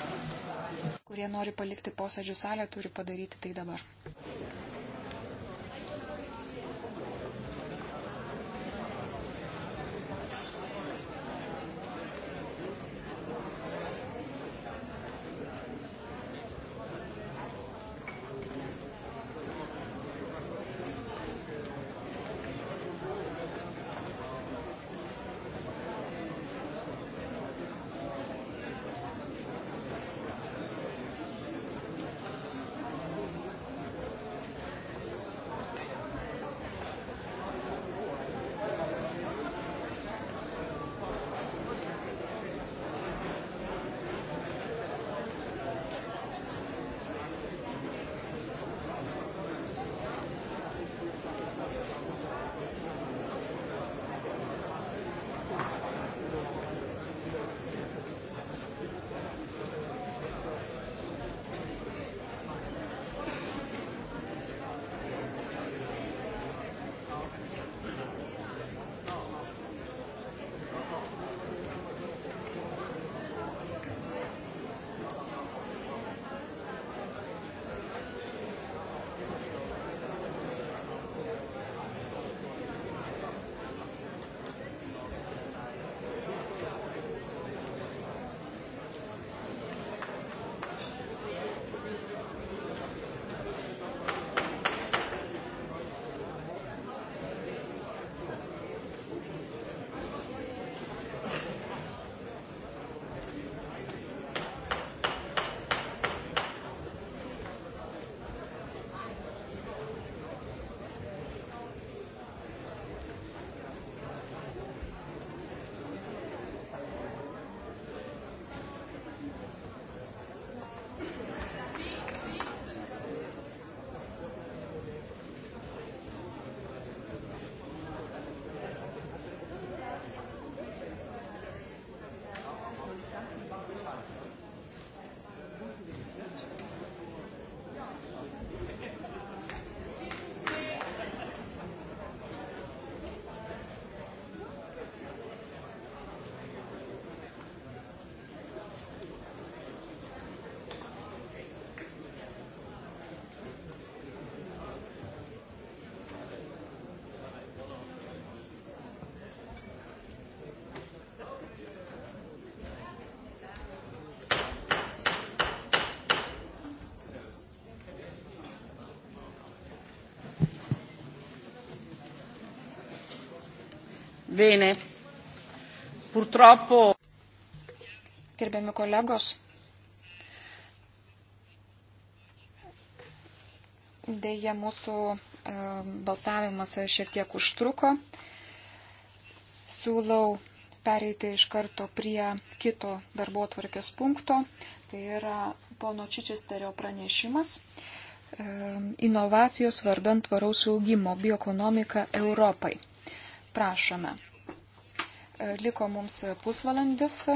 Kurie nori palikti posėdžių salę, turi padaryti tai dabar. Bene. Purtroppo. Gerbiami kolegos. Deja, mūsų e, balsavimas šiek tiek užtruko. Siūlau pereiti iš karto prie kito darbo tvarkės punkto. Tai yra pono Čičesterio pranešimas. E, inovacijos vardant tvaraus augimo bioekonomika Europai. Prašome. E, liko mums pusvalandis e,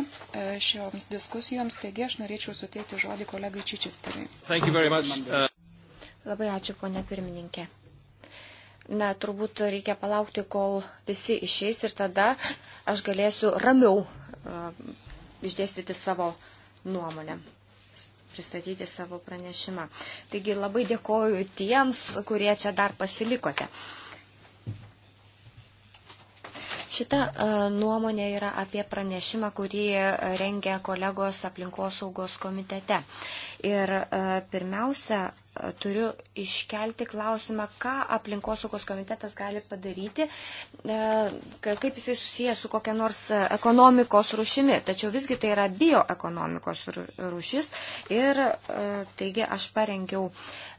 šioms diskusijoms, taigi aš norėčiau suteikti žodį kolegai Čičisteriui. Labai ačiū, ponia pirmininkė. Na, turbūt reikia palaukti, kol visi išeis ir tada aš galėsiu ramiau uh, išdėstyti savo nuomonę pristatyti savo pranešimą. Taigi labai dėkoju tiems, kurie čia dar pasilikote. Uh, Šita e, nuomonė yra apie pranešimą, kurį rengia kolegos aplinkosaugos komitete. Ir e, pirmiausia, e, turiu iškelti klausimą, ką aplinkosaugos komitetas gali padaryti, kaip jisai susijęs su kokia nors ekonomikos rušimi. Tačiau visgi tai yra bioekonomikos rušis. Ir taigi aš parengiau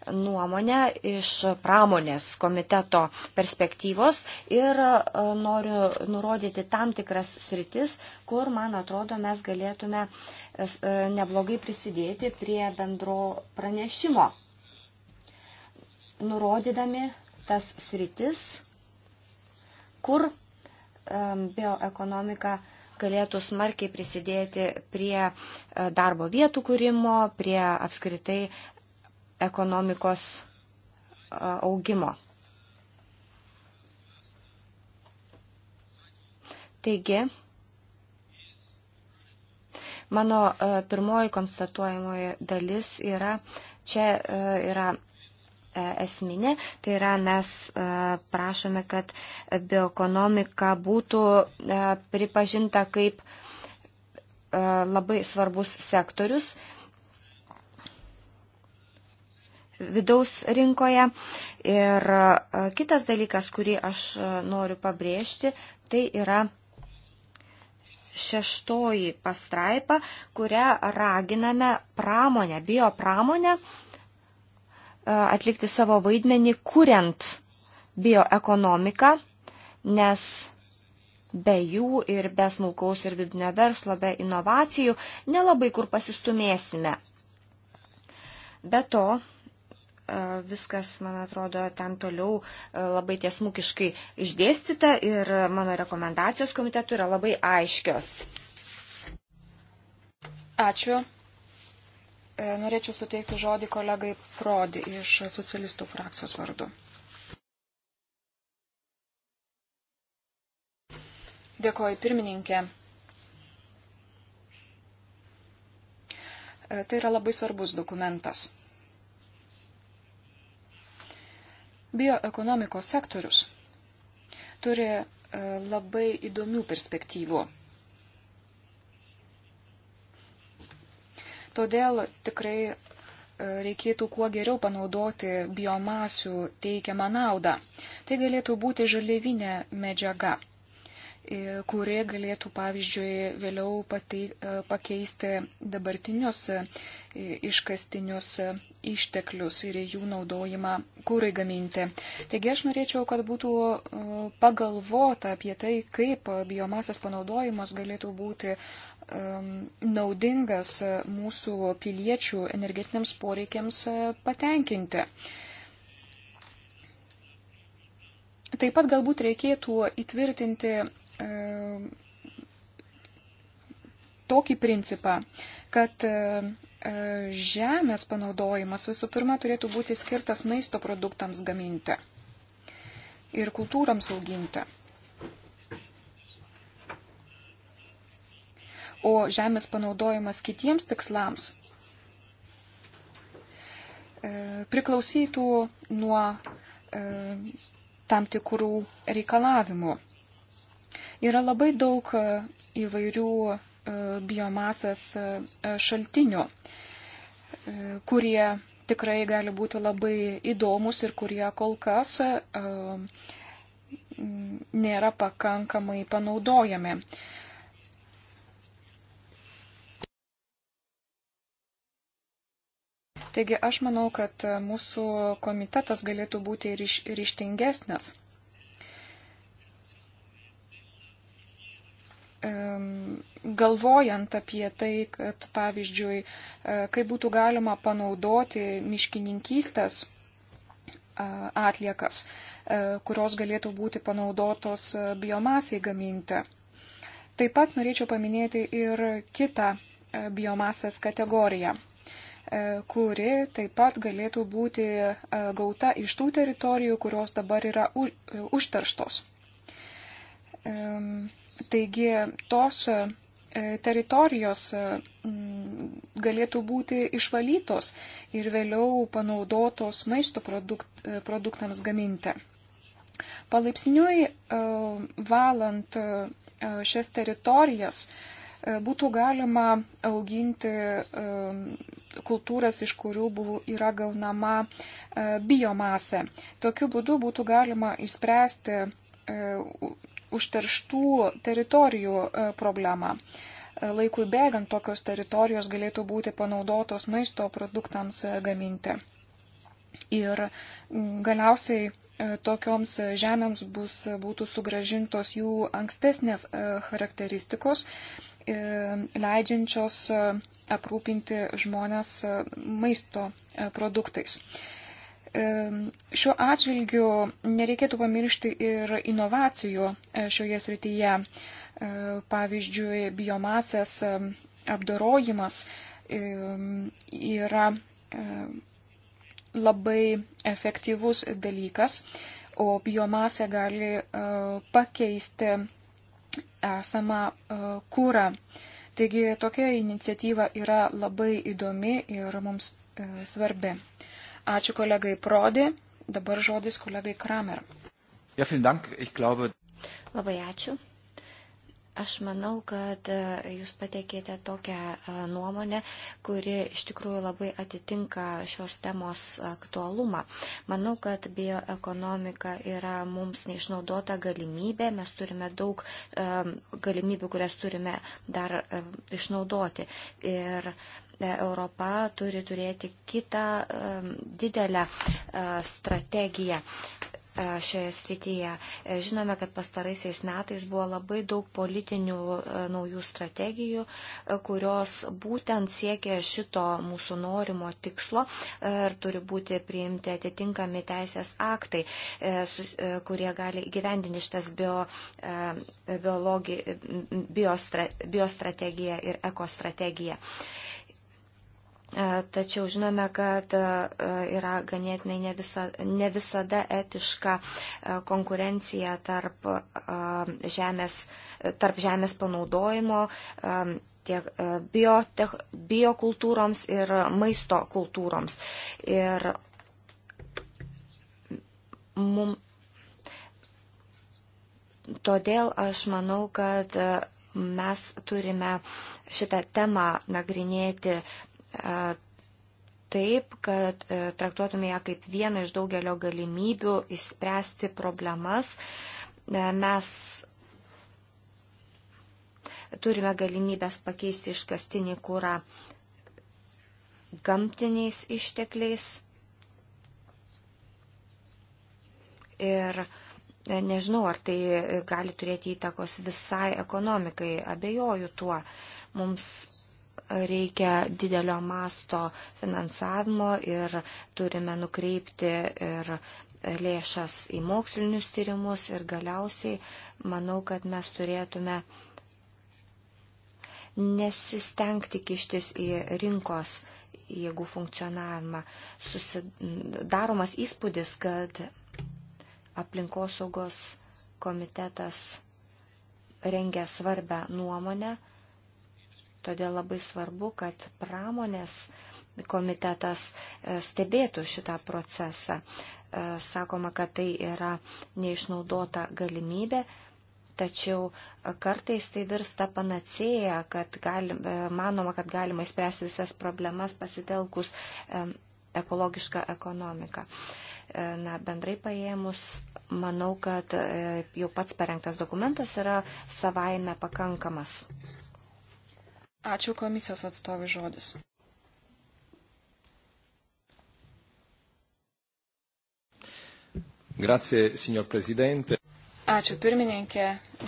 nuomonę iš pramonės komiteto perspektyvos ir e, noriu nurodyti tam tikras sritis, kur, man atrodo, mes galėtume e, e, neblogai prisidėti prie bendro pranešimo, nurodydami tas sritis, kur bioekonomika galėtų smarkiai prisidėti prie darbo vietų kūrimo, prie apskritai ekonomikos augimo. Taigi, mano pirmoji konstatuojamoji dalis yra, čia yra esminė, tai yra mes prašome, kad bioekonomika būtų pripažinta kaip labai svarbus sektorius vidaus rinkoje. Ir e, kitas dalykas, kurį aš e, noriu pabrėžti, tai yra šeštoji pastraipa, kurią raginame pramonę, biopramonę e, atlikti savo vaidmenį, kuriant bioekonomiką, nes be jų ir be smulkaus ir vidinio verslo, be inovacijų nelabai kur pasistumėsime. Be to, viskas, man atrodo, ten toliau labai tiesmukiškai išdėstyta ir mano rekomendacijos komitetų yra labai aiškios. Ačiū. E, norėčiau suteikti žodį kolegai Prodi iš socialistų frakcijos vardu. Dėkoju pirmininkė. E, tai yra labai svarbus dokumentas. Bioekonomikos sektorius turi e, labai įdomių perspektyvų. Todėl tikrai e, reikėtų kuo geriau panaudoti biomasių teikiamą naudą. Tai galėtų būti žalivinė medžiaga. E, kuri galėtų, pavyzdžiui, vėliau patei, e, pakeisti dabartinius e, iškastinius išteklius ir jų naudojimą kūrai gaminti. Taigi aš norėčiau, kad būtų pagalvota apie tai, kaip biomasės panaudojimas galėtų būti naudingas mūsų piliečių energetiniams poreikiams patenkinti. Taip pat galbūt reikėtų įtvirtinti E, tokį principą, kad e, e, žemės panaudojimas visų pirma turėtų būti skirtas maisto produktams gaminti ir kultūrams auginti. O žemės panaudojimas kitiems tikslams priklausytų nuo tam tikrų reikalavimų. Yra labai daug e, įvairių e, biomasės e, šaltinių, kurie tikrai gali būti labai įdomus ir kurie kol kas nėra pakankamai panaudojami. Taigi aš manau, kad mūsų komitetas galėtų būti ryš, ryštingesnis galvojant apie tai, kad pavyzdžiui, e, kaip būtų galima panaudoti miškininkystės atliekas, e, kurios galėtų būti panaudotos e, biomasiai gaminti. Taip pat norėčiau paminėti ir kitą biomasės kategoriją, kuri taip pat galėtų būti gauta iš tų teritorijų, kurios dabar yra užterštos. Taigi tos e, teritorijos e, galėtų būti išvalytos ir vėliau panaudotos maisto produkt, e, produktams gaminti. Palaipsniui valant šias teritorijas būtų galima auginti kultūras, iš kurių buvo, yra gaunama biomasė. Tokiu būdu būtų galima įspręsti užterštų teritorijų e, problemą. E, laikui bėgant tokios teritorijos galėtų būti panaudotos maisto produktams e, gaminti. Ir galiausiai tokioms žemėms bus, būtų sugražintos jų ankstesnės charakteristikos, leidžiančios aprūpinti žmonės maisto produktais. Šiuo atžvilgiu nereikėtų pamiršti ir inovacijų e, šioje srityje. E, pavyzdžiui, biomasės e, apdorojimas yra labai efektyvus dalykas, o biomasė gali pakeisti esamą kūrą. Taigi tokia iniciatyva yra labai įdomi ir mums svarbi. Ačiū kolegai Prodi. Dabar žodis kolegai Kramer. Ja, dank. Ich glaube... Labai ačiū. Aš manau, kad e, jūs pateikėte tokią e, nuomonę, kuri iš tikrųjų labai atitinka šios temos aktualumą. Manau, kad bioekonomika yra mums neišnaudota galimybė, mes turime daug e, galimybių, kurias turime dar išnaudoti. Ir E, Europa turi turėti kitą e, didelę e, strategiją šioje srityje. Žinome, kad pastaraisiais metais buvo labai daug politinių naujų strategijų, kurios būtent siekia šito mūsų norimo tikslo ir turi būti priimti atitinkami teisės aktai, kurie gali gyvendinti šitas bio, biologi, biostra, biostrategiją ir ekostrategiją. E, tačiau žinome, kad e, yra ganėtinai ne, visa, ne visada etiška e, konkurencija tarp žemės, tarp žemės panaudojimo tiek biotech, biokultūroms ir maisto kultūroms. Ir mum, todėl aš manau, kad mes turime šitą temą nagrinėti taip, kad e, traktuotume ją kaip vieną iš daugelio galimybių įspręsti problemas. E, mes turime galimybės pakeisti iškastinį kūrą gamtiniais ištekliais. Ir e, nežinau, ar tai gali turėti įtakos visai ekonomikai, abejoju tuo. Mums reikia didelio masto finansavimo ir turime nukreipti ir lėšas į mokslinius tyrimus ir galiausiai manau, kad mes turėtume nesistengti kištis į rinkos jėgų funkcionavimą. Susidaromas įspūdis, kad aplinkosaugos komitetas rengia svarbę nuomonę Todėl labai svarbu, kad pramonės komitetas e, stebėtų šitą procesą. E, sakoma, kad tai yra neišnaudota galimybė, tačiau e, kartais tai virsta panacėja, kad galim, manoma, kad galima įspręsti visas problemas pasitelkus ekologišką ekonomiką. Na, bendrai paėmus, manau, kad jau pats parengtas dokumentas yra savaime pakankamas. Ačiū komisijos atstovai žodis. Grazie, signor Presidente. Ačiū pirmininkė,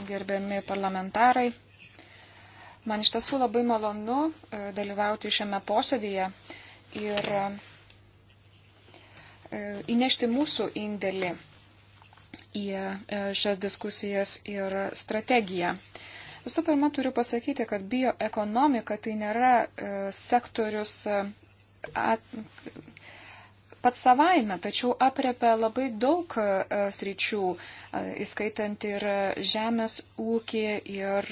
gerbiami parlamentarai. Man iš tiesų labai malonu e, dalyvauti šiame posėdėje ir e, įnešti mūsų indėlį į e, šias diskusijas ir strategiją. Visų pirma, turiu pasakyti, kad bioekonomika tai nėra e, sektorius e, at, pats savaime, tačiau apriepia labai daug e, sričių, įskaitant ir žemės ūkį, ir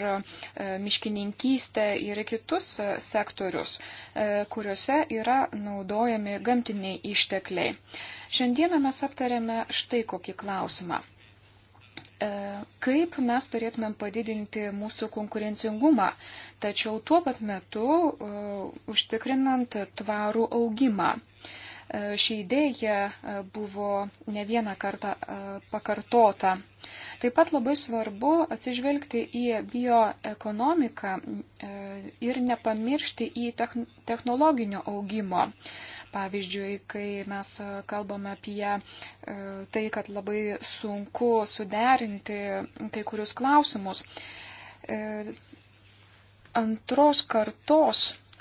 miškininkystę, ir kitus sektorius, kuriuose yra naudojami gamtiniai ištekliai. Šiandieną mes aptarėme štai kokį klausimą. E, kaip mes turėtumėm padidinti mūsų konkurencingumą, tačiau tuo pat metu e, užtikrinant tvarų augimą. E, ši idėja buvo ne vieną kartą pakartota. Taip pat labai svarbu atsižvelgti į bioekonomiką ir nepamiršti į technologinio augimo. Pavyzdžiui, kai mes kalbame apie e, tai, kad labai sunku suderinti kai kurius klausimus. E, antros kartos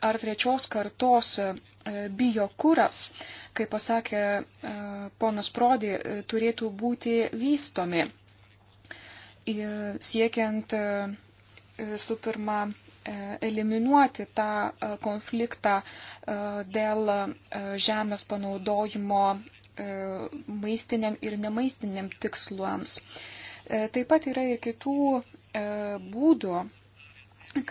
ar trečios kartos e, biokūras, kaip pasakė ponas Prodi, turėtų būti vystomi siekiant visų pirma E, eliminuoti tą e, konfliktą e, dėl žemės panaudojimo maistiniam ir nemaistiniam tiksluams. Taip pat yra ir kitų būdų,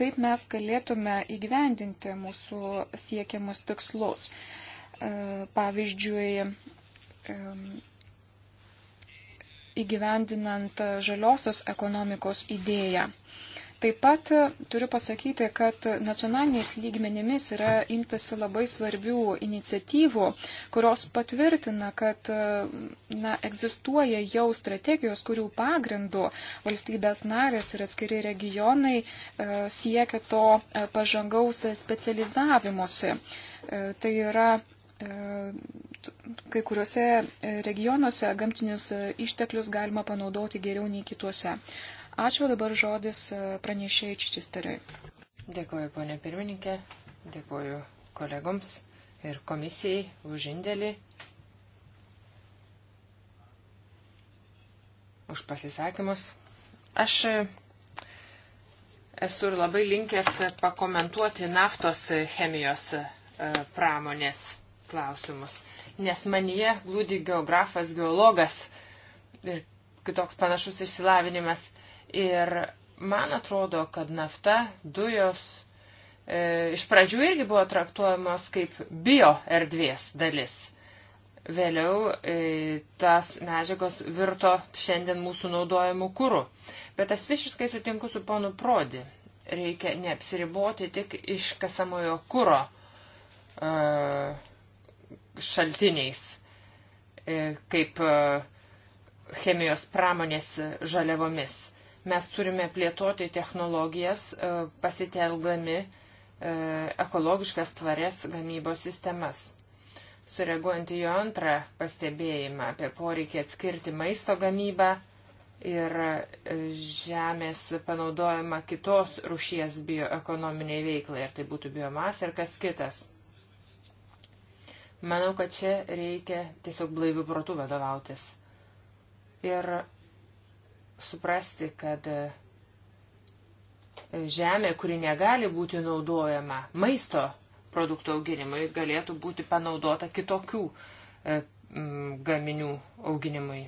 kaip mes galėtume įgyvendinti mūsų siekiamus tikslus. Pavyzdžiui, įgyvendinant žaliosios ekonomikos idėją. Taip pat turiu pasakyti, kad nacionaliniais lygmenimis yra imtasi labai svarbių iniciatyvų, kurios patvirtina, kad na, egzistuoja jau strategijos, kurių pagrindų valstybės narės ir atskiri regionai e, siekia to e, pažangaus specializavimuose. E, tai yra kai kuriuose regionuose gamtinius išteklius galima panaudoti geriau nei kituose. Ačiū dabar žodis e, pranešėjai Čičisteriui. Dėkuoju, ponė pirmininkė, dėkuoju kolegoms ir komisijai už indėlį, už pasisakymus. Aš e, esu ir labai linkęs pakomentuoti naftos chemijos e, pramonės klausimus, nes manyje glūdi geografas, geologas ir kitoks panašus išsilavinimas. Ir man atrodo, kad nafta, dujos e, iš pradžių irgi buvo traktuojamos kaip bio erdvės dalis. Vėliau e, tas medžiagos virto šiandien mūsų naudojimų kūrų. Bet aš visiškai sutinku su ponu Prodi. Reikia neapsiriboti tik iškasamojo kūro e, šaltiniais, e, kaip e, chemijos pramonės žaliavomis Mes turime plėtoti technologijas, e, pasitelgdami e, ekologiškas tvarias gamybos sistemas. Sureaguojant į jo antrą pastebėjimą apie poreikį atskirti maisto gamybą ir e, žemės panaudojimą kitos rušies bioekonominiai veiklai, ar tai būtų biomasė ar kas kitas. Manau, kad čia reikia tiesiog blaivių protų vadovautis. Ir suprasti, kad e, žemė, kuri negali būti naudojama maisto produktų auginimui, galėtų būti panaudota kitokių e, gaminių auginimui.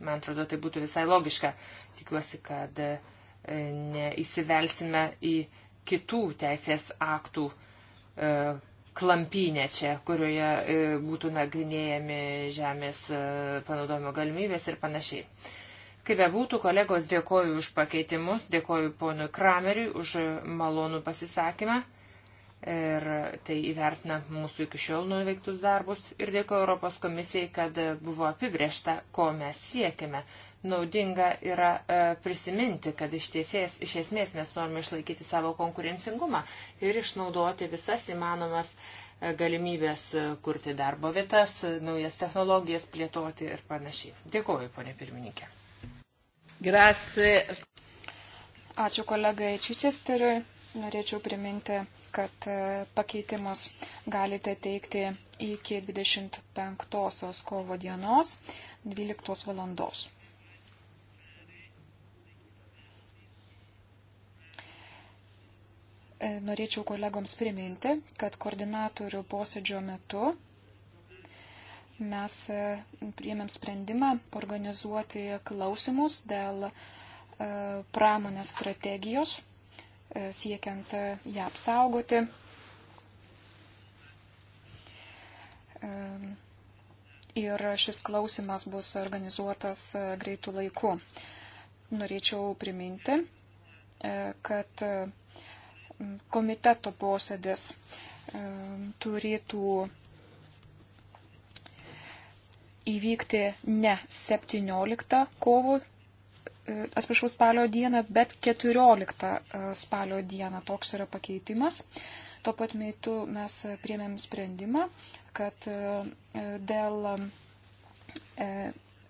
Man atrodo, tai būtų visai logiška. Tikiuosi, kad e, neįsivelsime į kitų teisės aktų klampynę čia, kurioje būtų nagrinėjami žemės panaudojimo galimybės ir panašiai. Kaip bebūtų, kolegos, dėkoju už pakeitimus, dėkoju ponui Krameriui už malonų pasisakymą ir tai įvertina mūsų iki šiol nuveiktus darbus ir dėkoju Europos komisijai, kad buvo apibriešta, ko mes siekime. Naudinga yra e, prisiminti, kad iš, tiesės, iš esmės mes norime išlaikyti savo konkurencingumą ir išnaudoti visas įmanomas e, galimybės e, kurti darbo vietas, e, naujas technologijas plėtoti ir panašiai. Dėkoju, ponė pirmininkė. Grazie. Ačiū kolegai Čičesteriui. Norėčiau priminti, kad e, pakeitimus galite teikti iki 25 kovo dienos 12 valandos. E, norėčiau kolegoms priminti, kad koordinatorių posėdžio metu mes e, priėmėm sprendimą organizuoti klausimus dėl e, pramonės strategijos, e, siekiant ją apsaugoti. Ir šis klausimas bus organizuotas greitų laikų. Norėčiau priminti, kad komiteto posėdis turėtų įvykti ne 17 kovo, e, atsiprašau, spalio dieną, bet 14 e, spalio dieną. Toks yra pakeitimas. Tuo pat metu mes priemėm sprendimą, kad e, dėl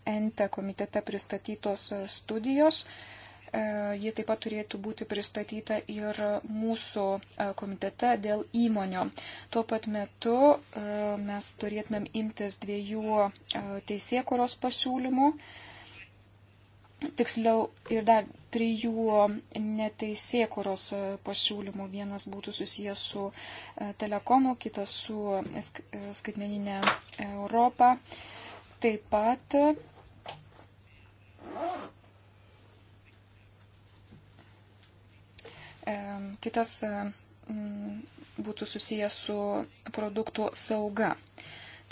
ENTE komitete pristatytos studijos E, ji taip pat turėtų būti pristatyta ir mūsų e, komitete dėl įmonių. Tuo pat metu e, mes turėtumėm imtis dviejų teisėkuros pasiūlymų, tiksliau ir dar trijų neteisėkuros pasiūlymų. Vienas būtų susijęs su telekomu, kitas su skaitmeninė Europa. Taip pat E, kitas e, būtų susijęs su produktų sauga.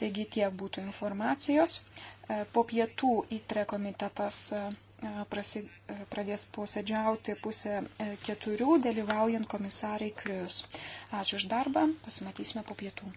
Taigi tiek būtų informacijos. E, po pietų įtre komitetas prasi, pradės posėdžiauti pusę keturių, dalyvaujant komisarai Krius. Ačiū už darbą, pasimatysime po pietų.